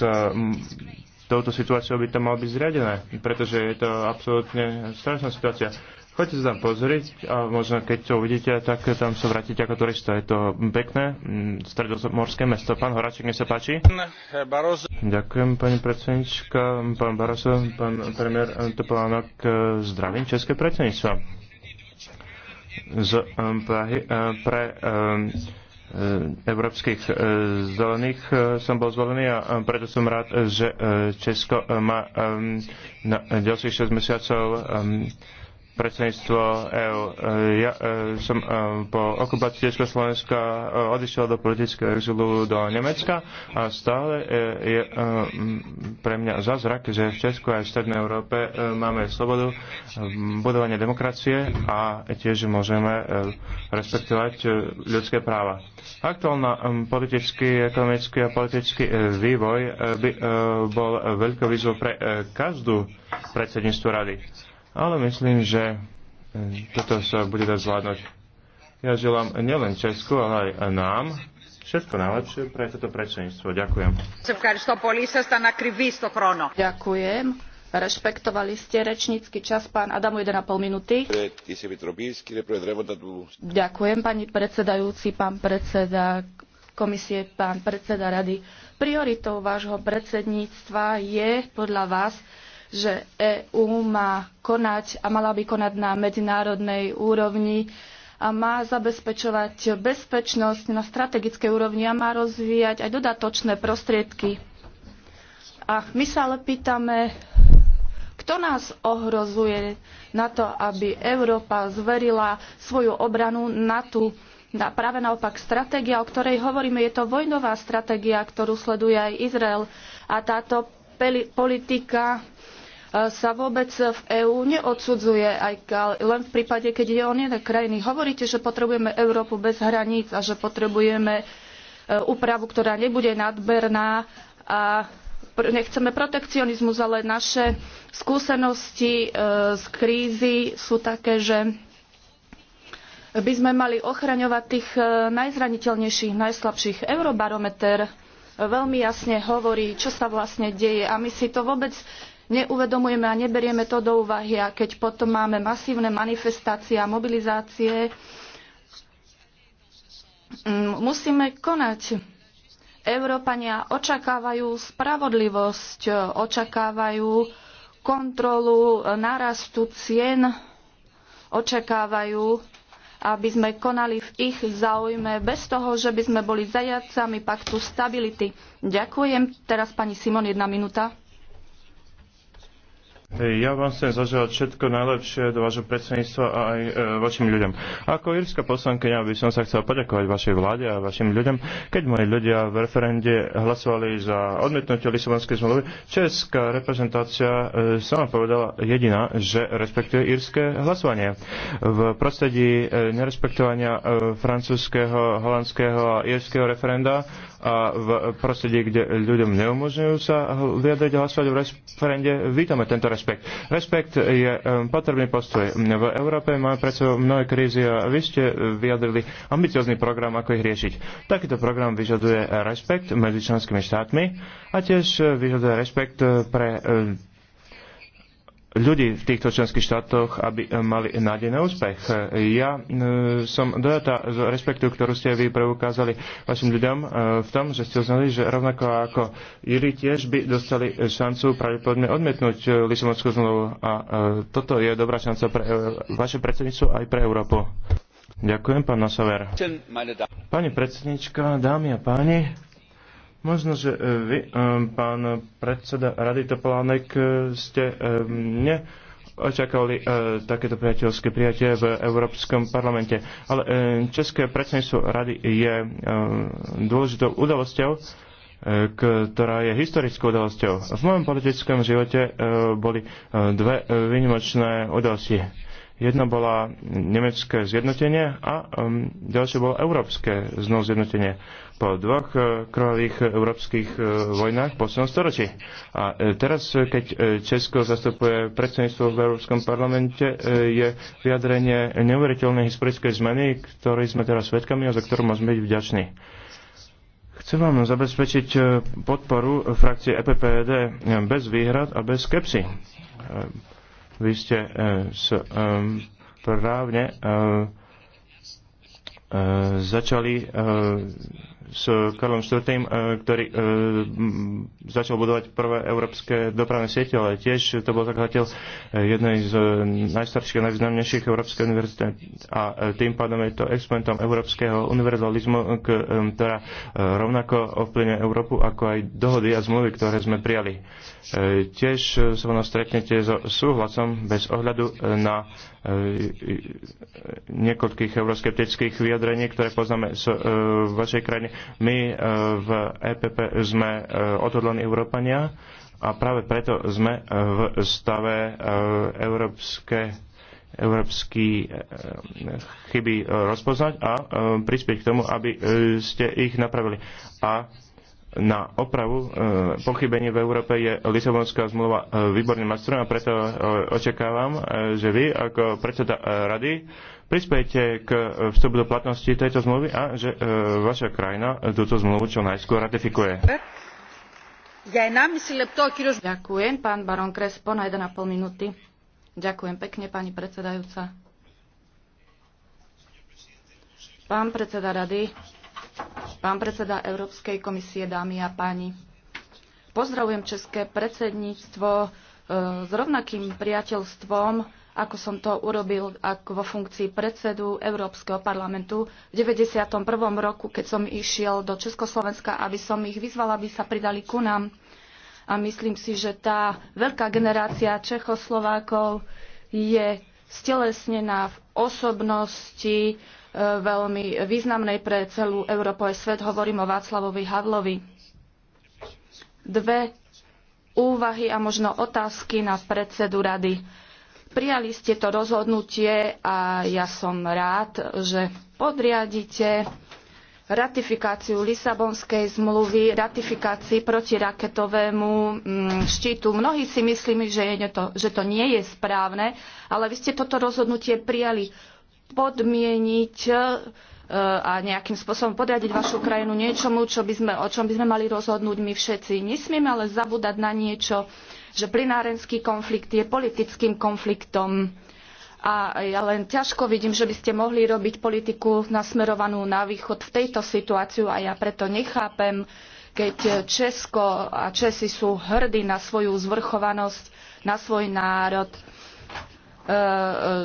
touto situáciou by to malo byť zriadené, pretože je to absolútne strašná situácia. Poďte sa tam pozrieť a možno keď to uvidíte, tak tam sa vrátite ako turista. Je to pekné mm, stredomorské mesto. Pán Horáček, nech sa páči. Ďakujem, pani predsednička, pán Baroso, pán premiér Topolánok. E, zdravím České predsedníctvo z e, Prahy e, pre európskych zelených som bol zvolený a preto som rád, že Česko má na ďalších 6 mesiacov predsedníctvo EÚ. E, ja e, som e, po okupácii Československa odišiel do politického exilu do Nemecka a stále je pre mňa zázrak, že v Česku aj v Strednej Európe máme slobodu, budovanie demokracie a tiež môžeme respektovať ľudské práva. Aktuálna politický, ekonomický a politický vývoj by bol veľkou výzvou pre každú predsedníctvo rady ale myslím, že eh, toto sa bude dať zvládnuť. Ja želám nielen Česku, ale aj nám všetko najlepšie pre toto predsedníctvo. Ďakujem. Ďakujem. Rešpektovali ste rečnícky čas, pán Adamu, 1,5 minúty. Ďakujem, pani predsedajúci, pán predseda komisie, pán predseda rady. Prioritou vášho predsedníctva je podľa vás že EÚ má konať a mala by konať na medzinárodnej úrovni a má zabezpečovať bezpečnosť na strategickej úrovni a má rozvíjať aj dodatočné prostriedky. A my sa ale pýtame, kto nás ohrozuje na to, aby Európa zverila svoju obranu na tú a práve naopak stratégia, o ktorej hovoríme, je to vojnová stratégia, ktorú sleduje aj Izrael. A táto politika e, sa vôbec v EÚ neodsudzuje, aj len v prípade, keď ide o iné krajiny. Hovoríte, že potrebujeme Európu bez hraníc a že potrebujeme e, úpravu, ktorá nebude nadberná a nechceme protekcionizmus, ale naše skúsenosti e, z krízy sú také, že by sme mali ochraňovať tých najzraniteľnejších, najslabších. Eurobarometer veľmi jasne hovorí, čo sa vlastne deje. A my si to vôbec neuvedomujeme a neberieme to do úvahy. A keď potom máme masívne manifestácie a mobilizácie, mm, musíme konať. Európania očakávajú spravodlivosť, očakávajú kontrolu nárastu cien, očakávajú aby sme konali v ich záujme bez toho, že by sme boli zajacami paktu stability. Ďakujem. Teraz pani Simon, jedna minúta. Ja vám chcem zaželať všetko najlepšie do vášho predsedníctva a aj e, vašim ľuďom. Ako írska poslankyňa by som sa chcel poďakovať vašej vláde a vašim ľuďom, keď moji ľudia v referende hlasovali za odmietnutie Lisabonskej zmluvy. Česká reprezentácia e, sama povedala jediná, že respektuje írske hlasovanie. V prostredí e, nerespektovania e, francúzského, holandského a írskeho referenda a v prostredí, kde ľuďom neumožňujú sa vyjadriť hlasovať v referende, vítame tento referendum rešpekt. Rešpekt je um, potrebný postoj. V Európe máme pred sebou mnohé krízy a vy ste uh, vyjadrili ambiciozný program, ako ich riešiť. Takýto program vyžaduje rešpekt medzi členskými štátmi a tiež uh, vyžaduje rešpekt uh, pre um, ľudí v týchto členských štátoch, aby eh, mali nádej na úspech. Eh, ja eh, som dojata z respektu, ktorú ste vy preukázali vašim ľuďom v tom, že ste uznali, že rovnako ako Jiri tiež by dostali šancu pravdepodobne odmietnúť Lisabonskú zmluvu a toto je dobrá šanca pre vaše predsedníctvo aj pre Európu. Ďakujem, pán Nasaver. Pani predsednička, dámy a páni, Možno, že e, vy, e, pán predseda Rady Topolánek, e, ste mne očakali takéto priateľské prijatie v Európskom parlamente. Ale České predsedníctvo rady je dôležitou udalosťou, ktorá je historickou udalosťou. V mojom politickom živote boli dve výnimočné udalosti. Jedna bola nemecké zjednotenie a ďalšie bolo európske znovu zjednotenie po dvoch e, krvavých e, európskych e, vojnách v 8. storočí. A teraz, keď Česko zastupuje predsedníctvo v Európskom parlamente, je vyjadrenie neuveriteľnej historickej zmeny, ktorý sme teraz svedkami a za ktorú môžeme byť vďační. Chcem vám zabezpečiť podporu frakcie EPPD bez výhrad a bez skepsy. Vy ste správne začali s Karlom IV., e, ktorý e, začal budovať prvé európske dopravné siete, ale tiež to bol zakladateľ e, jednej z najstarších a najvýznamnejších Európskej univerzity. a tým pádom je to exponentom európskeho univerzalizmu, ktorá rovnako ovplyvňuje Európu ako aj dohody a zmluvy, ktoré sme prijali. Tiež sa mnou stretnete so súhlasom bez ohľadu na niekoľkých euroskeptických vyjadrení, ktoré poznáme z vašej krajiny my e, v EPP sme e, odhodlení Európania a práve preto sme e, v stave európske európsky chyby rozpoznať a prispieť k tomu, aby ste ich napravili. A na opravu pochybenie v Európe je Lisabonská zmluva výborným nástrojom a preto očakávam, že vy ako predseda rady prispiete k vstupu do platnosti tejto zmluvy a že e, vaša krajina túto zmluvu čo najskôr ratifikuje. Ďakujem, pán Baron Krespo, na 1,5 minúty. Ďakujem pekne, pani predsedajúca. Pán predseda rady, pán predseda Európskej komisie, dámy a páni. Pozdravujem české predsedníctvo e, s rovnakým priateľstvom, ako som to urobil ako vo funkcii predsedu Európskeho parlamentu v 91. roku, keď som išiel do Československa, aby som ich vyzvala, aby sa pridali ku nám. A myslím si, že tá veľká generácia Čechoslovákov je stelesnená v osobnosti e, veľmi významnej pre celú Európu a svet. Hovorím o Václavovi Havlovi. Dve úvahy a možno otázky na predsedu rady Prijali ste to rozhodnutie a ja som rád, že podriadite ratifikáciu Lisabonskej zmluvy, ratifikácii protiraketovému mm, štítu. Mnohí si myslíme, že, to, že to nie je správne, ale vy ste toto rozhodnutie prijali podmieniť e, a nejakým spôsobom podriadiť vašu krajinu niečomu, čo by sme, o čom by sme mali rozhodnúť my všetci. Nesmieme ale zabúdať na niečo, že plinárenský konflikt je politickým konfliktom a ja len ťažko vidím, že by ste mohli robiť politiku nasmerovanú na východ v tejto situáciu a ja preto nechápem, keď Česko a Česi sú hrdí na svoju zvrchovanosť, na svoj národ, e,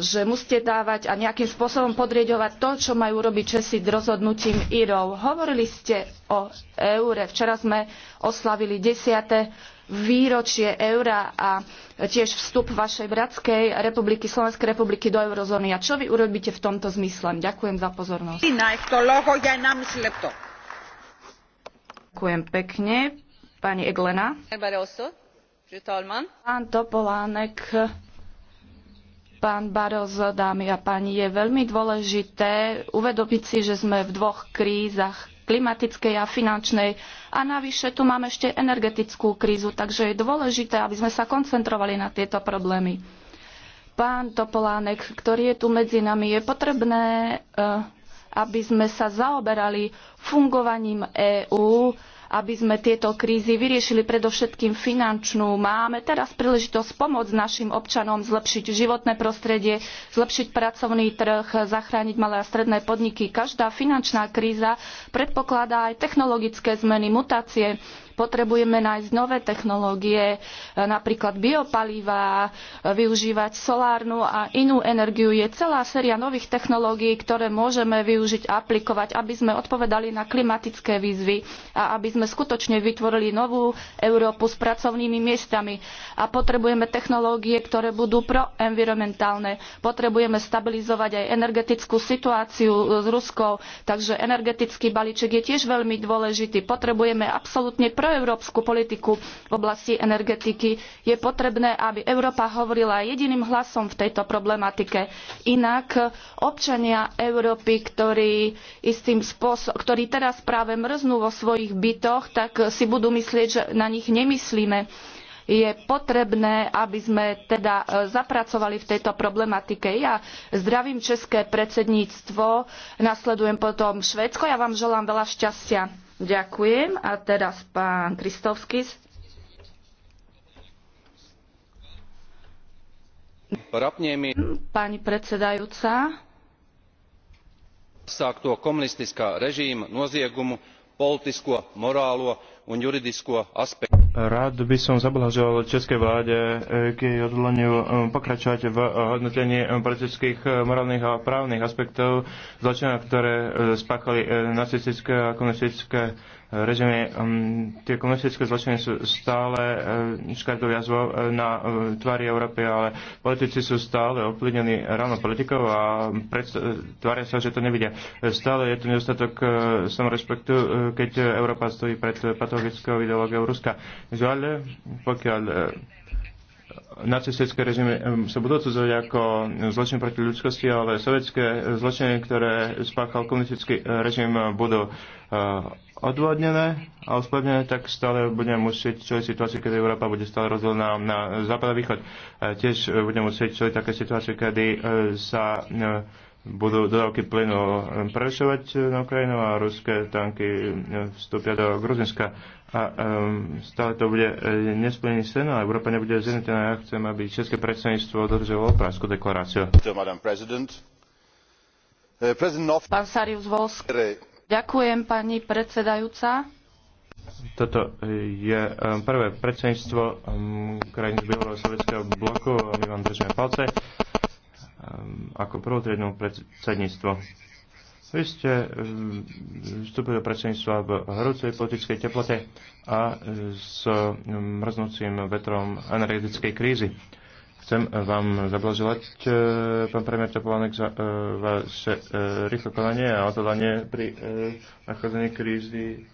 že musíte dávať a nejakým spôsobom podrieďovať to, čo majú robiť Česi rozhodnutím Írov. Hovorili ste o eure. Včera sme oslavili 10 výročie eura a tiež vstup vašej bratskej republiky, Slovenskej republiky do eurozóny. A čo vy urobíte v tomto zmysle? Ďakujem za pozornosť. Ďakujem pekne. Pani Eglena. Pán Topolánek, pán Barozo, dámy a páni, je veľmi dôležité uvedomiť si, že sme v dvoch krízach klimatickej a finančnej. A navyše tu máme ešte energetickú krízu, takže je dôležité, aby sme sa koncentrovali na tieto problémy. Pán Topolánek, ktorý je tu medzi nami, je potrebné, eh, aby sme sa zaoberali fungovaním EÚ, aby sme tieto krízy vyriešili predovšetkým finančnú. Máme teraz príležitosť pomôcť našim občanom zlepšiť životné prostredie, zlepšiť pracovný trh, zachrániť malé a stredné podniky. Každá finančná kríza predpokladá aj technologické zmeny, mutácie Potrebujeme nájsť nové technológie, e, napríklad biopalivá, e, využívať solárnu a inú energiu. Je celá séria nových technológií, ktoré môžeme využiť a aplikovať, aby sme odpovedali na klimatické výzvy a aby sme skutočne vytvorili novú Európu s pracovnými miestami. A potrebujeme technológie, ktoré budú proenvironmentálne. Potrebujeme stabilizovať aj energetickú situáciu e, s Ruskou, takže energetický balíček je tiež veľmi dôležitý. Potrebujeme absolútne pro proeurópsku politiku v oblasti energetiky. Je potrebné, aby Európa hovorila jediným hlasom v tejto problematike. Inak občania Európy, ktorí, istým spôsob, ktorí teraz práve mrznú vo svojich bytoch, tak si budú myslieť, že na nich nemyslíme je potrebné, aby sme teda e, zapracovali v tejto problematike. Ja zdravím české predsedníctvo, nasledujem potom Švédsko. Ja vám želám veľa šťastia. Ďakujem. A teraz pán Kristovskis. Pani predsedajúca. Sākto komunistická režim noziegumu politickú morálu a juridickú aspektu. Rád by som zablahoželal českej vláde eh, k jej odhodlaniu eh, pokračovať v eh, hodnotení politických, morálnych a právnych aspektov zločina, ktoré spáchali nacistické a komunistické režimy. Mm, tie komunistické zločiny sú stále uh, škartou jazvou na tvári Európy, ale politici sú stále ovplyvnení ráno politikou a tvária sa, že to nevidia. Stále je to nedostatok samorespektu, keď Európa stojí pred patologickou ideológiou Ruska. Žiaľ, pokiaľ e, nacistické režimy sa budú cudzovať ako zločiny proti ľudskosti, ale sovietské zločiny, ktoré spáchal komunistický e, režim, budú e, odvodnené a ospravedlnené, tak stále budeme musieť čeliť situáciu, kedy Európa bude stále rozdelená na západ a východ. Tiež budeme musieť čeliť také situácie, kedy sa budú dodávky plynu prešovať na Ukrajinu a ruské tanky vstúpia do Gruzinska. A um, stále to bude eh, nesplnený sen a Európa nebude zjednotená. Ja chcem, aby České predsedníctvo dodržovalo Pražskú deklaráciu. Eh, Pán Sarius Volsk, ďakujem pani predsedajúca. Toto eh, je prvé predsedníctvo krajín z bývalého sovietského bloku my vám držíme palce Ehm, ako prvotriednú predsedníctvo. Vy ste ehm, vstúpili do predsedníctva v horúcej politickej teplote a e, s ehm, mrznúcim vetrom energetickej krízy. Chcem vám zablažovať, e, pán premiér Topolanek, za e, vaše rýchlo konanie a odhodlanie pri nachádzaní krízy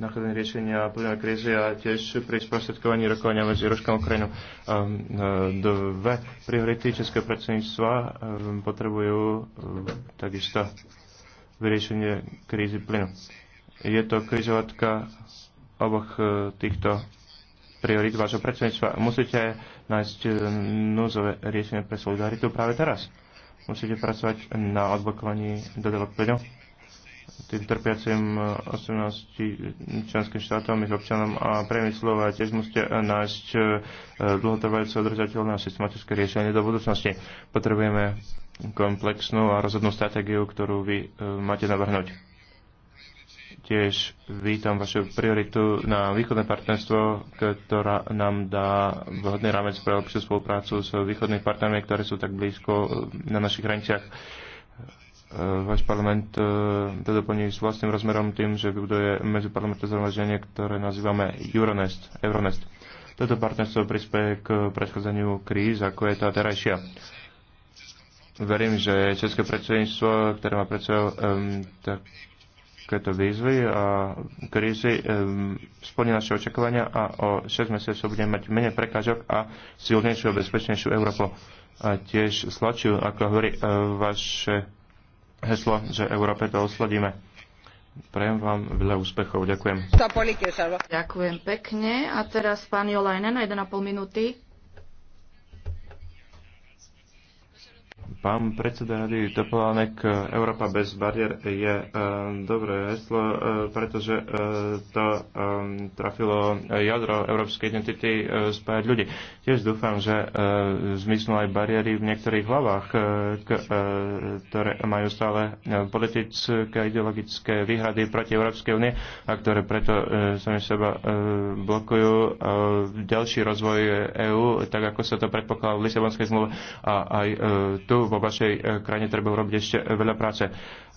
nachádzanie riešenia plynovej krízy a tiež pri sprostredkovaní rokovania medzi Ruskom a Ukrajinou. Ehm, ehm, dve priority Českého predsedníctva ehm, potrebujú takisto vyriešenie krízy plynu. Je to križovatka oboch e, týchto priorit vášho predsedníctva. Musíte nájsť e, núzové riešenie pre solidaritu práve teraz. Musíte pracovať na odblokovaní dodávok plynu tým trpiacim 18 členským štátom, ich občanom a priemyslova, a tiež musíte eh, nájsť eh, dlhotrvajúce održateľné a systematické riešenie do budúcnosti. Potrebujeme komplexnú a rozhodnú stratégiu, ktorú vy eh, máte navrhnúť. Tiež vítam vašu prioritu na východné partnerstvo, ktorá nám dá vhodný rámec pre lepšiu spoluprácu s východnými partnermi, ktoré sú tak blízko na našich hraniciach E, váš parlament e, to doplní s vlastným rozmerom tým, že vybuduje medziparlamentné zhromaždenie, ktoré nazývame Euronest, Euronest. Toto partnerstvo prispieje k predchádzaniu kríz, ako je tá terajšia. Verím, že České predsedníctvo, ktoré má pred um, takéto výzvy a krízy, um, splní naše očakovania a o 6 mesiacov budeme mať menej prekážok a silnejšiu a bezpečnejšiu Európu. A tiež slačiu, ako hovorí uh, vaše heslo, že Európe to osladíme. Prajem vám veľa úspechov. Ďakujem. Ďakujem pekne. A teraz pán Jolajnen na 1,5 minúty. Pán predseda rady Topolánek, e, Európa bez bariér je e, dobré heslo, e, pretože to trafilo jadro európskej identity spájať ľudí. Tiež dúfam, že zmiznú aj bariéry v niektorých hlavách, ktoré majú stále politické a ideologické výhrady proti Európskej únie a ktoré preto sami seba blokujú ďalší rozvoj EÚ, tak ako sa to predpokladá v Lisabonskej zmluve a aj tu vo vašej eh, krajine treba urobiť ešte veľa práce.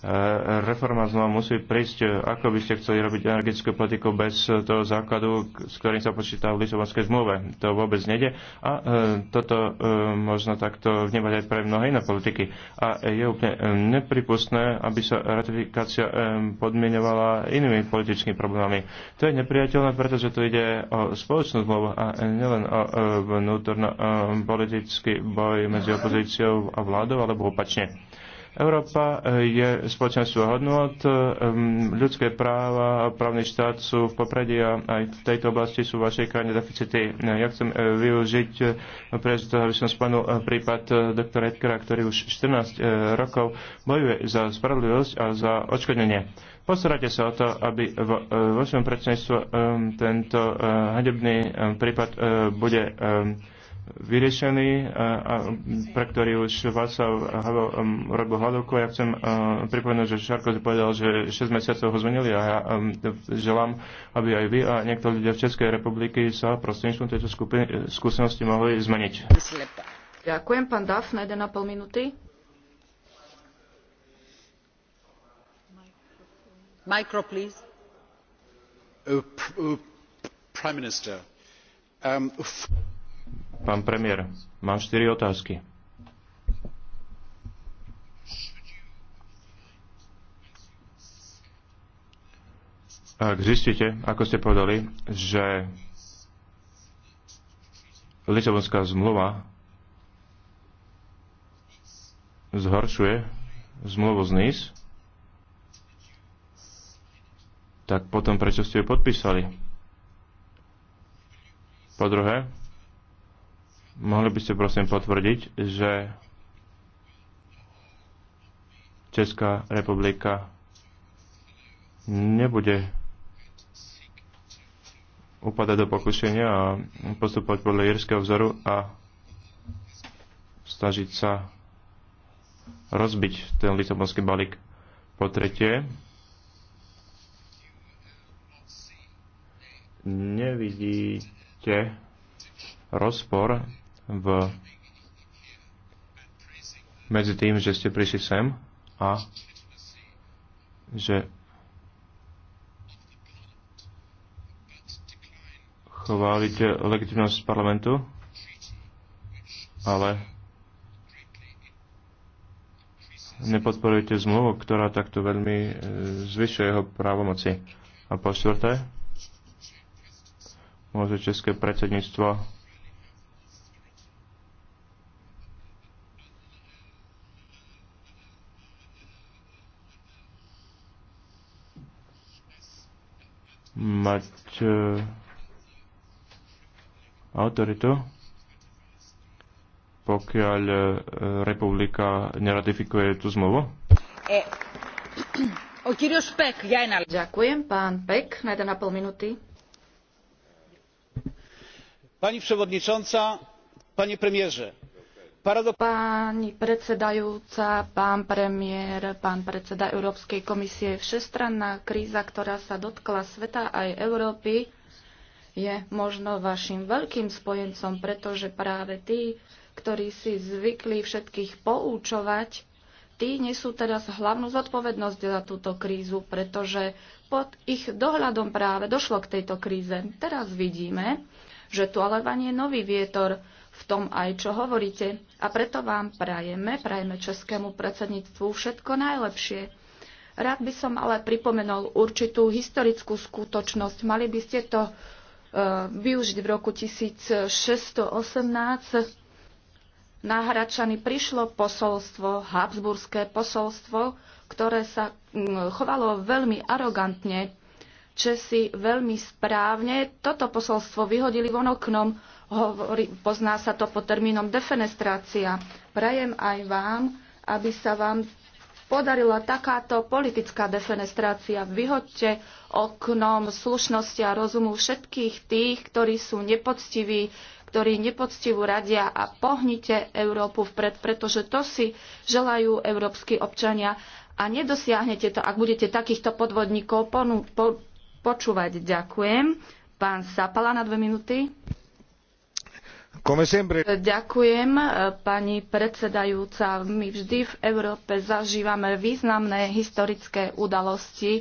Eh, reforma znova musí prísť. Ako by ste chceli robiť energetickú politiku bez toho základu, s ktorým sa počíta v Lisobonskej zmluve? To vôbec nejde. A e, toto e, možno takto vnímať aj pre mnohé iné politiky. A je úplne nepripustné, aby sa ratifikácia e, podmienovala inými politickými problémami. To je nepriateľné, pretože tu ide o spoločnú zmluvu a nielen o e, vnútorno e, politický boj medzi opozíciou a vládou, alebo opačne. Európa eh, je spoločenstvo hodnot, eh, ľudské práva a právny štát sú v popredí a aj v tejto oblasti sú vaše krajine deficity. Eh, ja chcem využiť toho, aby som spomenul prípad doktora Edgara, ktorý už 14 rokov bojuje za spravodlivosť a za odškodnenie. Postarajte sa o to, aby vo, vo svojom predsedníctvu tento hadebný prípad bude vyriešený, e, pre ktorý už Václav robil hľadovku. Ja chcem e, pripomenúť, že Šarko povedal, že 6 mesiacov ho zmenili a ja želám, aby aj vy a niektorí ľudia v Českej republiky sa prostredníctvom tejto skupiny, e, skúsenosti mohli zmeniť. Ďakujem, pán Daf, na 1,5 minúty. Micro, please. Uh, uh, prime minister, um, Pán premiér, mám štyri otázky. Ak zistíte, ako ste povedali, že Lisabonská zmluva zhoršuje zmluvu z NIS, tak potom prečo ste ju podpísali? Po druhé, Mohli by ste prosím potvrdiť, že Česká republika nebude upadať do pokušenia a postupovať podľa jirského vzoru a snažiť sa rozbiť ten lisabonský balík. Po tretie, nevidíte rozpor v, medzi tým, že ste prišli sem a že chválite legitimnosť parlamentu, ale nepodporujete zmluvu, ktorá takto veľmi e, zvyšuje jeho právomoci. A po štvrté, môže České predsedníctvo mať e, autoritu, pokiaľ e, republika neratifikuje tú zmluvu? E. O Pek, ja Ďakujem, pán Pek, na 1,5 minúty. Pani przewodnicząca, panie premierze, Pani predsedajúca, pán premiér, pán predseda Európskej komisie, všestranná kríza, ktorá sa dotkla sveta aj Európy, je možno vašim veľkým spojencom, pretože práve tí, ktorí si zvykli všetkých poučovať, tí nesú teraz hlavnú zodpovednosť za túto krízu, pretože pod ich dohľadom práve došlo k tejto kríze. Teraz vidíme, že tu ale vanie nový vietor, v tom aj, čo hovoríte. A preto vám prajeme, prajeme českému predsedníctvu všetko najlepšie. Rád by som ale pripomenul určitú historickú skutočnosť. Mali by ste to e, využiť v roku 1618. Na Hračany prišlo posolstvo, habsburské posolstvo, ktoré sa chovalo veľmi arogantne Česi veľmi správne toto posolstvo vyhodili von oknom. Hovorí, pozná sa to pod termínom defenestrácia. Prajem aj vám, aby sa vám podarila takáto politická defenestrácia. Vyhoďte oknom slušnosti a rozumu všetkých tých, ktorí sú nepoctiví, ktorí nepoctivú radia a pohnite Európu vpred, pretože to si želajú európsky občania a nedosiahnete to, ak budete takýchto podvodníkov počúvať. Ďakujem. Pán Sapala na dve minúty. Ďakujem, e, pani predsedajúca. My vždy v Európe zažívame významné historické udalosti.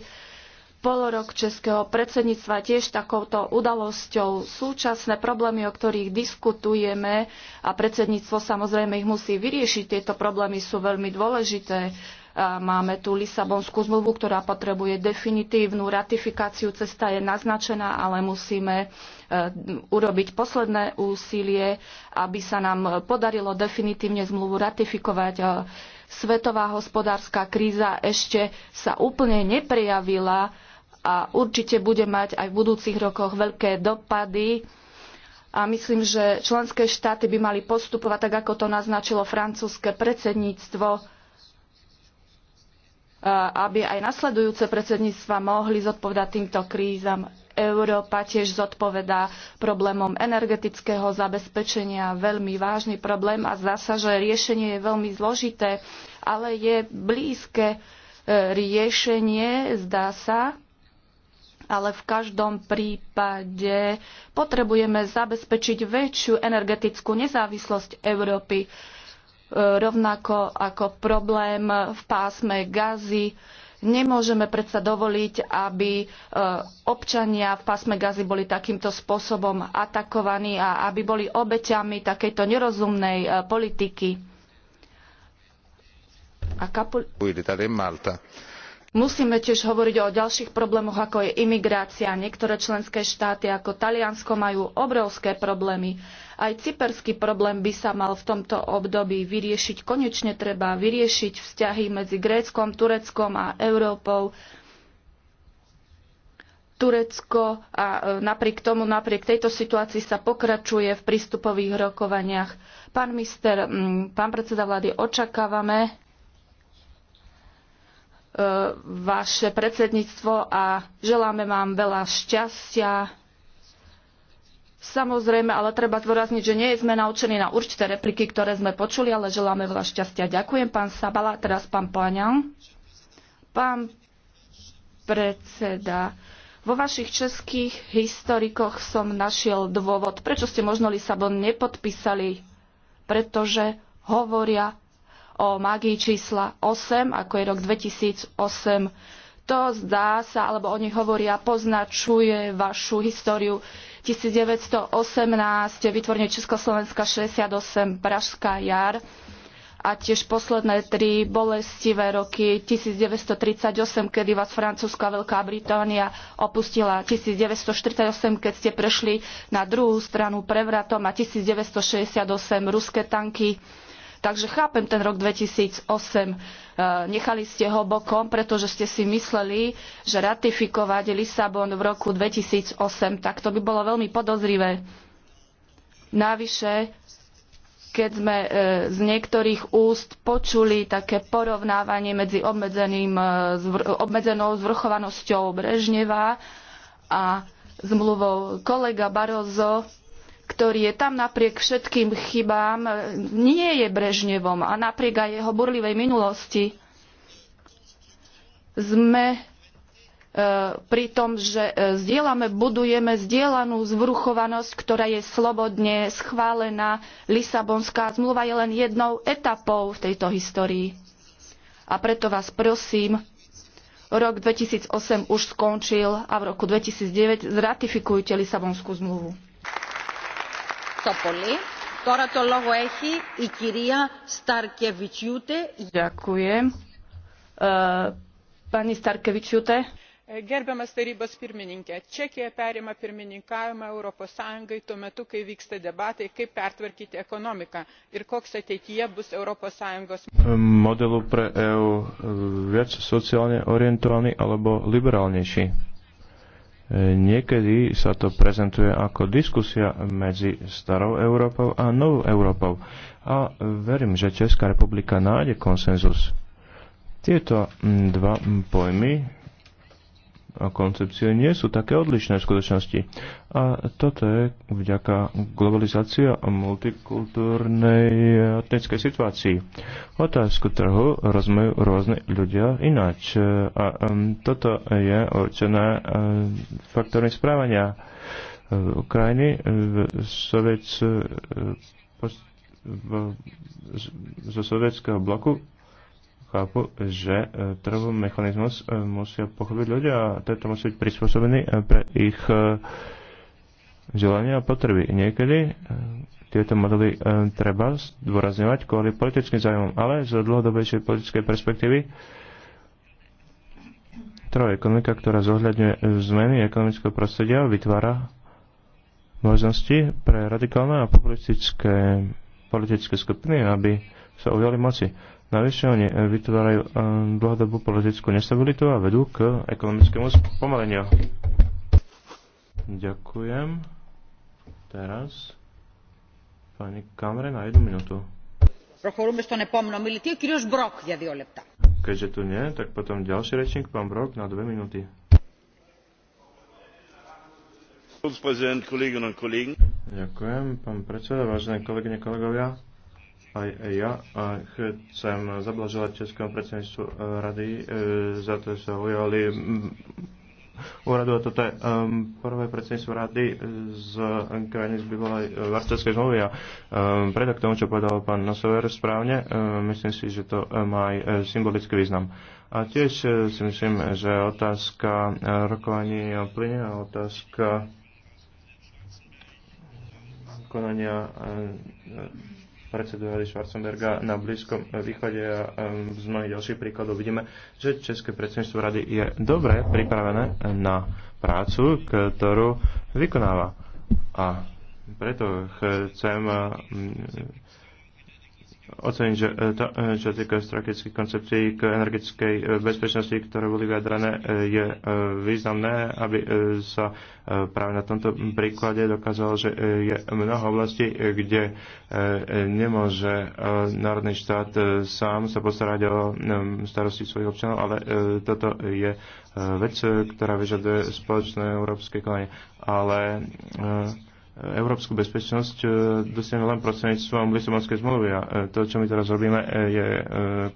Polorok českého predsedníctva tiež takouto udalosťou. Súčasné problémy, o ktorých diskutujeme a predsedníctvo samozrejme ich musí vyriešiť, tieto problémy sú veľmi dôležité. Máme tu Lisabonskú zmluvu, ktorá potrebuje definitívnu ratifikáciu. Cesta je naznačená, ale musíme e, urobiť posledné úsilie, aby sa nám podarilo definitívne zmluvu ratifikovať. E, svetová hospodárska kríza ešte sa úplne neprejavila a určite bude mať aj v budúcich rokoch veľké dopady a myslím, že členské štáty by mali postupovať tak, ako to naznačilo francúzske predsedníctvo aby aj nasledujúce predsedníctva mohli zodpovedať týmto krízam. Európa tiež zodpovedá problémom energetického zabezpečenia, veľmi vážny problém a zdá sa, že riešenie je veľmi zložité, ale je blízke e, riešenie, zdá sa, ale v každom prípade potrebujeme zabezpečiť väčšiu energetickú nezávislosť Európy rovnako ako problém v pásme Gazy. Nemôžeme predsa dovoliť, aby e, občania v pásme Gazy boli takýmto spôsobom atakovaní a aby boli obeťami takejto nerozumnej e, politiky. A kapul- Musíme tiež hovoriť o ďalších problémoch, ako je imigrácia. Niektoré členské štáty ako Taliansko majú obrovské problémy. Aj cyperský problém by sa mal v tomto období vyriešiť. Konečne treba vyriešiť vzťahy medzi Gréckom, Tureckom a Európou. Turecko a e, napriek tomu, napriek tejto situácii sa pokračuje v prístupových rokovaniach. Pán, mister, mm, pán predseda vlády, očakávame, E, vaše predsedníctvo a želáme vám veľa šťastia. Samozrejme, ale treba zdôrazniť, že nie sme naučení na určité repliky, ktoré sme počuli, ale želáme veľa šťastia. Ďakujem, pán Sabala, teraz pán Plaňan. Pán predseda, vo vašich českých historikoch som našiel dôvod, prečo ste možno Lisabon nepodpísali, pretože hovoria o mágii čísla 8, ako je rok 2008. To zdá sa, alebo oni hovoria, poznačuje vašu históriu 1918, vytvorenie Československa 68, Pražská jar a tiež posledné tri bolestivé roky 1938, kedy vás Francúzska a Veľká Británia opustila, 1948, keď ste prešli na druhú stranu prevratom a 1968 ruské tanky Takže chápem ten rok 2008. E, nechali ste ho bokom, pretože ste si mysleli, že ratifikovať Lisabon v roku 2008, tak to by bolo veľmi podozrivé. Navyše, keď sme e, z niektorých úst počuli také porovnávanie medzi e, obmedzenou zvrchovanosťou Brežneva a zmluvou kolega Barozo ktorý je tam napriek všetkým chybám, e, nie je Brežnevom a napriek aj jeho burlivej minulosti sme e, pri tom, že e, zdieľame, budujeme zdieľanú zvrchovanosť, ktorá je slobodne schválená. Lisabonská zmluva je len jednou etapou v tejto histórii. A preto vás prosím, rok 2008 už skončil a v roku 2009 zratifikujte Lisabonskú zmluvu. Ďakujem. Pani Starkevičiūtė. Gerbiamas tarybos pirmininke, Čekija perima pirmininkavimą Europos Sąjungai tuo metu, kai vyksta debatai, kaip pertvarkyti ekonomiką ir koks ateityje bus Europos Sąjungos. Modelu pre EU e, viac sociálne orientovaný alebo liberálnejší? Niekedy sa to prezentuje ako diskusia medzi starou Európou a novou Európou. A verím, že Česká republika nájde konsenzus. Tieto mm, dva pojmy koncepcie nie sú také odlišné v skutočnosti. A toto je vďaka globalizácii a multikultúrnej etnickej situácii. Otázku trhu rozmajú rôzne ľudia ináč. A um, toto je určené um, faktormi správania um, Ukrajiny v soviec, zo sovietského bloku chápu, že e, trhový mechanizmus e, musia pochopiť ľudia a tento musí byť prispôsobený e, pre ich želania a potreby. Niekedy tieto modely treba zdôrazňovať kvôli politickým zájmom, ale z dlhodobejšej politickej perspektívy trhová ekonomika, ktorá zohľadňuje zmeny ekonomického prostredia, vytvára možnosti pre radikálne a populistické politické skupiny, aby sa ujali moci. Navyše oni eh, vytvárajú eh, dlhodobú politickú nestabilitu a vedú k ekonomickému spomaleniu. Ďakujem. Teraz pani Kamre na jednu minútu. to nepomno, milí tie Brok, Keďže tu nie, tak potom ďalší rečník, pán Brok, na dve minúty. Ďakujem, pán predseda, vážené kolegyne, kolegovia aj ja chcem zablažovať Českému predsedníctvu eh, rady eh, za to, že sa ujali mm, úradu. Toto je ehm, prvé predsedníctvo rady eh, z krajiny z bývalej Varšavskej zmluvy a ehm, predok tomu, čo povedal pán Nosover správne, myslím si, že to má aj symbolický význam. A tiež si myslím, že otázka rokovaní o plyne a otázka konania predsedu Rady Schwarzenberga na Blízkom východe a z mnohých ďalších príkladov vidíme, že České predsedníctvo Rady je dobre pripravené na prácu, ktorú vykonáva. A preto chcem oceniť, že e, to, e, čo týka strategických koncepcií k energetickej e, bezpečnosti, ktoré boli vyjadrené, je významné, aby sa práve na tomto príklade dokázalo, že je mnoho oblastí, kde nemôže národný štát sám sa postarať o starosti svojich občanov, ale toto je vec, ktorá vyžaduje spoločné európske konanie. Ale európsku bezpečnosť e, dosiahnu len prostredníctvom Lisabonskej zmluvy. A e, to, čo my teraz robíme, e, je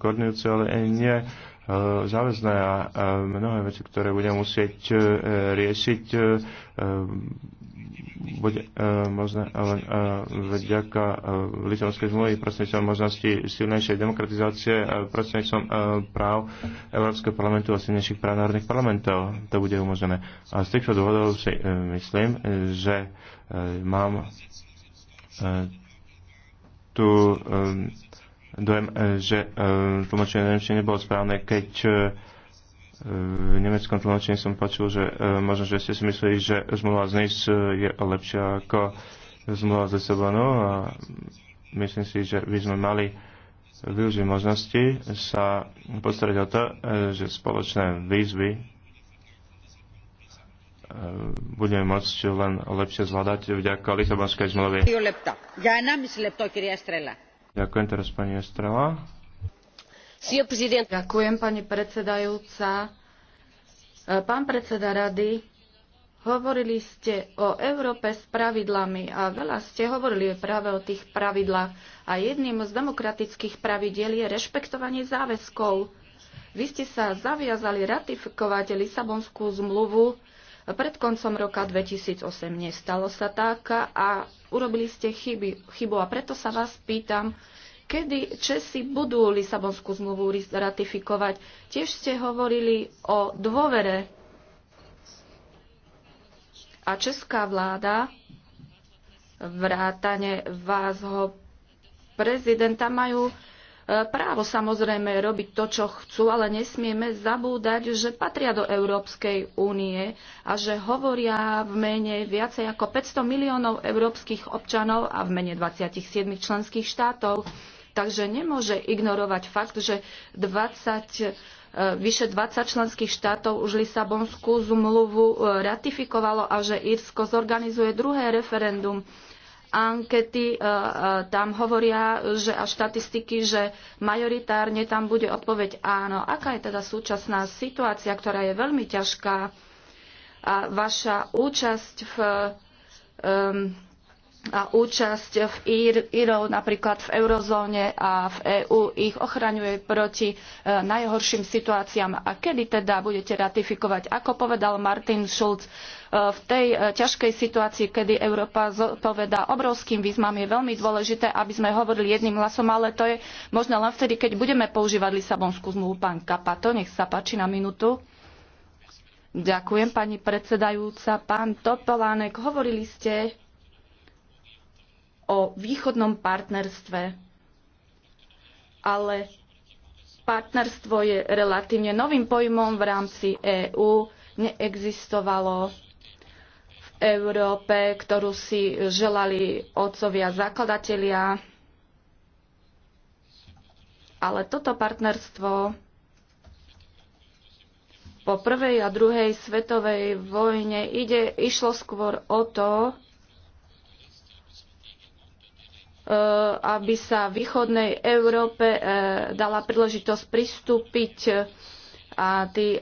koordinujúce, ale nie záväzné a mnohé veci, ktoré budeme musieť riešiť, bude možné len vďaka Lisabonskej zmluvy prostredníctvom možnosti silnejšej demokratizácie a prostredníctvom práv Európskeho parlamentu a silnejších práv národných parlamentov. To bude umožnené. A z týchto dôvodov si myslím, že Eh, mám eh, tu eh, dojem, že tlmočenie nemčiny nebolo správne, keď v nemeckom tlmočení som počul, že možno, že ste si mysleli, že zmluva z NIS je lepšia ako zmluva z Lisabonu a myslím si, že by sme mali využiť možnosti sa postarať o to, že spoločné výzvy budeme môcť len lepšie zvládať vďaka Lisabonskej zmluve. Ďakujem teraz pani Estrela. Ďakujem pani predsedajúca. Pán predseda rady, hovorili ste o Európe s pravidlami a veľa ste hovorili práve o tých pravidlách. A jedným z demokratických pravidiel je rešpektovanie záväzkov. Vy ste sa zaviazali ratifikovať Lisabonskú zmluvu pred koncom roka 2008 nestalo sa tak a urobili ste chyby, chybu a preto sa vás pýtam, kedy Česi budú Lisabonskú zmluvu ratifikovať. Tiež ste hovorili o dôvere a česká vláda vrátane vás ho prezidenta majú právo samozrejme robiť to, čo chcú, ale nesmieme zabúdať, že patria do Európskej únie a že hovoria v mene viacej ako 500 miliónov európskych občanov a v mene 27 členských štátov. Takže nemôže ignorovať fakt, že 20, e, vyše 20 členských štátov už Lisabonskú zmluvu e, ratifikovalo a že Írsko zorganizuje druhé referendum ankety e, e, tam hovoria, že a štatistiky, že majoritárne tam bude odpoveď áno. Aká je teda súčasná situácia, ktorá je veľmi ťažká a vaša účasť v um, a účasť v Ír, Írov napríklad v eurozóne a v EÚ ich ochraňuje proti e, najhorším situáciám. A kedy teda budete ratifikovať? Ako povedal Martin Schulz, e, v tej e, ťažkej situácii, kedy Európa zodpovedá obrovským výzvam, je veľmi dôležité, aby sme hovorili jedným hlasom, ale to je možno len vtedy, keď budeme používať Lisabonskú zmluvu. Pán Kapato, nech sa páči na minútu. Ďakujem, pani predsedajúca. Pán Topolánek, hovorili ste o východnom partnerstve. Ale partnerstvo je relatívne novým pojmom v rámci EÚ. Neexistovalo v Európe, ktorú si želali otcovia zakladatelia. Ale toto partnerstvo po prvej a druhej svetovej vojne ide, išlo skôr o to, Eh, aby sa východnej Európe eh, dala príležitosť pristúpiť eh, a tí e,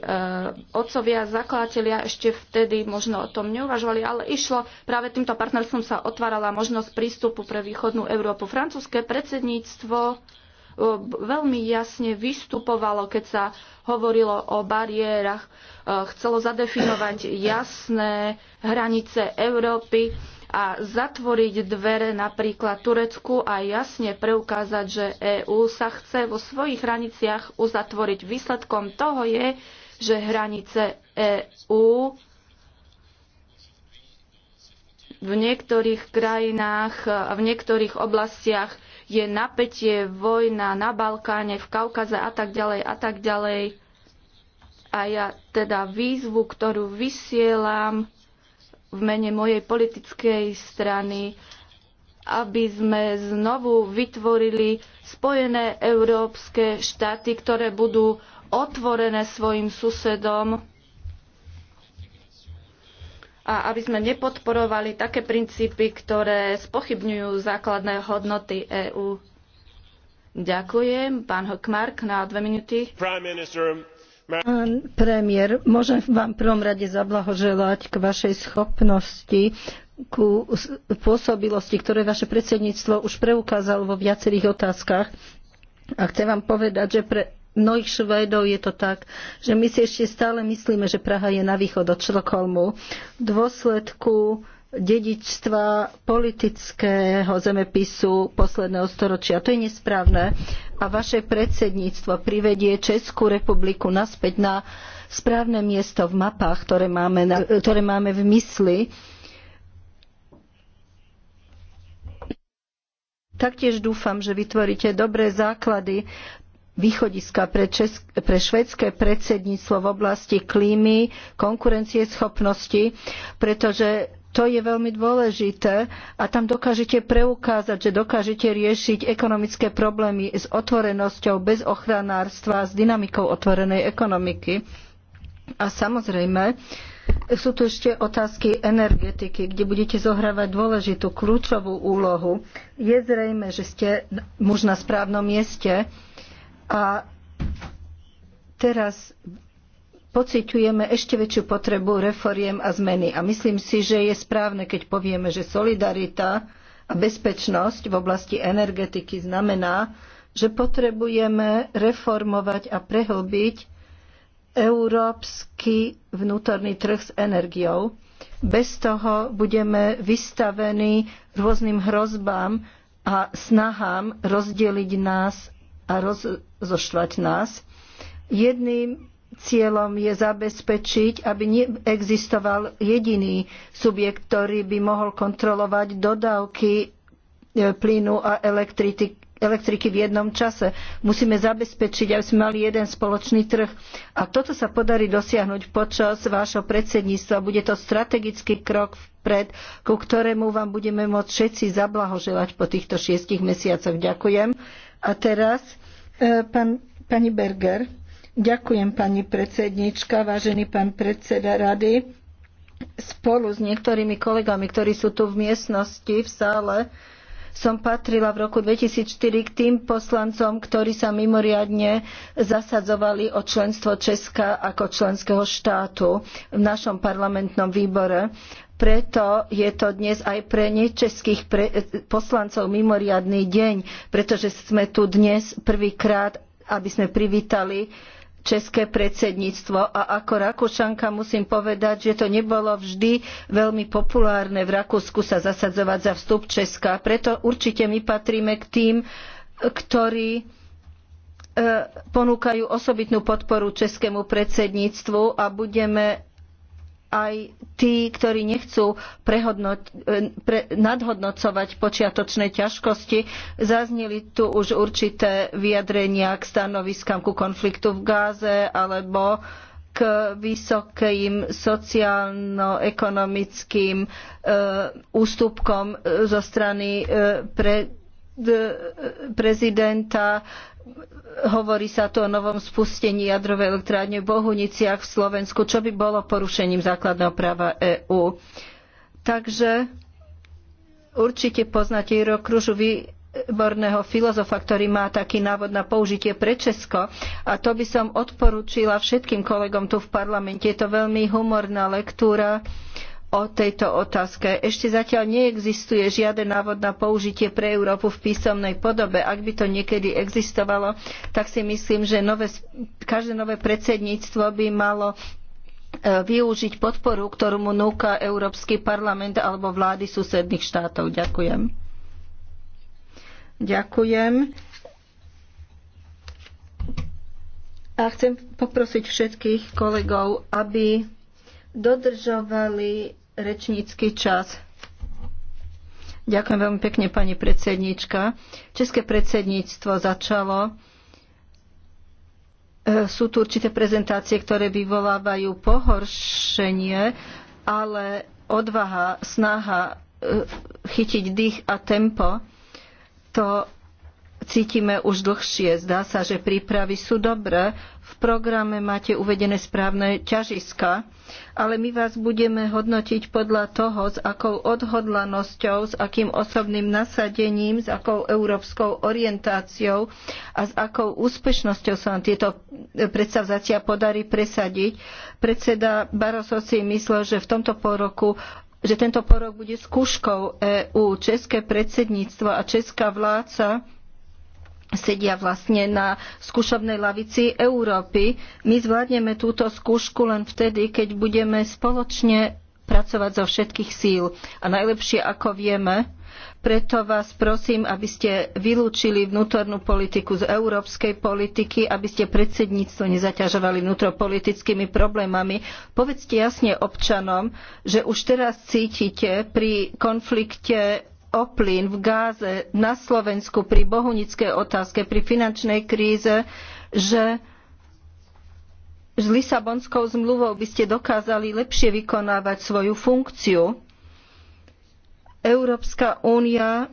otcovia, zakladatelia ešte vtedy možno o tom neuvažovali, ale išlo práve týmto partnerstvom sa otvárala možnosť prístupu pre východnú Európu. Francúzske predsedníctvo veľmi jasne vystupovalo, keď sa hovorilo o bariérach. Chcelo zadefinovať jasné hranice Európy a zatvoriť dvere napríklad Turecku a jasne preukázať, že EÚ sa chce vo svojich hraniciach uzatvoriť. Výsledkom toho je, že hranice EÚ v niektorých krajinách, v niektorých oblastiach je napätie, vojna na Balkáne, v Kaukaze a tak ďalej a tak ďalej. A ja teda výzvu, ktorú vysielam, v mene mojej politickej strany, aby sme znovu vytvorili spojené európske štáty, ktoré budú otvorené svojim susedom a aby sme nepodporovali také princípy, ktoré spochybňujú základné hodnoty EÚ. Ďakujem. Pán Hockmark na dve minúty. Pán premiér, môžem vám v prvom rade zablahoželať k vašej schopnosti ku pôsobilosti, ktoré vaše predsedníctvo už preukázalo vo viacerých otázkach. A chcem vám povedať, že pre mnohých Švédov je to tak, že my si ešte stále myslíme, že Praha je na východ od Štokholmu. V dôsledku dedičstva politického zemepisu posledného storočia. To je nesprávne. A vaše predsedníctvo privedie Českú republiku naspäť na správne miesto v mapách, ktoré máme, na, ktoré máme v mysli. Taktiež dúfam, že vytvoríte dobré základy východiska pre, česk- pre švedské predsedníctvo v oblasti klímy, konkurencieschopnosti, pretože to je veľmi dôležité a tam dokážete preukázať, že dokážete riešiť ekonomické problémy s otvorenosťou, bez ochranárstva, s dynamikou otvorenej ekonomiky. A samozrejme, sú tu ešte otázky energetiky, kde budete zohrávať dôležitú kľúčovú úlohu. Je zrejme, že ste muž na správnom mieste a teraz pociťujeme ešte väčšiu potrebu reforiem a zmeny. A myslím si, že je správne, keď povieme, že solidarita a bezpečnosť v oblasti energetiky znamená, že potrebujeme reformovať a prehlbiť európsky vnútorný trh s energiou. Bez toho budeme vystavení rôznym hrozbám a snahám rozdeliť nás a rozoštvať nás. Jedným Cieľom je zabezpečiť, aby neexistoval jediný subjekt, ktorý by mohol kontrolovať dodávky e, plynu a elektriky elektriky v jednom čase. Musíme zabezpečiť, aby sme mali jeden spoločný trh. A toto sa podarí dosiahnuť počas vášho predsedníctva. Bude to strategický krok vpred, ku ktorému vám budeme môcť všetci zablahoželať po týchto šiestich mesiacoch. Ďakujem. A teraz e, pan, pani Berger. Ďakujem, pani predsednička, vážený pán predseda rady. Spolu s niektorými kolegami, ktorí sú tu v miestnosti, v sále, som patrila v roku 2004 k tým poslancom, ktorí sa mimoriadne zasadzovali o členstvo Česka ako členského štátu v našom parlamentnom výbore. Preto je to dnes aj pre nečeských poslancov mimoriadny deň, pretože sme tu dnes prvýkrát, aby sme privítali české predsedníctvo a ako Rakúšanka musím povedať, že to nebolo vždy veľmi populárne v Rakúsku sa zasadzovať za vstup Česka. Preto určite my patríme k tým, ktorí e, ponúkajú osobitnú podporu českému predsedníctvu a budeme aj tí, ktorí nechcú eh, pre, nadhodnocovať počiatočné ťažkosti. zazneli tu už určité vyjadrenia k stanoviskám ku konfliktu v Gáze alebo k vysokým sociálno-ekonomickým e, ústupkom eh, zo strany e, pre, e, prezidenta hovorí sa tu o novom spustení jadrovej elektrárne v Bohuniciach v Slovensku, čo by bolo porušením základného práva EÚ. Takže určite poznáte Juro Kružu výborného filozofa, ktorý má taký návod na použitie pre Česko. A to by som odporúčila všetkým kolegom tu v parlamente. Je to veľmi humorná lektúra o tejto otázke. Ešte zatiaľ neexistuje žiaden návod na použitie pre Európu v písomnej podobe. Ak by to niekedy existovalo, tak si myslím, že nové, každé nové predsedníctvo by malo e, využiť podporu, ktorú mu núka Európsky parlament alebo vlády susedných štátov. Ďakujem. Ďakujem. A chcem poprosiť všetkých kolegov, aby dodržovali rečnícky čas. Ďakujem veľmi pekne, pani predsednička. České predsedníctvo začalo e, sú tu určité prezentácie, ktoré vyvolávajú pohoršenie, ale odvaha, snaha e, chytiť dých a tempo, to cítime už dlhšie. Zdá sa, že prípravy sú dobré, v programe máte uvedené správne ťažiska, ale my vás budeme hodnotiť podľa toho, s akou odhodlanosťou, s akým osobným nasadením, s akou európskou orientáciou a s akou úspešnosťou sa vám tieto predstavzatia podarí presadiť. Predseda Barroso si myslel, že v tomto poroku že tento porok bude skúškou EÚ. České predsedníctvo a česká vládca sedia vlastne na skúšobnej lavici Európy. My zvládneme túto skúšku len vtedy, keď budeme spoločne pracovať zo všetkých síl. A najlepšie, ako vieme, preto vás prosím, aby ste vylúčili vnútornú politiku z európskej politiky, aby ste predsedníctvo nezaťažovali vnútropolitickými problémami. Povedzte jasne občanom, že už teraz cítite pri konflikte o plyn v Gáze, na Slovensku pri bohunickej otázke, pri finančnej kríze, že s Lisabonskou zmluvou by ste dokázali lepšie vykonávať svoju funkciu. Európska únia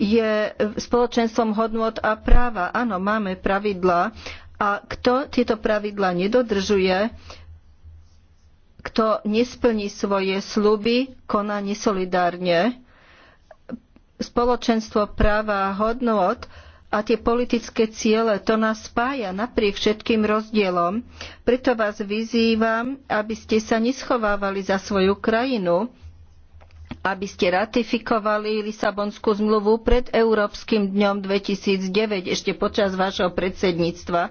je spoločenstvom hodnot a práva. Áno, máme pravidlá. A kto tieto pravidlá nedodržuje, kto nesplní svoje sluby, koná nesolidárne spoločenstvo práva a hodnot a tie politické ciele, to nás spája napriek všetkým rozdielom. Preto vás vyzývam, aby ste sa neschovávali za svoju krajinu, aby ste ratifikovali Lisabonskú zmluvu pred Európskym dňom 2009, ešte počas vášho predsedníctva.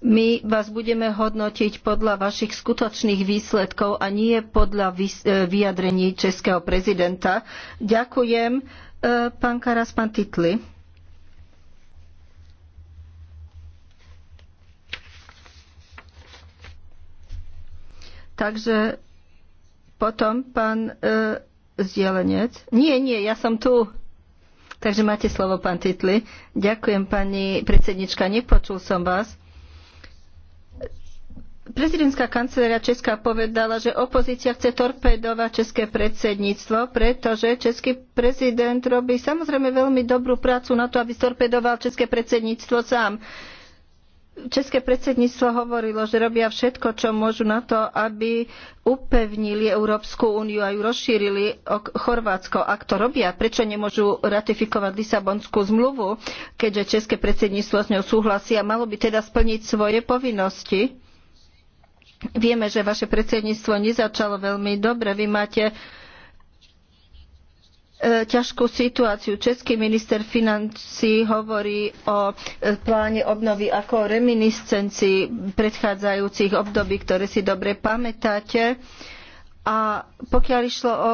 My vás budeme hodnotiť podľa vašich skutočných výsledkov a nie podľa e, vyjadrení českého prezidenta. Ďakujem Pán Karas, pán Titli. Takže potom pán e, zdielenec. Nie, nie, ja som tu. Takže máte slovo, pán Titli. Ďakujem, pani predsednička, nepočul som vás. Prezidentská kancelária Česká povedala, že opozícia chce torpédovať české predsedníctvo, pretože český prezident robí samozrejme veľmi dobrú prácu na to, aby storpédoval české predsedníctvo sám. České predsedníctvo hovorilo, že robia všetko, čo môžu na to, aby upevnili Európsku úniu a ju rozšírili o Chorvátsko. Ak to robia, prečo nemôžu ratifikovať Lisabonskú zmluvu, keďže České predsedníctvo s ňou súhlasí a malo by teda splniť svoje povinnosti? Vieme, že vaše predsedníctvo nezačalo veľmi dobre. Vy máte e, ťažkú situáciu. Český minister financí hovorí o e, pláne obnovy ako o reminiscencii predchádzajúcich období, ktoré si dobre pamätáte. A pokiaľ išlo o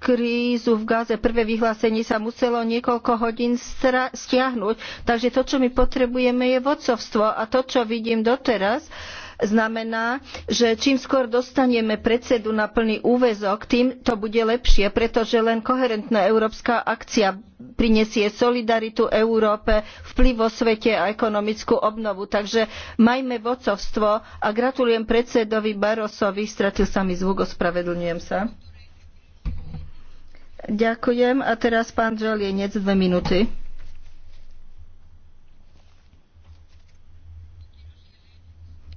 krízu v Gaze, prvé vyhlásenie sa muselo niekoľko hodín stiahnuť. Takže to, čo my potrebujeme, je vodcovstvo. A to, čo vidím doteraz, znamená, že čím skôr dostaneme predsedu na plný úväzok, tým to bude lepšie, pretože len koherentná európska akcia prinesie solidaritu Európe, vplyv vo svete a ekonomickú obnovu. Takže majme vodcovstvo a gratulujem predsedovi Barrosovi. Stratil sa mi zvuk, ospravedlňujem sa. Ďakujem. A teraz pán Želienec, dve minúty.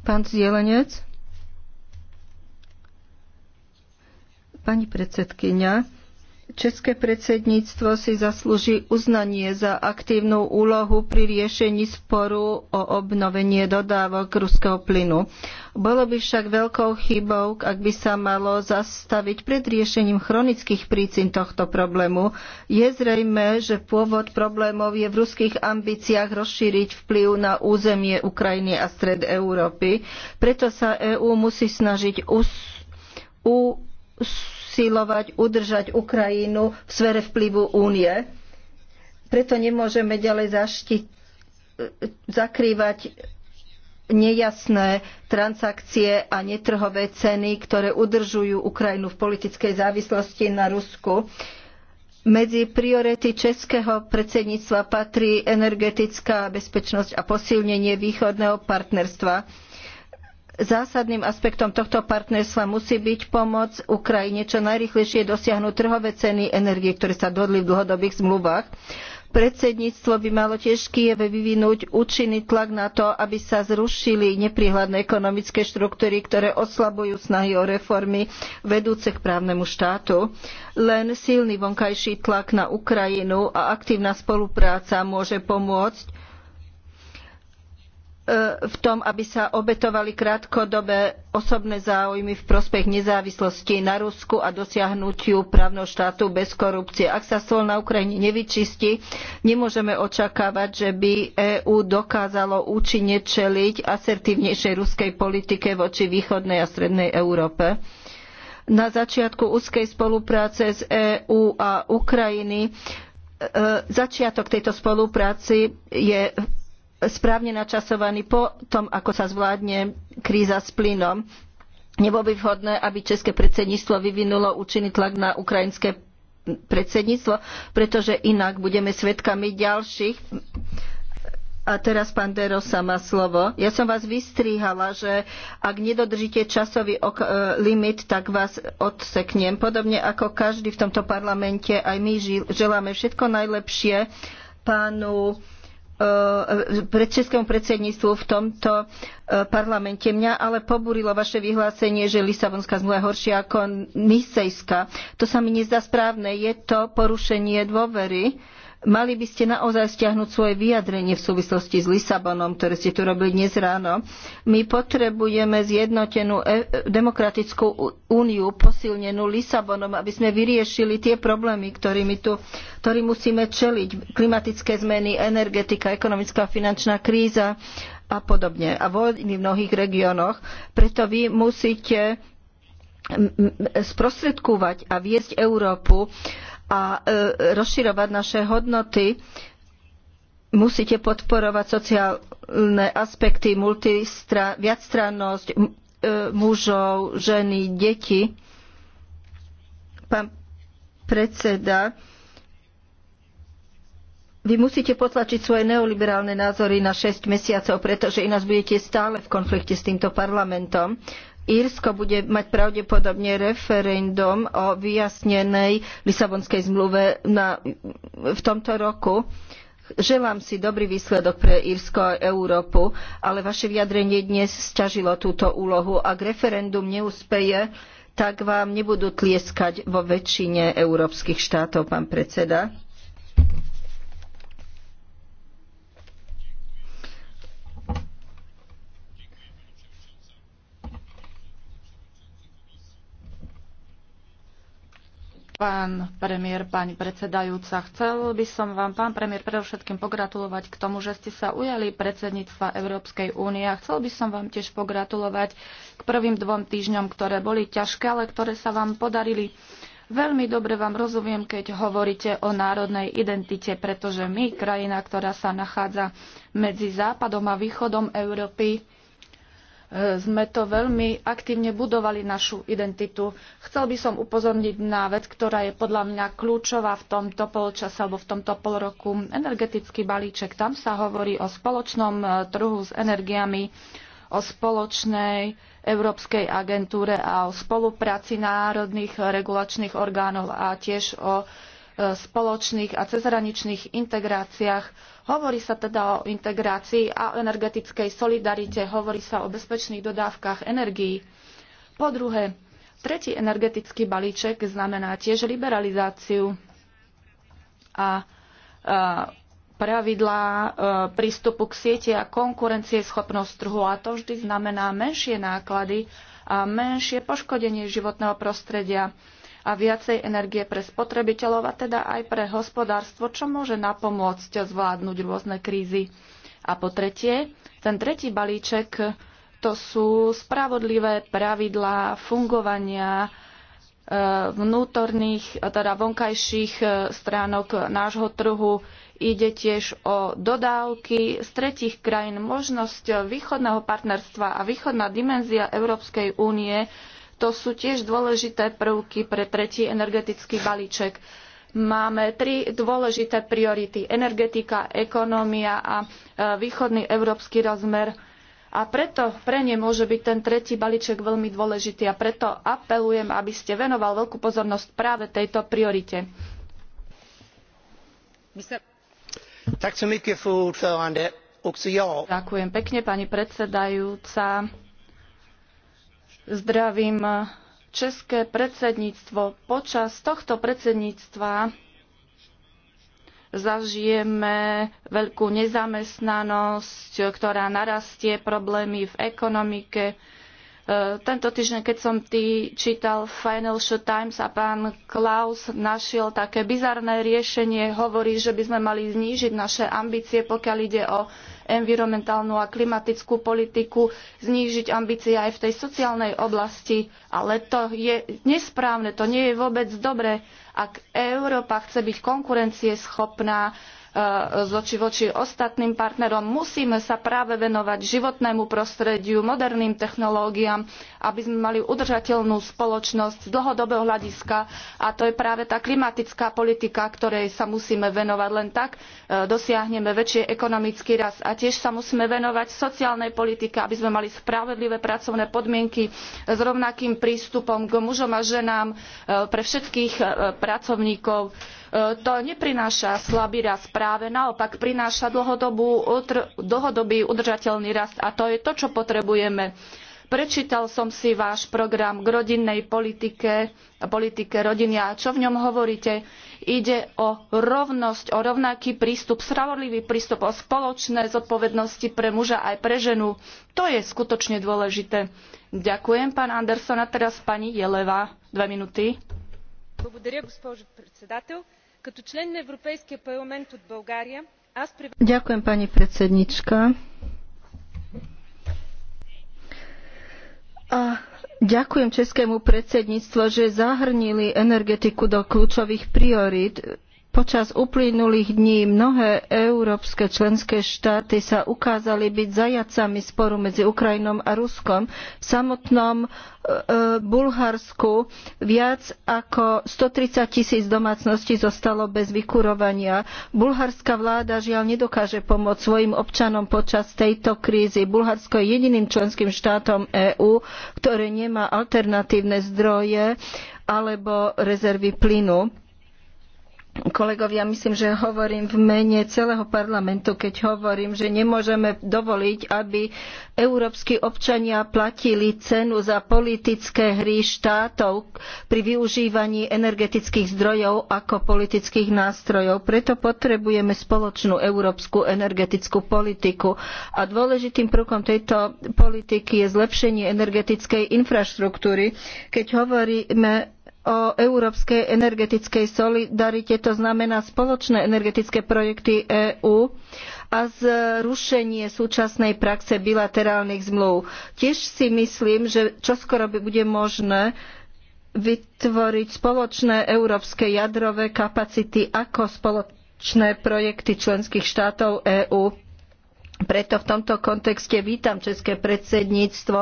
Pán Zielenec. Pani predsedkynia, České predsedníctvo si zaslúži uznanie za aktívnu úlohu pri riešení sporu o obnovenie dodávok ruského plynu. Bolo by však veľkou chybou, ak by sa malo zastaviť pred riešením chronických príčin tohto problému. Je zrejme, že pôvod problémov je v ruských ambíciách rozšíriť vplyv na územie Ukrajiny a stred Európy. Preto sa EÚ musí snažiť us, usilovať udržať Ukrajinu v sfere vplyvu únie. Preto nemôžeme ďalej zašti- zakrývať nejasné transakcie a netrhové ceny, ktoré udržujú Ukrajinu v politickej závislosti na Rusku. Medzi priority českého predsedníctva patrí energetická bezpečnosť a posilnenie východného partnerstva Zásadným aspektom tohto partnerstva musí byť pomoc Ukrajine čo najrychlejšie dosiahnuť trhové ceny energie, ktoré sa dohodli v dlhodobých zmluvách. Predsedníctvo by malo tiež Kieve vyvinúť účinný tlak na to, aby sa zrušili neprihľadné ekonomické štruktúry, ktoré oslabujú snahy o reformy vedúce k právnemu štátu. Len silný vonkajší tlak na Ukrajinu a aktívna spolupráca môže pomôcť E, v tom, aby sa obetovali krátkodobé osobné záujmy v prospech nezávislosti na Rusku a dosiahnutiu právneho štátu bez korupcie. Ak sa stôl na Ukrajine nevyčistí, nemôžeme očakávať, že by EÚ dokázalo účinne čeliť asertívnejšej ruskej politike voči východnej a strednej Európe. Na začiatku úzkej spolupráce s EÚ a Ukrajiny e, začiatok tejto spolupráce je správne načasovaný po tom, ako sa zvládne kríza s plynom. Nebolo by vhodné, aby české predsedníctvo vyvinulo účinný tlak na ukrajinské predsedníctvo, pretože inak budeme svedkami ďalších. A teraz pán Dero sa má slovo. Ja som vás vystríhala, že ak nedodržíte časový e, limit, tak vás odseknem. Podobne ako každý v tomto parlamente, aj my želáme všetko najlepšie pánu Eh, pred českému predsedníctvu v tomto eh, parlamente. Mňa ale pobúrilo vaše vyhlásenie, že Lisabonská zmluva je horšia ako Nisejská. To sa mi nezdá správne. Je to porušenie dôvery. Uh, Mali by ste naozaj stiahnuť svoje vyjadrenie v súvislosti s Lisabonom, ktoré ste tu robili dnes ráno. My potrebujeme zjednotenú e, demokratickú úniu, posilnenú Lisabonom, aby sme vyriešili tie problémy, ktorými tu, ktorým musíme čeliť. Klimatické zmeny, energetika, ekonomická a finančná kríza a podobne. A vojny v mnohých regiónoch. Preto vy musíte sprostredkovať a viesť Európu a e, rozširovať naše hodnoty, musíte podporovať sociálne aspekty, viacstrannosť e, mužov, ženy, deti. Pán predseda, vy musíte potlačiť svoje neoliberálne názory na 6 mesiacov, pretože ináč budete stále v konflikte s týmto parlamentom. Írsko bude mať pravdepodobne referendum o vyjasnenej Lisabonskej zmluve na, v tomto roku. Želám si dobrý výsledok pre Írsko a Európu, ale vaše vyjadrenie dnes sťažilo túto úlohu. Ak referendum neúspeje, tak vám nebudú tlieskať vo väčšine európskych štátov, pán predseda. Pán premiér, pani predsedajúca, chcel by som vám, pán premiér, predovšetkým pogratulovať k tomu, že ste sa ujali predsedníctva Európskej únie a chcel by som vám tiež pogratulovať k prvým dvom týždňom, ktoré boli ťažké, ale ktoré sa vám podarili. Veľmi dobre vám rozumiem, keď hovoríte o národnej identite, pretože my, krajina, ktorá sa nachádza medzi západom a východom Európy, sme to veľmi aktívne budovali našu identitu. Chcel by som upozorniť na vec, ktorá je podľa mňa kľúčová v tomto polčase alebo v tomto polroku. Energetický balíček, tam sa hovorí o spoločnom e, trhu s energiami, o spoločnej Európskej agentúre a o spolupráci národných regulačných orgánov a tiež o spoločných a cezhraničných integráciách. Hovorí sa teda o integrácii a o energetickej solidarite, hovorí sa o bezpečných dodávkach energií. Po druhé, tretí energetický balíček znamená tiež liberalizáciu a pravidlá e, prístupu k siete a konkurencieschopnosť trhu. A to vždy znamená menšie náklady a menšie poškodenie životného prostredia a viacej energie pre spotrebiteľov a teda aj pre hospodárstvo, čo môže napomôcť zvládnuť rôzne krízy. A po tretie, ten tretí balíček to sú spravodlivé pravidlá fungovania e, vnútorných, teda vonkajších e, stránok nášho trhu. Ide tiež o dodávky z tretich krajín, možnosť východného partnerstva a východná dimenzia Európskej únie to sú tiež dôležité prvky pre tretí energetický balíček. Máme tri dôležité priority. Energetika, ekonomia a e, východný európsky rozmer. A preto pre ne môže byť ten tretí balíček veľmi dôležitý a preto apelujem, aby ste venoval veľkú pozornosť práve tejto priorite. Ďakujem pekne, pani predsedajúca Zdravím české predsedníctvo. Počas tohto predsedníctva zažijeme veľkú nezamestnanosť, ktorá narastie, problémy v ekonomike. E, tento týždeň, keď som tý, čítal Financial Times a pán Klaus našiel také bizarné riešenie, hovorí, že by sme mali znížiť naše ambície, pokiaľ ide o environmentálnu a klimatickú politiku, znížiť ambície aj v tej sociálnej oblasti. Ale to je nesprávne, to nie je vôbec dobré. Ak Európa chce byť konkurencieschopná, z voči ostatným partnerom. Musíme sa práve venovať životnému prostrediu, moderným technológiám, aby sme mali udržateľnú spoločnosť z dlhodobého hľadiska a to je práve tá klimatická politika, ktorej sa musíme venovať. Len tak e, dosiahneme väčší ekonomický rast a tiež sa musíme venovať sociálnej politike, aby sme mali spravodlivé pracovné podmienky s rovnakým prístupom k mužom a ženám e, pre všetkých e, pracovníkov. To neprináša slabý rast práve naopak prináša dlhodobú, dlhodobý udržateľný rast a to je to, čo potrebujeme. Prečítal som si váš program k rodinnej politike, politike rodiny a čo v ňom hovoríte? Ide o rovnosť, o rovnaký prístup, spravodlivý prístup, o spoločné zodpovednosti pre muža aj pre ženu. To je skutočne dôležité. Ďakujem, pán Anderson. A teraz pani Jeleva, dve minúty. Като Ďakujem, pani predsednička. A ďakujem českému predsedníctvu, že zahrnili energetiku do kľúčových priorít Počas uplynulých dní mnohé európske členské štáty sa ukázali byť zajacami sporu medzi Ukrajinom a Ruskom. V samotnom e, e, Bulharsku viac ako 130 tisíc domácností zostalo bez vykurovania. Bulharská vláda žiaľ nedokáže pomôcť svojim občanom počas tejto krízy. Bulharsko je jediným členským štátom EÚ, ktoré nemá alternatívne zdroje alebo rezervy plynu kolegovia, myslím, že hovorím v mene celého parlamentu, keď hovorím, že nemôžeme dovoliť, aby európski občania platili cenu za politické hry štátov pri využívaní energetických zdrojov ako politických nástrojov. Preto potrebujeme spoločnú európsku energetickú politiku. A dôležitým prvkom tejto politiky je zlepšenie energetickej infraštruktúry. Keď hovoríme o európskej energetickej solidarite, to znamená spoločné energetické projekty EÚ a zrušenie súčasnej praxe bilaterálnych zmluv. Tiež si myslím, že čoskoro by bude možné vytvoriť spoločné európske jadrové kapacity ako spoločné projekty členských štátov EÚ. Preto v tomto kontexte vítam české predsedníctvo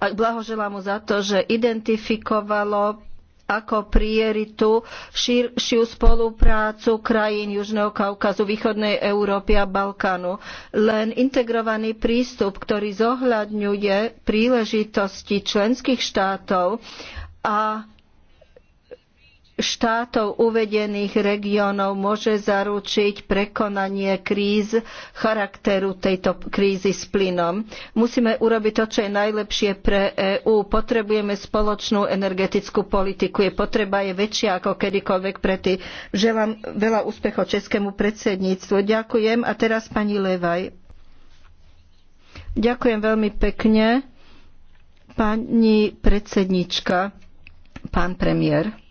a blahoželám mu za to, že identifikovalo ako prioritu širšiu spoluprácu krajín Južného Kaukazu, Východnej Európy a Balkánu. Len integrovaný prístup, ktorý zohľadňuje príležitosti členských štátov a štátov uvedených regiónov môže zaručiť prekonanie kríz charakteru tejto krízy s plynom. Musíme urobiť to, čo je najlepšie pre EÚ. Potrebujeme spoločnú energetickú politiku. Je potreba je väčšia ako kedykoľvek predtým. Želám veľa úspechov českému predsedníctvu. Ďakujem. A teraz pani Levaj. Ďakujem veľmi pekne. Pani predsednička, pán premiér.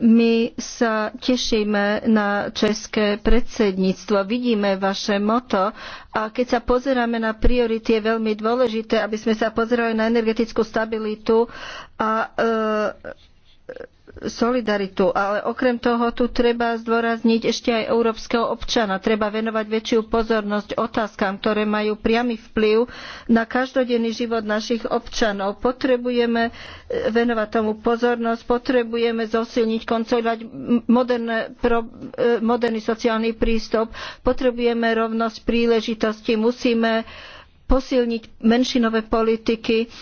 My sa tešíme na české predsedníctvo, vidíme vaše moto a keď sa pozeráme na priority, je veľmi dôležité, aby sme sa pozerali na energetickú stabilitu a e, solidaritu. Ale okrem toho tu treba zdôrazniť ešte aj európskeho občana. Treba venovať väčšiu pozornosť otázkam, ktoré majú priamy vplyv na každodenný život našich občanov. Potrebujeme eh, venovať tomu pozornosť, potrebujeme zosilniť, koncovať eh, moderný sociálny prístup, potrebujeme rovnosť príležitostí, musíme posilniť menšinové politiky,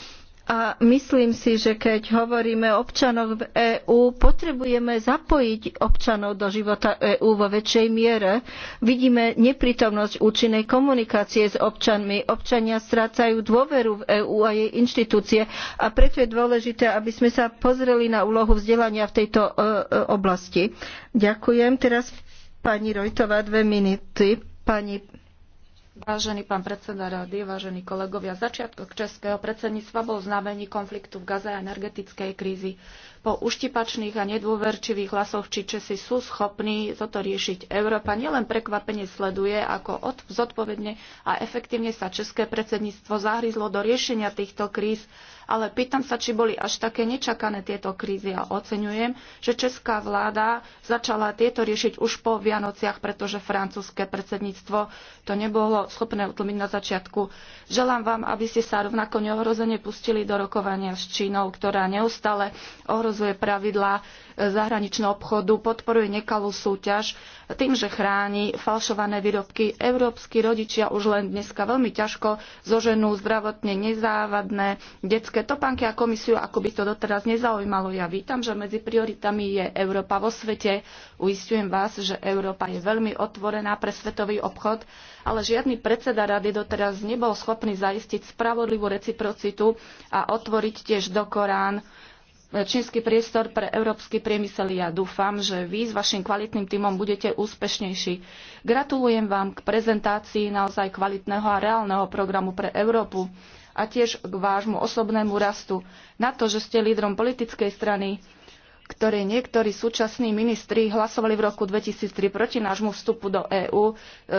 a myslím si, že keď hovoríme o občanoch v EÚ, potrebujeme zapojiť občanov do života EÚ vo väčšej miere. Vidíme neprítomnosť účinnej komunikácie s občanmi. Občania strácajú dôveru v EÚ a jej inštitúcie a preto je dôležité, aby sme sa pozreli na úlohu vzdelania v tejto e, e, oblasti. Ďakujem. Teraz pani Rojtová dve minúty. Pani Vážený pán predseda rady, vážení kolegovia, začiatok českého predsedníctva bol znamení konfliktu v Gaze a energetickej krízy. Po uštipačných a nedôverčivých hlasoch, či Česi sú schopní toto riešiť, Európa nielen prekvapenie sleduje, ako od, zodpovedne a efektívne sa české predsedníctvo zahryzlo do riešenia týchto kríz, ale pýtam sa, či boli až také nečakané tieto krízy a oceňujem, že česká vláda začala tieto riešiť už po Vianociach, pretože francúzske predsedníctvo to nebolo schopné utlmiť na začiatku. Želám vám, aby ste sa rovnako neohrozene pustili do rokovania s Čínou, ktorá neustále ohrozuje pravidlá zahraničného obchodu, podporuje nekalú súťaž tým, že chráni falšované výrobky. Európsky rodičia už len dneska veľmi ťažko zoženú zdravotne nezávadné detské topánky a komisiu, ako by to doteraz nezaujímalo. Ja vítam, že medzi prioritami je Európa vo svete. Uistujem vás, že Európa je veľmi otvorená pre svetový obchod, ale žiadny predseda rady doteraz nebol schopný zaistiť spravodlivú reciprocitu a otvoriť tiež do Korán čínsky priestor pre európsky priemysel. Ja dúfam, že vy s vašim kvalitným týmom budete úspešnejší. Gratulujem vám k prezentácii naozaj kvalitného a reálneho programu pre Európu a tiež k vášmu osobnému rastu. Na to, že ste lídrom politickej strany, ktorej niektorí súčasní ministri hlasovali v roku 2003 proti nášmu vstupu do EÚ, e,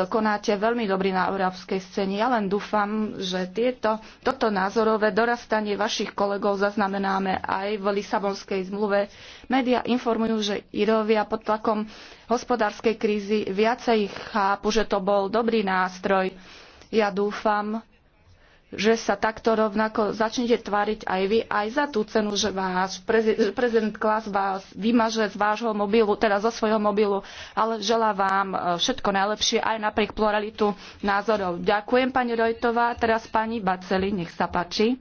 konáte veľmi dobrý na európskej scéne. Ja len dúfam, že tieto, toto názorové dorastanie vašich kolegov zaznamenáme aj v Lisabonskej zmluve. Média informujú, že Irovia pod tlakom hospodárskej krízy viacej chápu, že to bol dobrý nástroj. Ja dúfam, že sa takto rovnako začnete tváriť aj vy, aj za tú cenu, že váš prezident, prezident Klas vás vymaže z vášho mobilu, teda zo svojho mobilu, ale želá vám e, všetko najlepšie aj napriek pluralitu názorov. Ďakujem pani Rojtová, teraz pani Baceli, nech sa páči.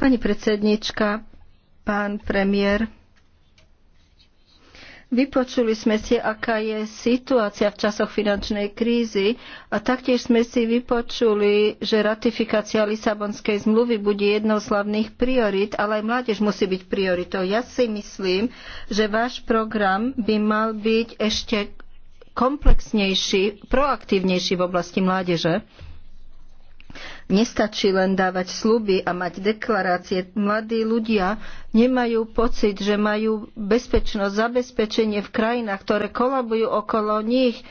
Pani predsednička, pán premiér, Vypočuli sme si, aká je situácia v časoch finančnej krízy a taktiež sme si vypočuli, že ratifikácia Lisabonskej zmluvy bude jednou z hlavných priorit, ale aj mládež musí byť prioritou. Ja si myslím, že váš program by mal byť ešte komplexnejší, proaktívnejší v oblasti mládeže. Nestačí len dávať sluby a mať deklarácie. Mladí ľudia nemajú pocit, že majú bezpečnosť, zabezpečenie v krajinách, ktoré kolabujú okolo nich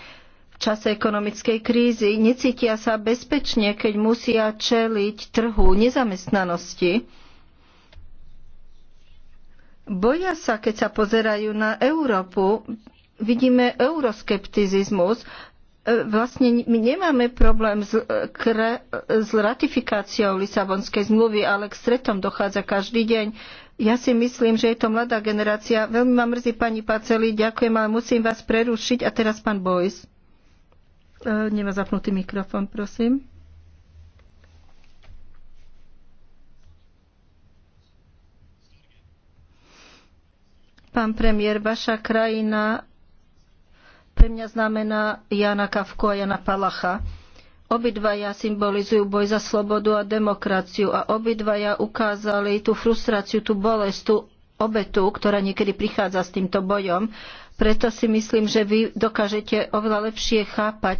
v čase ekonomickej krízy. Necítia sa bezpečne, keď musia čeliť trhu nezamestnanosti. Boja sa, keď sa pozerajú na Európu. Vidíme euroskepticizmus, E, vlastne my nemáme problém s, e, kre, s ratifikáciou Lisabonskej zmluvy, ale k stretom dochádza každý deň. Ja si myslím, že je to mladá generácia. Veľmi ma mrzí pani Paceli, ďakujem, ale musím vás prerušiť. A teraz pán Bojs. E, nemá zapnutý mikrofón, prosím. Pán premiér, vaša krajina pre mňa znamená Jana Kavku a Jana Palacha. Obidvaja symbolizujú boj za slobodu a demokraciu a obidvaja ukázali tú frustráciu, tú bolesť, tú obetu, ktorá niekedy prichádza s týmto bojom. Preto si myslím, že vy dokážete oveľa lepšie chápať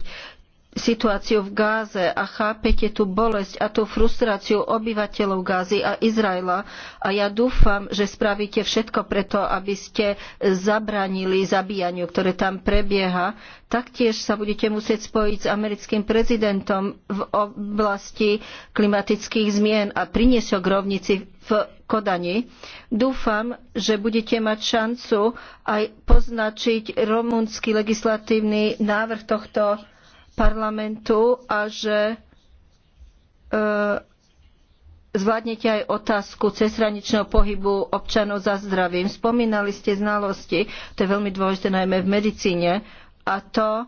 situáciu v Gáze a chápete tú bolesť a tú frustráciu obyvateľov Gázy a Izraela. A ja dúfam, že spravíte všetko preto, aby ste zabránili zabíjaniu, ktoré tam prebieha. Taktiež sa budete musieť spojiť s americkým prezidentom v oblasti klimatických zmien a priniesť ho k rovnici v Kodani. Dúfam, že budete mať šancu aj poznačiť rumunský legislatívny návrh tohto parlamentu a že e, zvládnete aj otázku cezhraničného pohybu občanov za zdravím. Spomínali ste znalosti, to je veľmi dôležité najmä v medicíne, a to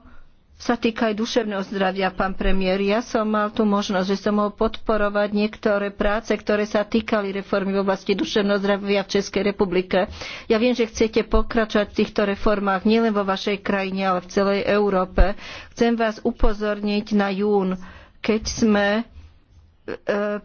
sa týka aj duševného zdravia, pán premiér. Ja som mal tú možnosť, že som mohol podporovať niektoré práce, ktoré sa týkali reformy v oblasti duševného zdravia v Českej republike. Ja viem, že chcete pokračovať v týchto reformách nielen vo vašej krajine, ale v celej Európe. Chcem vás upozorniť na jún, keď sme e,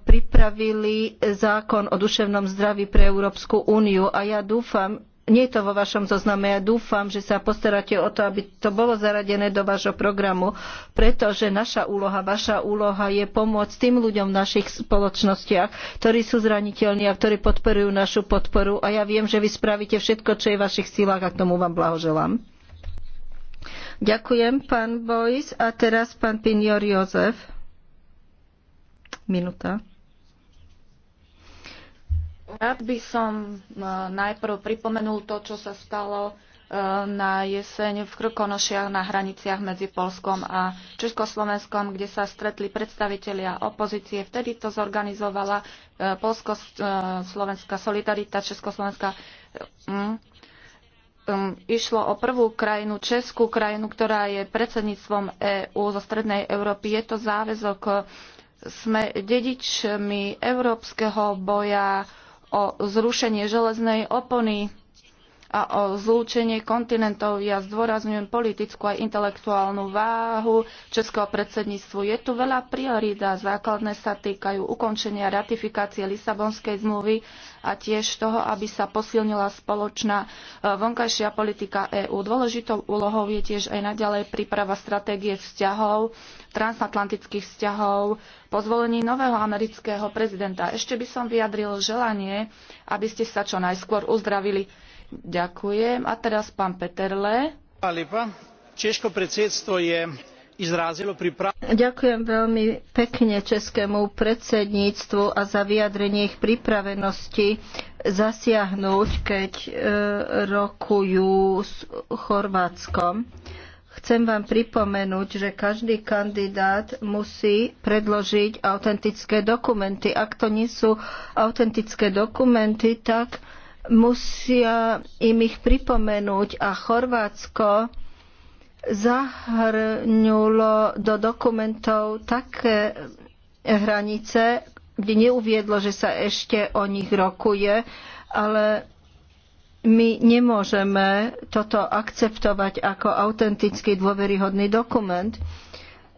pripravili zákon o duševnom zdraví pre Európsku úniu a ja dúfam, nie je to vo vašom zozname. Ja dúfam, že sa postaráte o to, aby to bolo zaradené do vášho programu, pretože naša úloha, vaša úloha je pomôcť tým ľuďom v našich spoločnostiach, ktorí sú zraniteľní a ktorí podporujú našu podporu. A ja viem, že vy spravíte všetko, čo je v vašich silách a k tomu vám blahoželám. Ďakujem, pán Bojs. A teraz pán Pinior Jozef. Minúta. Rád by som e, najprv pripomenul to, čo sa stalo e, na jeseň v Krkonošiach na hraniciach medzi Polskom a Československom, kde sa stretli predstavitelia opozície. Vtedy to zorganizovala e, Polsko-Slovenská solidarita Československá. Mm, išlo o prvú krajinu, Českú krajinu, ktorá je predsedníctvom EÚ zo Strednej Európy. Je to záväzok. Sme dedičmi európskeho boja o zrušenie železnej opony a o zlúčenie kontinentov. Ja zdôrazňujem politickú a intelektuálnu váhu Českého predsedníctvu. Je tu veľa priorít a základné sa týkajú ukončenia ratifikácie Lisabonskej zmluvy a tiež toho, aby sa posilnila spoločná e, vonkajšia politika EÚ. Dôležitou úlohou je tiež aj naďalej príprava stratégie vzťahov, transatlantických vzťahov po zvolení nového amerického prezidenta. Ešte by som vyjadril želanie, aby ste sa čo najskôr uzdravili Ďakujem. A teraz pán Peterle. Češko predsedstvo je Ďakujem veľmi pekne českému predsedníctvu a za vyjadrenie ich pripravenosti zasiahnuť, keď e, rokujú s Chorvátskom. Chcem vám pripomenúť, že každý kandidát musí predložiť autentické dokumenty. Ak to nie sú autentické dokumenty, tak musia im ich pripomenúť a Chorvátsko zahrňulo do dokumentov také hranice, kde neuviedlo, že sa ešte o nich rokuje, ale my nemôžeme toto akceptovať ako autentický dôveryhodný dokument.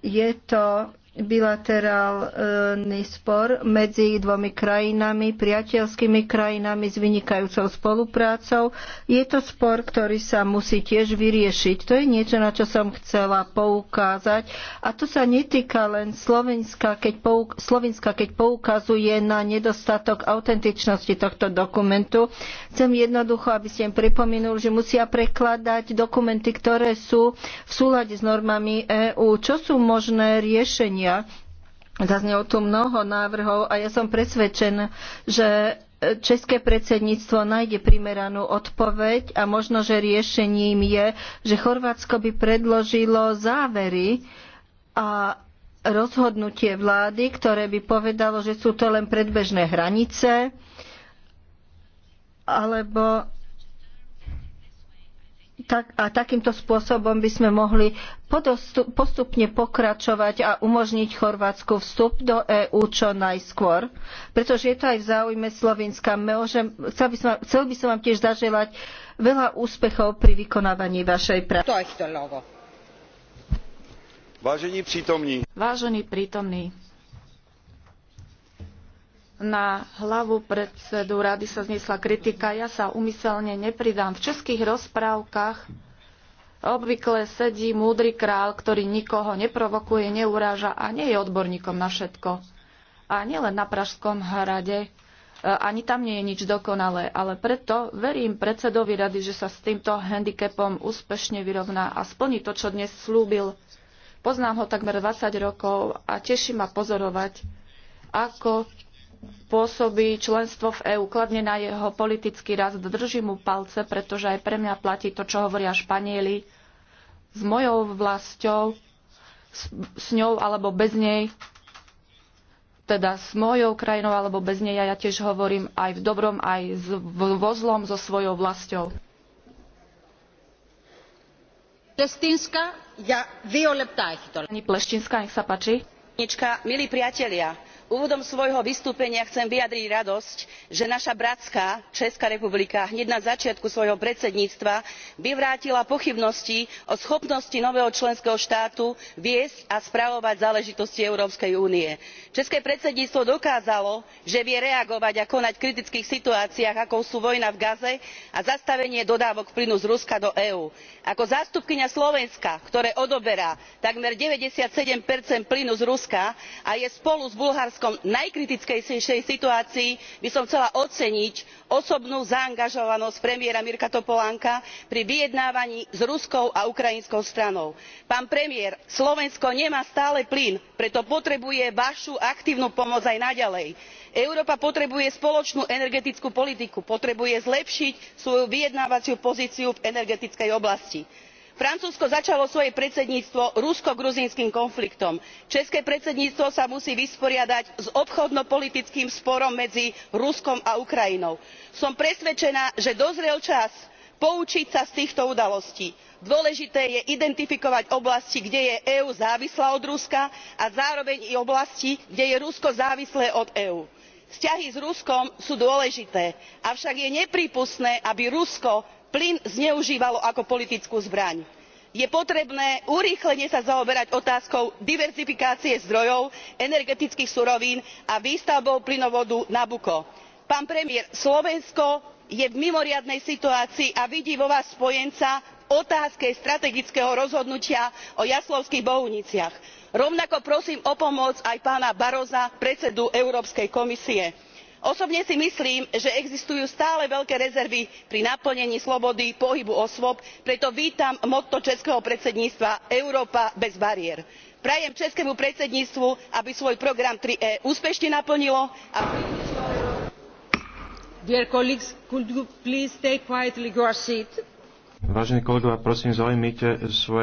Je to bilaterálny spor medzi dvomi krajinami, priateľskými krajinami s vynikajúcou spoluprácou. Je to spor, ktorý sa musí tiež vyriešiť. To je niečo, na čo som chcela poukázať. A to sa netýka len Slovenska, keď, pouk- Slovenska, keď poukazuje na nedostatok autentičnosti tohto dokumentu. Chcem jednoducho, aby ste im pripomenul, že musia prekladať dokumenty, ktoré sú v súlade s normami EÚ. Čo sú možné riešenia? konania. Zaznelo tu mnoho návrhov a ja som presvedčená, že české predsedníctvo nájde primeranú odpoveď a možno, že riešením je, že Chorvátsko by predložilo závery a rozhodnutie vlády, ktoré by povedalo, že sú to len predbežné hranice, alebo tak, a takýmto spôsobom by sme mohli postupne pokračovať a umožniť Chorvátsku vstup do EÚ čo najskôr, pretože je to aj v záujme Slovenska. Môžem, chcel, by som, chcel by som vám tiež zaželať veľa úspechov pri vykonávaní vašej práce. Vážení prítomní. Vážení prítomní na hlavu predsedu rady sa zniesla kritika. Ja sa umyselne nepridám. V českých rozprávkach obvykle sedí múdry král, ktorý nikoho neprovokuje, neuráža a nie je odborníkom na všetko. A nielen na Pražskom hrade, e, ani tam nie je nič dokonalé, ale preto verím predsedovi rady, že sa s týmto handicapom úspešne vyrovná a splní to, čo dnes slúbil. Poznám ho takmer 20 rokov a teší ma pozorovať, ako pôsobí členstvo v EÚ kladne na jeho politický rast. Držím mu palce, pretože aj pre mňa platí to, čo hovoria Španieli. S mojou vlastou, s, s ňou alebo bez nej, teda s mojou krajinou alebo bez nej, ja tiež hovorím aj v dobrom, aj z, vo zlom so svojou vlastou. Pleštinská, ja, dve Pani Pleštinská, nech sa páči. Milí priatelia, úvodom svojho vystúpenia chcem vyjadriť radosť že naša bratská česká republika hneď na začiatku svojho predsedníctva vyvrátila pochybnosti o schopnosti nového členského štátu viesť a spravovať záležitosti európskej únie. české predsedníctvo dokázalo že vie reagovať a konať v kritických situáciách akou sú vojna v gaze a zastavenie dodávok plynu z ruska do eú. ako zástupkyňa slovenska ktoré odoberá takmer ninety seven plynu z ruska a je spolu s bulharskom hospodárskom najkritickejšej situácii by som chcela oceniť osobnú zaangažovanosť premiéra mirka topolánka pri vyjednávaní s ruskou a ukrajinskou stranou. pán premiér slovensko nemá stále plyn preto potrebuje vašu aktívnu pomoc aj naďalej. európa potrebuje spoločnú energetickú politiku potrebuje zlepšiť svoju vyjednávaciu pozíciu v energetickej oblasti francúzsko začalo svoje predsedníctvo rusko gruzínskym konfliktom české predsedníctvo sa musí vysporiadať s obchodno politickým sporom medzi ruskom a ukrajinou. som presvedčená že dozrel čas poučiť sa z týchto udalostí. dôležité je identifikovať oblasti kde je eú závislá od ruska a zároveň i oblasti kde je rusko závislé od eú. vzťahy s ruskom sú dôležité avšak je neprípustné aby rusko plyn zneužívalo ako politickú zbraň. je potrebné urýchlene sa zaoberať otázkou diverzifikácie zdrojov energetických surovín a výstavbou plynovodu nabucco. pán premiér slovensko je v mimoriadnej situácii a vidí vo vás spojenca v otázke strategického rozhodnutia o jaslovských bohuniciach. rovnako prosím o pomoc aj pána barrosa predsedu európskej komisie osobne si myslím že existujú stále veľké rezervy pri napĺňaní slobody pohybu osôb preto vítam motto českého predsedníctva európa bez bariér. prajem českému predsedníctvu aby svoj program three e úspešne naplnilo a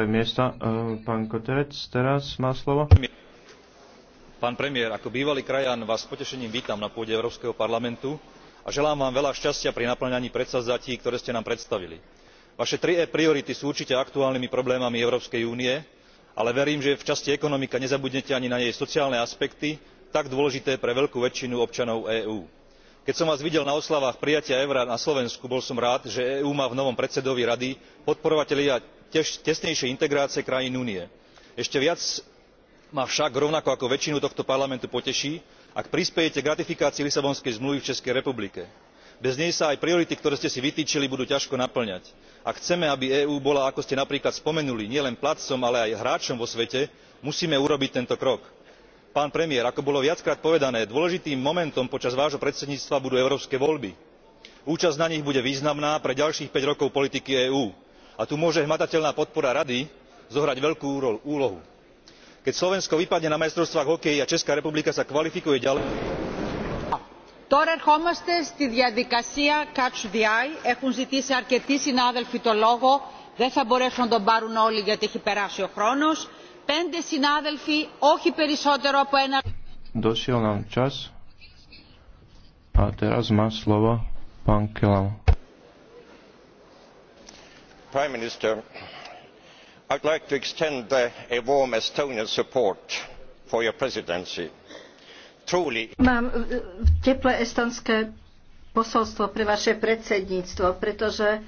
ehm, pán koterec teraz má slovo pán premiér ako bývalý krajan vás s potešením vítam na pôde európskeho parlamentu a želám vám veľa šťastia pri napĺňaní predsavzatí ktoré ste nám predstavili. vaše tri e priority sú určite aktuálnymi problémami európskej únie ale verím že v časti ekonomika nezabudnete ani na jej sociálne aspekty tak dôležité pre veľkú väčšinu občanov eú. keď som vás videl na oslavách prijatia eura na slovensku bol som rád že eú má v novom predsedovi rady podporovatelia tesnejšej integrácie krajín únie. ešte viac ma však rovnako ako väčšinu tohto parlamentu poteší ak prispejete k ratifikácii lisabonskej zmluvy v českej republike. bez nej sa aj priority ktoré ste si vytýčili budú ťažko napĺňať. ak chceme aby eú bola ako ste napríklad spomenuli nielen platcom ale aj hráčom vo svete musíme urobiť tento krok. pán premiér ako bolo viackrát povedané dôležitým momentom počas vášho predsedníctva budú európske voľby. účasť na nich bude významná pre ďalších päť rokov politiky eú a tu môže hmatateľná podpora rady zohrať veľkú úlohu keď slovensko vypadne na majstrovstvách v hokeji a česká republika sa kvalifikuje ďalej Τώρα ερχόμαστε στη διαδικασία catch the eye. Έχουν ζητήσει αρκετοί συνάδελφοι το λόγο. Δεν θα μπορέσουν να τον πάρουν όλοι γιατί έχει περάσει ο χρόνο, Πέντε συνάδελφοι, όχι περισσότερο από ένα... Δώσιο να τσάς. A teraz má slovo pán Prime Minister, i would like to extend a warm estonian support for your presidency. mám e, teplé estónske posolstvo pre vaše predsedníctvo pretože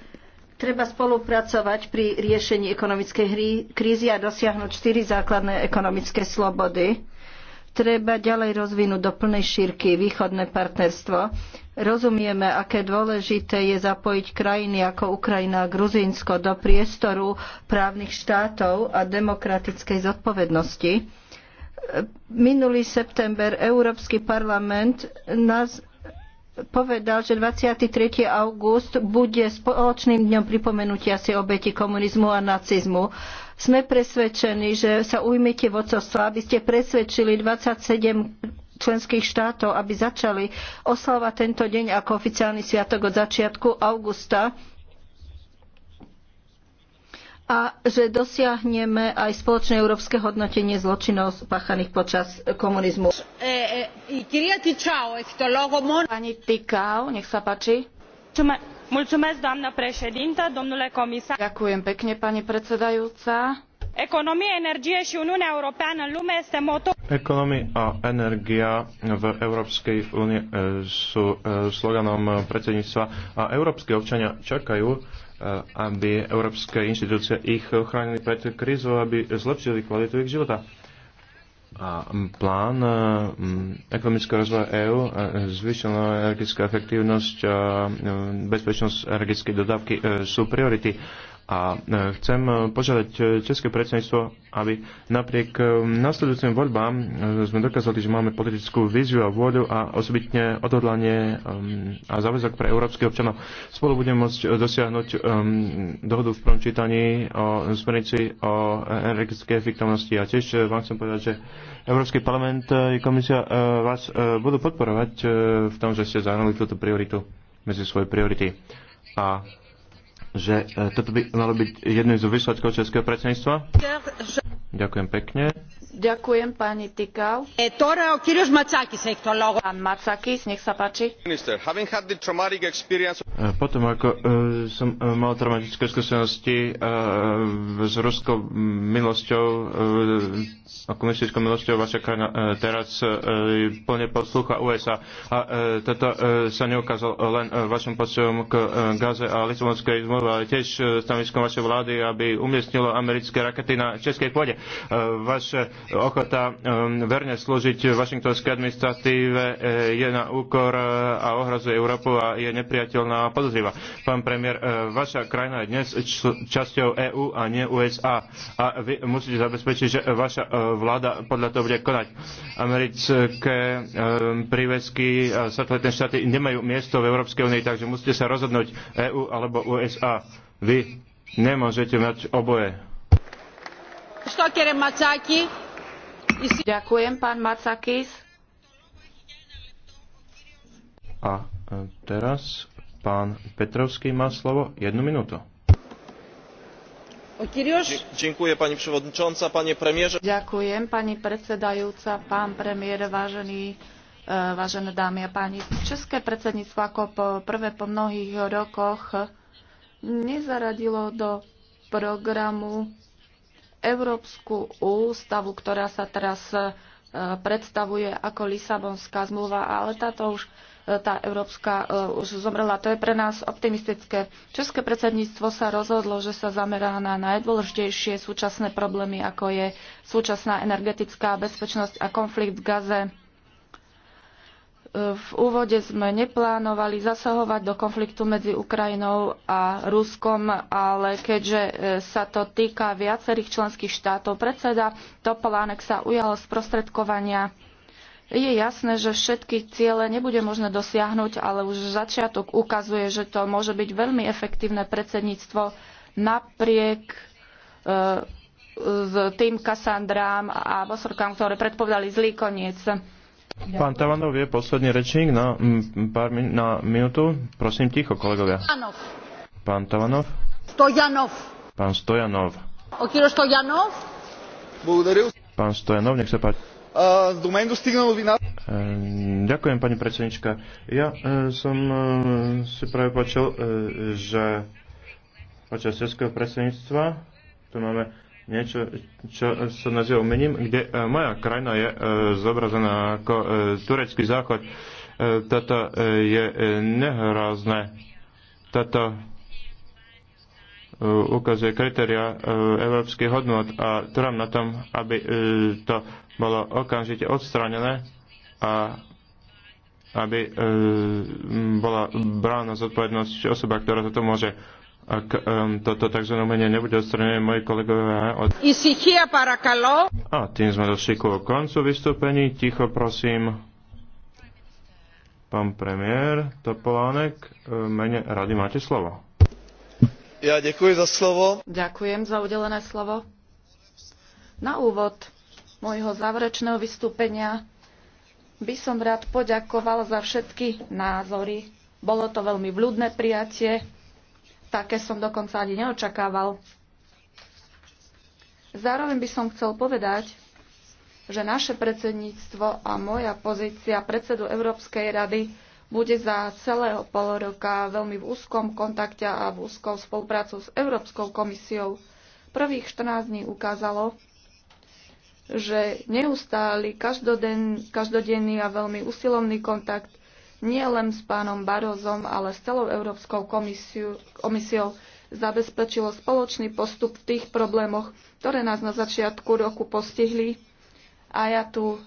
treba spolupracovať pri riešení ekonomickej krízy a dosiahnuť štyri základné ekonomické slobody treba ďalej rozvinúť do plnej šírky východné partnerstvo. Rozumieme, aké dôležité je zapojiť krajiny ako Ukrajina a Gruzínsko do priestoru právnych štátov a demokratickej zodpovednosti. Minulý september Európsky parlament nás povedal, že 23. august bude spoločným dňom pripomenutia si obeti komunizmu a nacizmu. Sme presvedčení, že sa ujmite vodcovstva, aby ste presvedčili 27 členských štátov, aby začali oslavať tento deň ako oficiálny sviatok od začiatku augusta a že dosiahneme aj spoločné európske hodnotenie zločinov spáchaných počas komunizmu. E, e, e, Pani Tikau, nech sa páči. Ekonomia, energie și Uniunea Europeană în lume este Ekonomia a energia v Európskej únii e, sú e, sloganom predsedníctva a európske občania čakajú, e, aby európske inštitúcie ich ochránili pred krízou, aby zlepšili kvalitu ich života a plán e, ekonomického rozvoja EÚ, e, zvyšená energetická efektívnosť a e, bezpečnosť energetickej dodávky sú priority. A e, chcem e, požiadať e, České predsedníctvo, aby napriek nasledujúcim voľbám sme dokázali, že máme politickú víziu a vôľu a osobitne odhodlanie a záväzok pre európskych občanov. Spolu budeme môcť dosiahnuť dohodu v prvom čítaní o smernici o energetickej efektivnosti. A tiež vám chcem povedať, že Európsky parlament i komisia vás budú podporovať v tom, že ste zahrnuli túto prioritu medzi svoje priority. A že e, toto by malo byť jedným z výsledkov Českého predsedníctva. Ďakujem pekne. Ďakujem pani Tikau. Pán Macakis, nech sa páči. Minister, experience... Potom ako uh, som uh, mal traumatické skúsenosti uh, s ruskou milosťou, uh, e, komunistickou milosťou vaša krajina uh, teraz uh, plne poslúcha USA. A uh, toto uh, sa neukázalo len uh, vašim postojom k uh, Gaze a Lisabonskej zmluve, ale tiež uh, stanoviskom vašej vlády, aby umiestnilo americké rakety na českej pôde. Uh, vaše ochota um, verne slúžiť washingtonskej administratíve eh, je na úkor eh, a ohrozuje Európu a je nepriateľná a podozriva. Pán premiér, eh, vaša krajina je dnes časťou EÚ a nie USA a vy musíte zabezpečiť, že vaša vláda podľa toho bude konať. Americké prívesky a satelitné štáty nemajú miesto v Európskej únii, takže musíte sa rozhodnúť EÚ alebo USA. Vy nemôžete mať oboje. A e, teraz pán Petrovský má slovo. Jednu minútu. Ďakujem, pani przewodnicząca, panie premierze. Ďakujem, pani predsedajúca, pán premiér, vážený e, vážené dámy a páni. České predsedníctvo ako po prvé po mnohých rokoch nezaradilo do programu Európsku ústavu, ktorá sa teraz e, predstavuje ako Lisabonská zmluva, ale táto už e, tá európska e, už zomrela. To je pre nás optimistické. České predsedníctvo sa rozhodlo, že sa zamerá na najdôležitejšie súčasné problémy, ako je súčasná energetická bezpečnosť a konflikt v Gaze v úvode sme neplánovali zasahovať do konfliktu medzi Ukrajinou a Ruskom, ale keďže e, sa to týka viacerých členských štátov, predseda Topolánek sa ujal sprostredkovania. Je jasné, že všetky ciele nebude možné dosiahnuť, ale už začiatok ukazuje, že to môže byť veľmi efektívne predsedníctvo napriek s e, tým Kasandrám a Bosorkám, ktoré predpovedali zlý koniec. Pán Tavanov je posledný rečník na, pár min- na minútu. Prosím ticho, kolegovia. Stojanov. Pán Tavanov. Stojanov. Pán Stojanov. Stojanov. Pán Stojanov, nech sa páči. Ďakujem, pani predsednička. Ja som si práve počul, že počas českého predsedníctva tu máme niečo, čo sa nazýva umením, kde e, moja krajina je e, zobrazená ako e, turecký záchod. Toto je nehorázne. Toto ukazuje kritéria európskych hodnot a trvám na tom, aby to bolo okamžite odstranené a aby bola brána zodpovednosť osoba, ktorá za to môže ak um, toto tzv. umenie nebude odstranené, moji kolegovia... Od... A tým sme došli ku koncu vystúpení. Ticho, prosím. Pán premiér Topolánek, e, mene rady máte slovo. Ja ďakujem za slovo. Ďakujem za udelené slovo. Na úvod môjho záverečného vystúpenia by som rád poďakoval za všetky názory. Bolo to veľmi vľúdne prijatie Také som dokonca ani neočakával. Zároveň by som chcel povedať, že naše predsedníctvo a moja pozícia predsedu Európskej rady bude za celého pol roka veľmi v úzkom kontakte a v úzkou spoluprácu s Európskou komisiou. Prvých 14 dní ukázalo, že neustály každodenný a veľmi usilovný kontakt nie len s pánom Barozom, ale s celou Európskou komisiu, komisiou zabezpečilo spoločný postup v tých problémoch, ktoré nás na začiatku roku postihli. A ja tu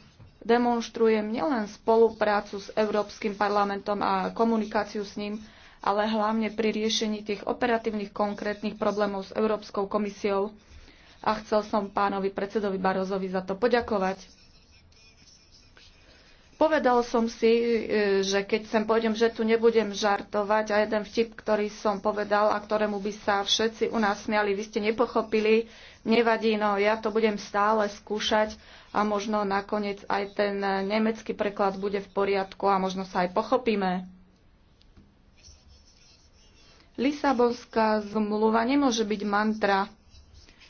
demonstrujem nielen spoluprácu s Európskym parlamentom a komunikáciu s ním, ale hlavne pri riešení tých operatívnych konkrétnych problémov s Európskou komisiou. A chcel som pánovi predsedovi Barozovi za to poďakovať. Povedal som si, e, že keď sem pôjdem, že tu nebudem žartovať a jeden vtip, ktorý som povedal a ktorému by sa všetci u nás smiali, vy ste nepochopili, nevadí, no ja to budem stále skúšať a možno nakoniec aj ten e, nemecký preklad bude v poriadku a možno sa aj pochopíme. Lisabonská zmluva nemôže byť mantra.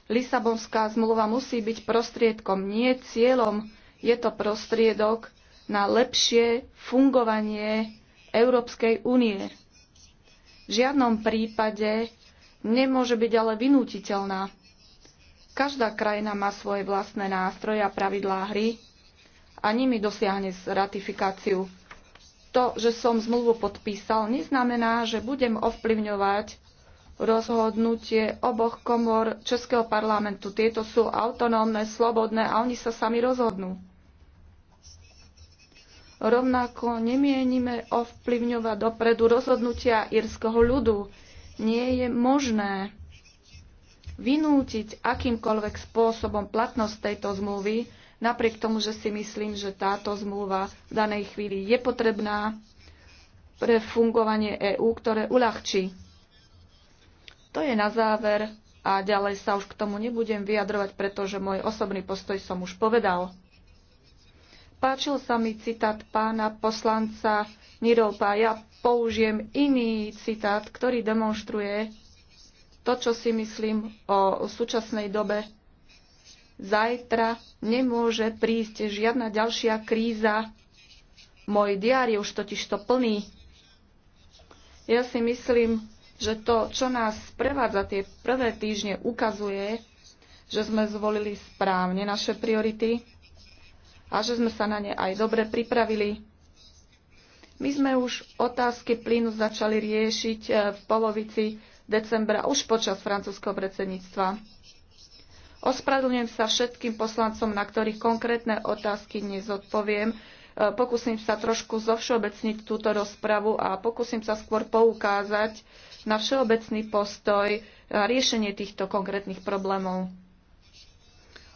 Lisabonská zmluva musí byť prostriedkom, nie cieľom. Je to prostriedok, na lepšie fungovanie Európskej únie. V žiadnom prípade nemôže byť ale vynútiteľná. Každá krajina má svoje vlastné nástroje a pravidlá hry a nimi dosiahne ratifikáciu. To, že som zmluvu podpísal, neznamená, že budem ovplyvňovať rozhodnutie oboch komor Českého parlamentu. Tieto sú autonómne, slobodné a oni sa sami rozhodnú. Rovnako nemienime ovplyvňovať dopredu rozhodnutia írskeho ľudu. Nie je možné vynútiť akýmkoľvek spôsobom platnosť tejto zmluvy, napriek tomu, že si myslím, že táto zmluva v danej chvíli je potrebná pre fungovanie EÚ, ktoré uľahčí. To je na záver a ďalej sa už k tomu nebudem vyjadrovať, pretože môj osobný postoj som už povedal. Páčil sa mi citát pána poslanca Nirolpa. Ja použijem iný citát, ktorý demonstruje to, čo si myslím o súčasnej dobe. Zajtra nemôže prísť žiadna ďalšia kríza. Môj diár je už totiž to plný. Ja si myslím, že to, čo nás prevádza tie prvé týždne, ukazuje, že sme zvolili správne naše priority a že sme sa na ne aj dobre pripravili. My sme už otázky plynu začali riešiť e, v polovici decembra už počas francúzského predsedníctva. Ospravedlňujem sa všetkým poslancom, na ktorých konkrétne otázky nezodpoviem. E, pokúsim sa trošku zovšeobecniť túto rozpravu a pokúsim sa skôr poukázať na všeobecný postoj a riešenie týchto konkrétnych problémov.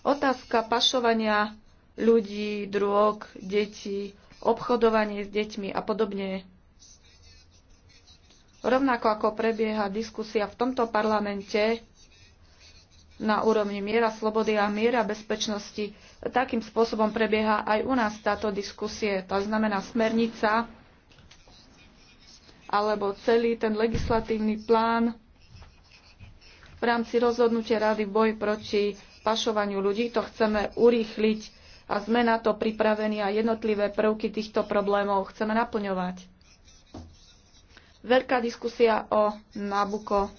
Otázka pašovania ľudí, drog, detí, obchodovanie s deťmi a podobne. Rovnako ako prebieha diskusia v tomto parlamente na úrovni miera slobody a miera bezpečnosti, takým spôsobom prebieha aj u nás táto diskusie. To znamená smernica alebo celý ten legislatívny plán v rámci rozhodnutia Rady boj proti pašovaniu ľudí. To chceme urýchliť a sme na to pripravení a jednotlivé prvky týchto problémov chceme naplňovať. Veľká diskusia o Nabuko.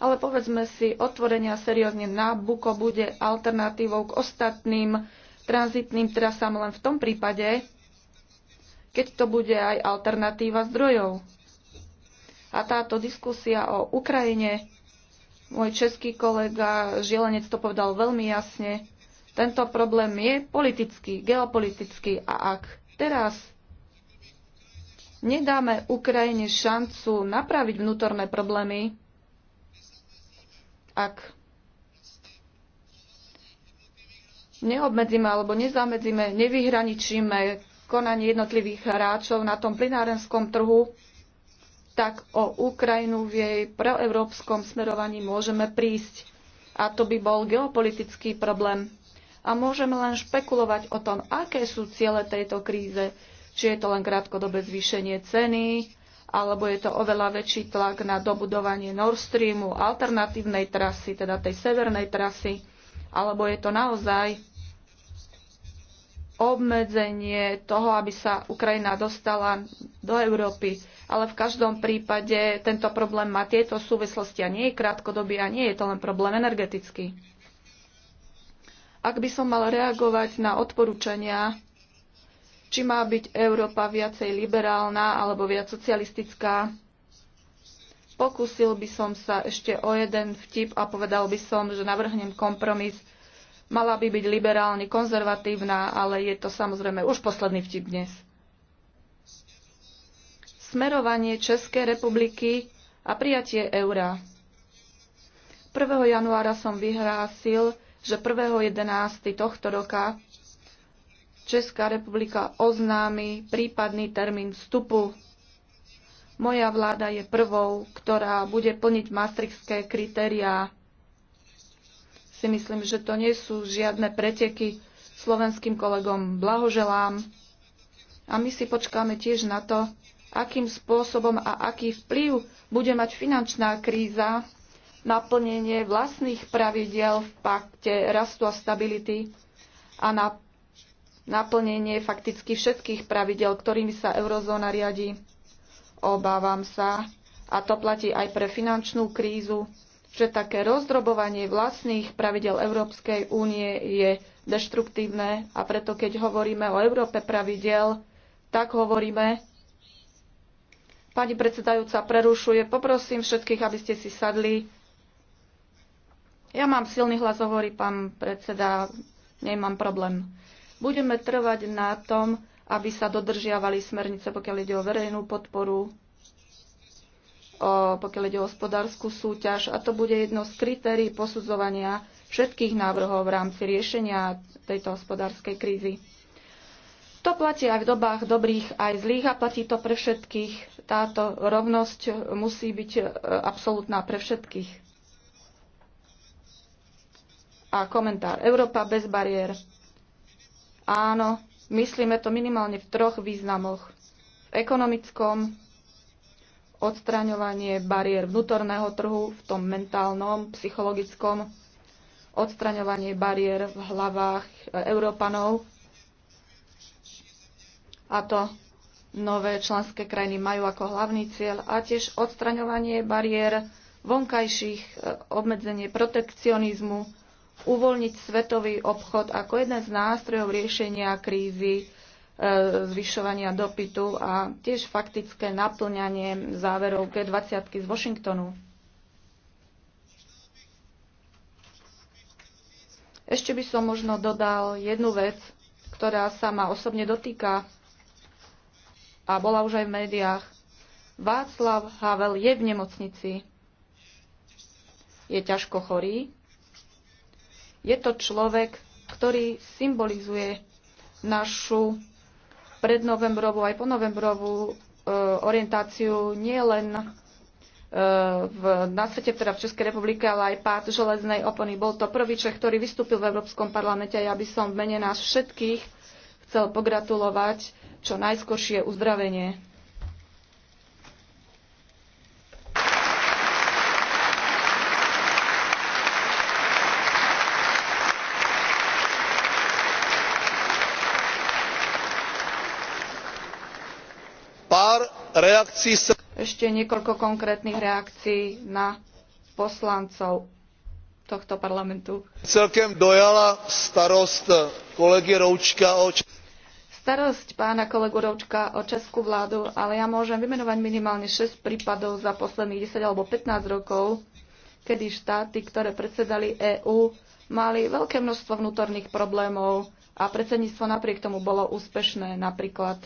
Ale povedzme si otvorenia seriózne, Nabuko bude alternatívou k ostatným tranzitným trasám len v tom prípade, keď to bude aj alternatíva zdrojov. A táto diskusia o Ukrajine, môj český kolega Žilenec to povedal veľmi jasne, tento problém je politický, geopolitický a ak teraz nedáme Ukrajine šancu napraviť vnútorné problémy, ak neobmedzíme alebo nezamedzíme, nevyhraničíme konanie jednotlivých hráčov na tom plinárenskom trhu, tak o Ukrajinu v jej proeurópskom smerovaní môžeme prísť. A to by bol geopolitický problém a môžeme len špekulovať o tom, aké sú ciele tejto kríze. Či je to len krátkodobé zvýšenie ceny, alebo je to oveľa väčší tlak na dobudovanie Nord Streamu, alternatívnej trasy, teda tej severnej trasy, alebo je to naozaj obmedzenie toho, aby sa Ukrajina dostala do Európy. Ale v každom prípade tento problém má tieto súvislosti a nie je krátkodobý a nie je to len problém energetický. Ak by som mal reagovať na odporúčania, či má byť Európa viacej liberálna alebo viac socialistická, pokúsil by som sa ešte o jeden vtip a povedal by som, že navrhnem kompromis. Mala by byť liberálne konzervatívna, ale je to samozrejme už posledný vtip dnes. Smerovanie Českej republiky a prijatie eura. 1. januára som vyhrásil že 1.11. tohto roka Česká republika oznámi prípadný termín vstupu. Moja vláda je prvou, ktorá bude plniť maastrichtské kritériá. Si myslím, že to nie sú žiadne preteky. Slovenským kolegom blahoželám. A my si počkáme tiež na to, akým spôsobom a aký vplyv bude mať finančná kríza naplnenie vlastných pravidel v pakte rastu a stability a na naplnenie fakticky všetkých pravidel, ktorými sa eurozóna riadi. Obávam sa, a to platí aj pre finančnú krízu, že také rozdrobovanie vlastných pravidel Európskej únie je deštruktívne a preto keď hovoríme o Európe pravidel, tak hovoríme. Pani predsedajúca prerušuje, poprosím všetkých, aby ste si sadli. Ja mám silný hlas, hovorí pán predseda, nemám problém. Budeme trvať na tom, aby sa dodržiavali smernice, pokiaľ ide o verejnú podporu, o, pokiaľ ide o hospodárskú súťaž. A to bude jedno z kritérií posudzovania všetkých návrhov v rámci riešenia tejto hospodárskej krízy. To platí aj v dobách dobrých, aj zlých a platí to pre všetkých. Táto rovnosť musí byť e, absolútna pre všetkých. A komentár Európa bez bariér. Áno, myslíme to minimálne v troch významoch. V ekonomickom, odstraňovanie bariér vnútorného trhu v tom mentálnom, psychologickom, odstraňovanie bariér v hlavách e, Európanov. A to nové členské krajiny majú ako hlavný cieľ a tiež odstraňovanie bariér vonkajších, e, obmedzenie protekcionizmu, uvoľniť svetový obchod ako jeden z nástrojov riešenia krízy, e, zvyšovania dopytu a tiež faktické naplňanie záverov G20 z Washingtonu. Ešte by som možno dodal jednu vec, ktorá sa ma osobne dotýka a bola už aj v médiách. Václav Havel je v nemocnici. Je ťažko chorý, je to človek, ktorý symbolizuje našu prednovembrovú aj ponovembrovú e, orientáciu nielen e, v, na svete, teda v Českej republike, ale aj pád železnej opony. Bol to prvý Čech, ktorý vystúpil v Európskom parlamente a ja by som v mene nás všetkých chcel pogratulovať čo najskoršie uzdravenie. reakcií... Ešte niekoľko konkrétnych reakcií na poslancov tohto parlamentu. Celkem dojala starost kolegy Roučka o... Starosť pána kolegu Roučka o českú vládu, ale ja môžem vymenovať minimálne 6 prípadov za posledných 10 alebo 15 rokov, kedy štáty, ktoré predsedali EÚ, mali veľké množstvo vnútorných problémov a predsedníctvo napriek tomu bolo úspešné. Napríklad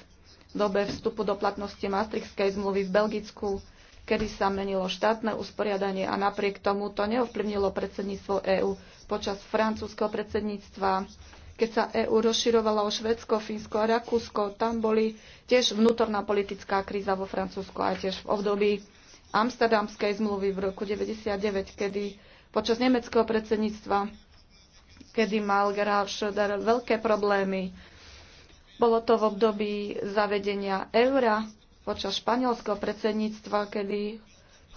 dobe vstupu do platnosti Maastrichtskej zmluvy v Belgicku, kedy sa menilo štátne usporiadanie a napriek tomu to neovplyvnilo predsedníctvo EÚ počas francúzského predsedníctva. Keď sa EÚ rozširovala o Švedsko, Fínsko a Rakúsko, tam boli tiež vnútorná politická kríza vo Francúzsku a tiež v období Amsterdamskej zmluvy v roku 1999, kedy počas nemeckého predsedníctva kedy mal Gerhard Schröder veľké problémy bolo to v období zavedenia eura počas španielského predsedníctva, kedy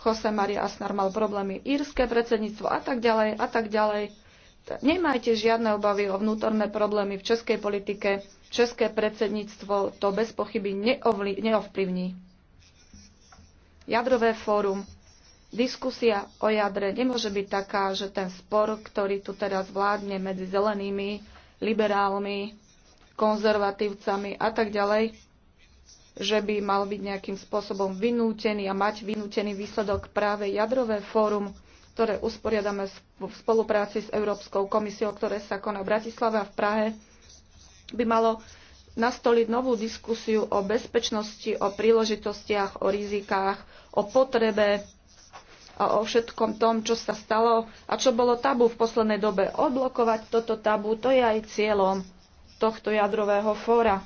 Jose Maria Asnar mal problémy írske predsedníctvo a tak ďalej a tak ďalej. Nemajte žiadne obavy o vnútorné problémy v českej politike. České predsedníctvo to bez pochyby neovplyvní. Jadrové fórum. Diskusia o jadre nemôže byť taká, že ten spor, ktorý tu teraz vládne medzi zelenými, liberálmi konzervatívcami a tak ďalej, že by mal byť nejakým spôsobom vynútený a mať vynútený výsledok práve jadrové fórum, ktoré usporiadame v spolupráci s Európskou komisiou, ktoré sa koná v Bratislave a v Prahe, by malo nastoliť novú diskusiu o bezpečnosti, o príležitostiach, o rizikách, o potrebe a o všetkom tom, čo sa stalo a čo bolo tabu v poslednej dobe. Odblokovať toto tabu, to je aj cieľom tohto jadrového fóra,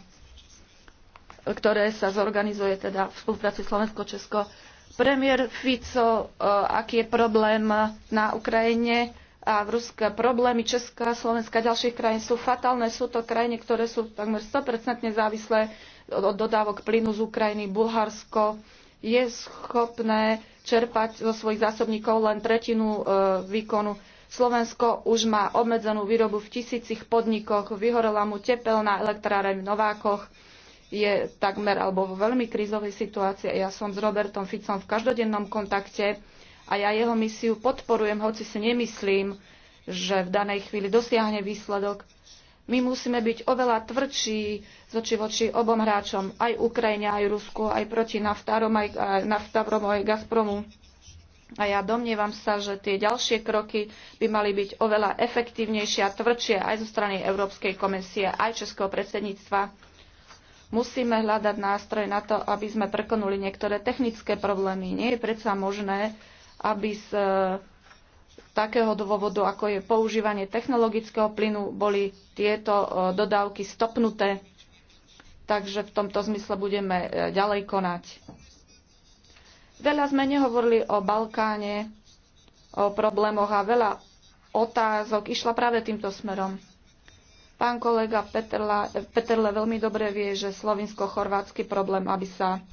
ktoré sa zorganizuje teda v spolupráci Slovensko-Česko. Premiér Fico, e, aký je problém na Ukrajine a v Ruska. Problémy Česká, Slovenska a ďalších krajín sú fatálne. Sú to krajiny, ktoré sú takmer 100% závislé od dodávok plynu z Ukrajiny. Bulharsko je schopné čerpať zo svojich zásobníkov len tretinu e, výkonu Slovensko už má obmedzenú výrobu v tisícich podnikoch, vyhorela mu tepelná elektráreň v Novákoch, je takmer alebo vo veľmi krízovej situácii. Ja som s Robertom Ficom v každodennom kontakte a ja jeho misiu podporujem, hoci si nemyslím, že v danej chvíli dosiahne výsledok. My musíme byť oveľa tvrdší z oči voči obom hráčom, aj Ukrajine, aj Rusku, aj proti Naftárom, aj, aj Naftárom, aj Gazpromu a ja domnievam sa, že tie ďalšie kroky by mali byť oveľa efektívnejšie a tvrdšie aj zo strany Európskej komisie, aj Českého predsedníctva. Musíme hľadať nástroje na to, aby sme prekonuli niektoré technické problémy. Nie je predsa možné, aby z e, takého dôvodu, ako je používanie technologického plynu, boli tieto e, dodávky stopnuté. Takže v tomto zmysle budeme e, ďalej konať. Veľa sme nehovorili o Balkáne, o problémoch a veľa otázok išla práve týmto smerom. Pán kolega Peterle veľmi dobre vie, že slovinsko-chorvátsky problém, aby sa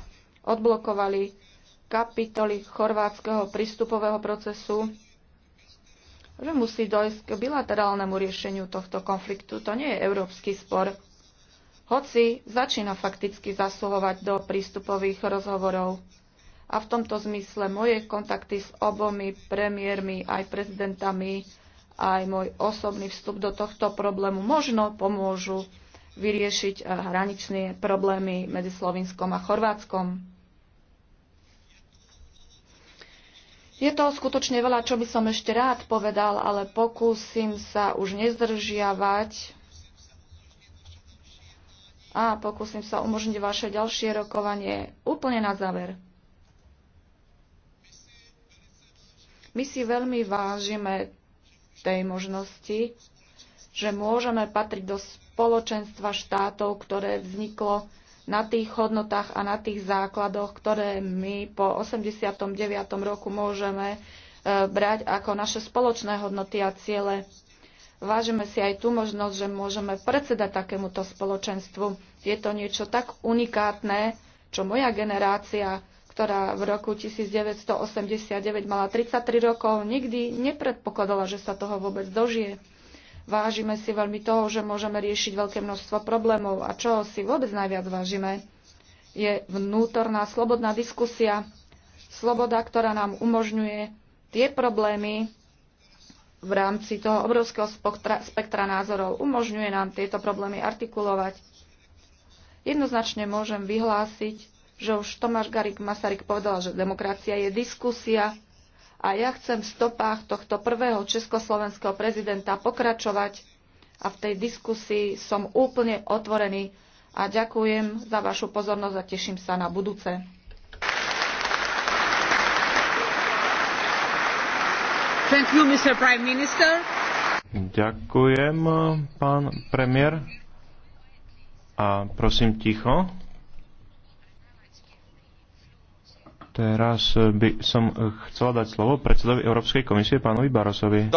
odblokovali kapitoly chorvátskeho prístupového procesu, že musí dojsť k bilaterálnemu riešeniu tohto konfliktu. To nie je európsky spor. Hoci začína fakticky zasluhovať do prístupových rozhovorov. A v tomto zmysle moje kontakty s obomi premiérmi, aj prezidentami, aj môj osobný vstup do tohto problému možno pomôžu vyriešiť eh, hraničné problémy medzi Slovinskom a Chorvátskom. Je to skutočne veľa, čo by som ešte rád povedal, ale pokúsim sa už nezdržiavať a pokúsim sa umožniť vaše ďalšie rokovanie úplne na záver. My si veľmi vážime tej možnosti, že môžeme patriť do spoločenstva štátov, ktoré vzniklo na tých hodnotách a na tých základoch, ktoré my po 89. roku môžeme e, brať ako naše spoločné hodnoty a ciele. Vážime si aj tú možnosť, že môžeme predsedať takémuto spoločenstvu. Je to niečo tak unikátne, čo moja generácia ktorá v roku 1989 mala 33 rokov, nikdy nepredpokladala, že sa toho vôbec dožije. Vážime si veľmi toho, že môžeme riešiť veľké množstvo problémov a čo si vôbec najviac vážime, je vnútorná slobodná diskusia, sloboda, ktorá nám umožňuje tie problémy v rámci toho obrovského spektra, spektra názorov, umožňuje nám tieto problémy artikulovať. Jednoznačne môžem vyhlásiť, že už Tomáš Garik Masaryk povedal, že demokracia je diskusia a ja chcem v stopách tohto prvého československého prezidenta pokračovať a v tej diskusii som úplne otvorený a ďakujem za vašu pozornosť a teším sa na budúce. Thank you, Mr. Prime Minister. Ďakujem, pán premiér. A prosím ticho. Teraz by som eh, chcela dať slovo predsedovi Európskej komisie, pánovi Barosovi.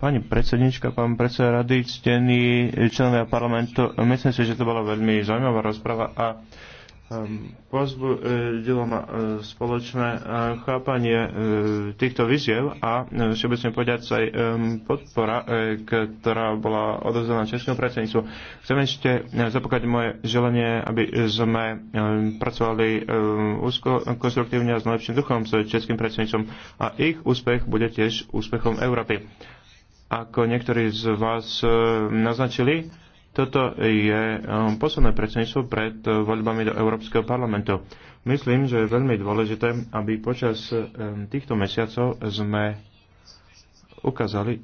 Pani predsednička, pán predseda rady, ctení členovia parlamentu, myslím si, že to bola veľmi zaujímavá rozprava a Ehm, pozbudilo e, ma e, spoločné e, chápanie týchto výziev a všeobecne poďať sa aj ehm, podpora, ktorá bola odovzdaná Českému predsedníctvu. Chcem ešte zapokať moje želanie, aby sme pracovali úzko, konstruktívne a s najlepším duchom s Českým predsedníctvom a ich úspech bude tiež úspechom Európy. Ako niektorí z vás naznačili, toto je um, posledné predsedníctvo pred uh, voľbami do Európskeho parlamentu. Myslím, že je veľmi dôležité, aby počas um, týchto mesiacov sme ukázali, uh,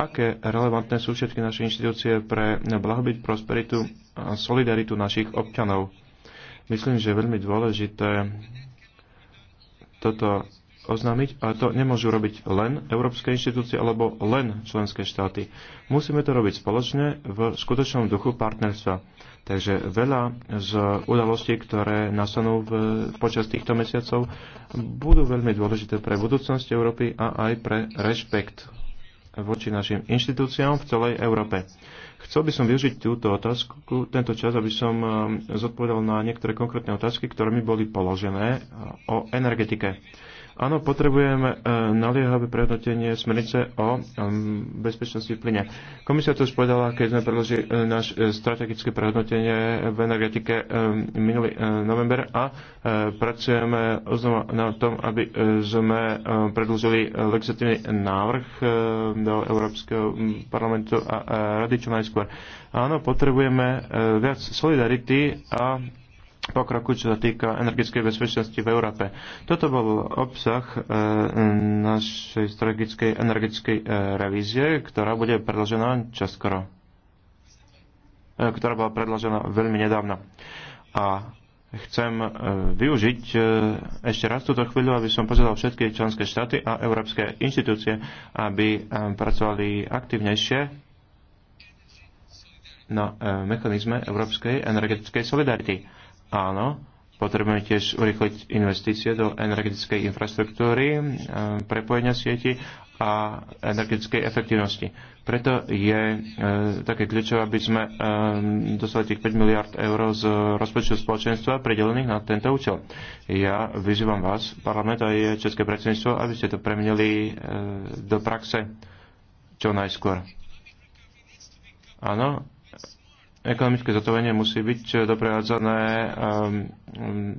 aké relevantné sú všetky naše inštitúcie pre blahobyt, prosperitu a solidaritu našich občanov. Myslím, že je veľmi dôležité toto oznámiť a to nemôžu robiť len európske inštitúcie alebo len členské štáty. Musíme to robiť spoločne v skutočnom duchu partnerstva. Takže veľa z udalostí, ktoré nastanú v, počas týchto mesiacov, budú veľmi dôležité pre budúcnosť Európy a aj pre rešpekt voči našim inštitúciám v celej Európe. Chcel by som využiť túto otázku, tento čas, aby som um, zodpovedal na niektoré konkrétne otázky, ktoré mi boli položené uh, o energetike. Áno, potrebujeme e, naliehavé prehodnotenie smernice o e, bezpečnosti plyne. Komisia to už povedala, keď sme predložili e, náš strategické prehodnotenie v energetike minulý november a pracujeme znova na tom, aby sme predložili legislatívny návrh do Európskeho parlamentu a rady čo najskôr. Áno, potrebujeme viac solidarity a pokroku, čo sa týka energetickej bezpečnosti v Európe. Toto bol obsah e, našej strategickej energetickej e, revízie, ktorá bude predložená čoskoro. E, ktorá bola predložená veľmi nedávno. A chcem e, využiť e, ešte raz túto chvíľu, aby som požiadal všetky členské štáty a európske inštitúcie, aby e, pracovali aktívnejšie na e, mechanizme európskej energetickej solidarity áno, Potrebujeme tiež urychliť investície do energetickej infraštruktúry, e, prepojenia sieti a energetickej efektivnosti. Preto je e, také kľúčové, aby sme e, dostali tých 5 miliard eur z rozpočtu spoločenstva predelených na tento účel. Ja vyzývam vás, parlament a je České predsedníctvo, aby ste to premenili e, do praxe čo najskôr. Áno, ekonomické zotovenie musí byť eh, doprevádzané ehm, ehm,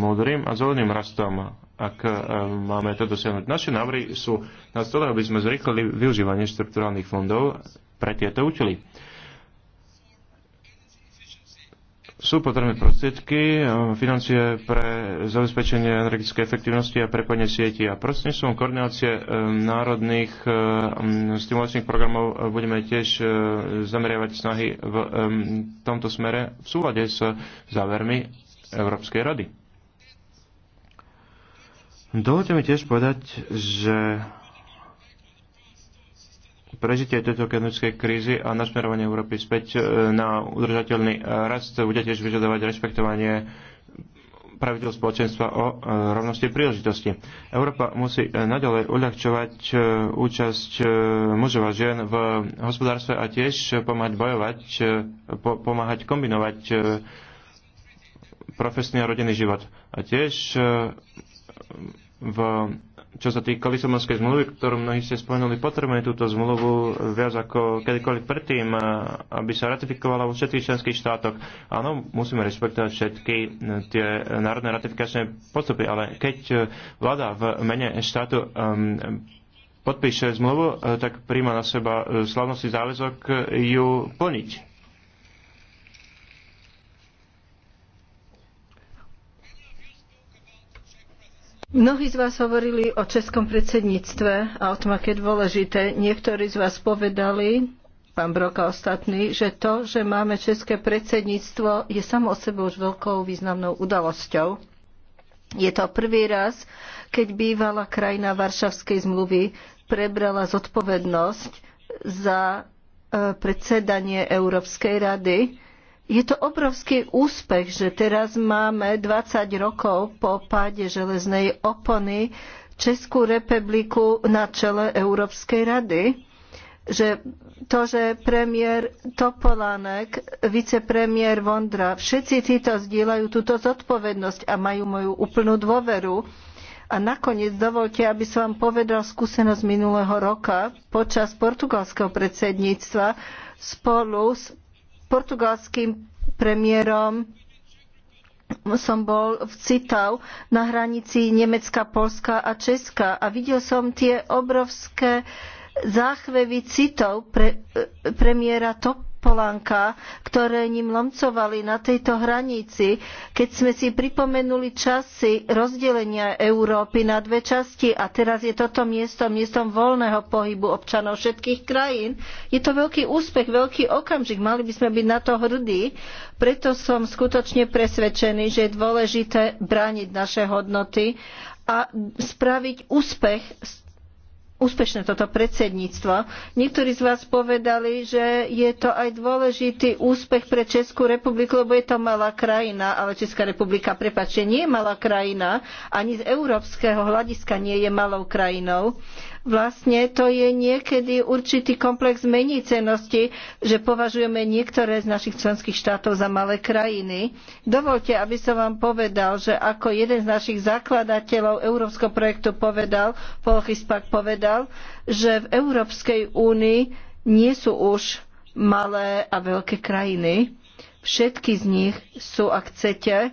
modrým a zeleným rastom, ak eh, máme to dosiahnuť. Naše návrhy sú na stole, aby sme zrýchlili využívanie štrukturálnych fondov pre tieto účely. Sú potrebné prostriedky, eh, financie pre zabezpečenie energetickej efektivnosti a prepojenie sieti. A prostredníctvom koordinácie eh, národných eh, stimulačných programov budeme tiež zameriavať snahy v tomto smere v súlade s závermi Európskej rady. Dovolte mi tiež povedať, že prežitie tejto ekonomickej krízy a nasmerovanie Európy späť e, na udržateľný rast bude tiež vyžadovať rešpektovanie pravidel spoločenstva o e, rovnosti príležitosti. Európa musí e, naďalej uľahčovať účasť mužov a žien v hospodárstve a tiež pomáhať bojovať, pomáhať kombinovať profesný a rodinný život. A tiež v čo sa týka Lisabonskej zmluvy, ktorú mnohí ste spomenuli, potrebujeme túto zmluvu viac ako kedykoľvek predtým, aby sa ratifikovala vo všetkých členských štátoch. Áno, musíme rešpektovať všetky e, tie národné ratifikačné postupy, ale keď e, vláda v mene štátu e, podpíše zmluvu, tak príjma na seba slavnostný záväzok ju plniť. Mnohí z vás hovorili o českom predsedníctve a o tom, aké dôležité. Niektorí z vás povedali, pán Broka ostatný, že to, že máme české predsedníctvo, je samo o sebe už veľkou významnou udalosťou. Je to prvý raz, keď bývalá krajina Varšavskej zmluvy prebrala zodpovednosť za e, predsedanie Európskej rady je to obrovský úspech, že teraz máme 20 rokov po páde železnej opony Českú republiku na čele Európskej rady. Že to, že premiér Topolanek, vicepremiér Vondra, všetci títo zdieľajú túto zodpovednosť a majú moju úplnú dôveru. A nakoniec dovolte, aby som vám povedal skúsenosť minulého roka počas portugalského predsedníctva spolu s portugalským premiérom som bol v Citau na hranici Nemecka, Polska a Česka a videl som tie obrovské záchvevy citov pre, e, premiéra Top, Polanka, ktoré ním lomcovali na tejto hranici, keď sme si pripomenuli časy rozdelenia Európy na dve časti a teraz je toto miesto miestom voľného pohybu občanov všetkých krajín. Je to veľký úspech, veľký okamžik, mali by sme byť na to hrdí, preto som skutočne presvedčený, že je dôležité brániť naše hodnoty a spraviť úspech z úspešné toto predsedníctvo. Niektorí z vás povedali, že je to aj dôležitý úspech pre Českú republiku, lebo je to malá krajina, ale Česká republika, prepáčte, nie je malá krajina, ani z európskeho hľadiska nie je malou krajinou. Vlastne to je niekedy určitý komplex menícenosti, že považujeme niektoré z našich členských štátov za malé krajiny. Dovolte, aby som vám povedal, že ako jeden z našich zakladateľov Európskeho projektu povedal, Paul Hispak povedal, že v Európskej únii nie sú už malé a veľké krajiny. Všetky z nich sú, ak chcete,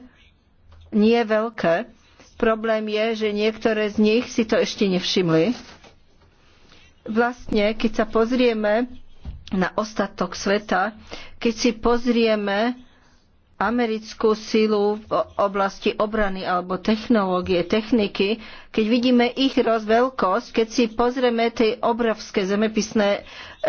nie veľké. Problém je, že niektoré z nich si to ešte nevšimli vlastne, keď sa pozrieme na ostatok sveta, keď si pozrieme americkú silu v oblasti obrany alebo technológie, techniky, keď vidíme ich roz veľkosť, keď si pozrieme tie obrovské zemepisné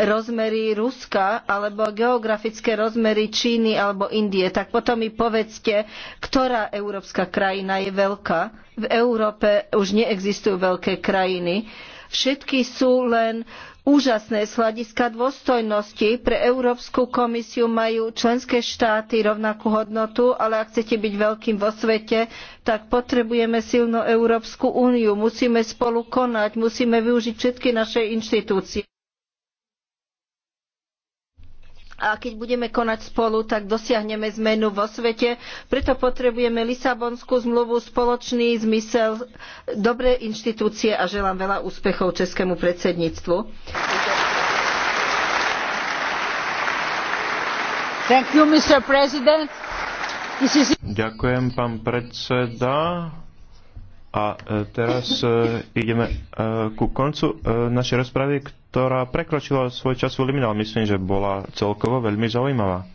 rozmery Ruska alebo geografické rozmery Číny alebo Indie, tak potom mi povedzte, ktorá európska krajina je veľká. V Európe už neexistujú veľké krajiny. Všetky sú len úžasné z hľadiska dôstojnosti. Pre Európsku komisiu majú členské štáty rovnakú hodnotu, ale ak chcete byť veľkým vo svete, tak potrebujeme silnú Európsku úniu. Musíme spolu konať, musíme využiť všetky naše inštitúcie a keď budeme konať spolu, tak dosiahneme zmenu vo svete. Preto potrebujeme Lisabonskú zmluvu, spoločný zmysel, dobré inštitúcie a želám veľa úspechov českému predsedníctvu. You, is... Ďakujem, pán predseda. A e, teraz e, ideme e, ku koncu našej rozpravy, ktorá prekročila svoj časový limit, ale myslím, že bola celkovo veľmi zaujímavá.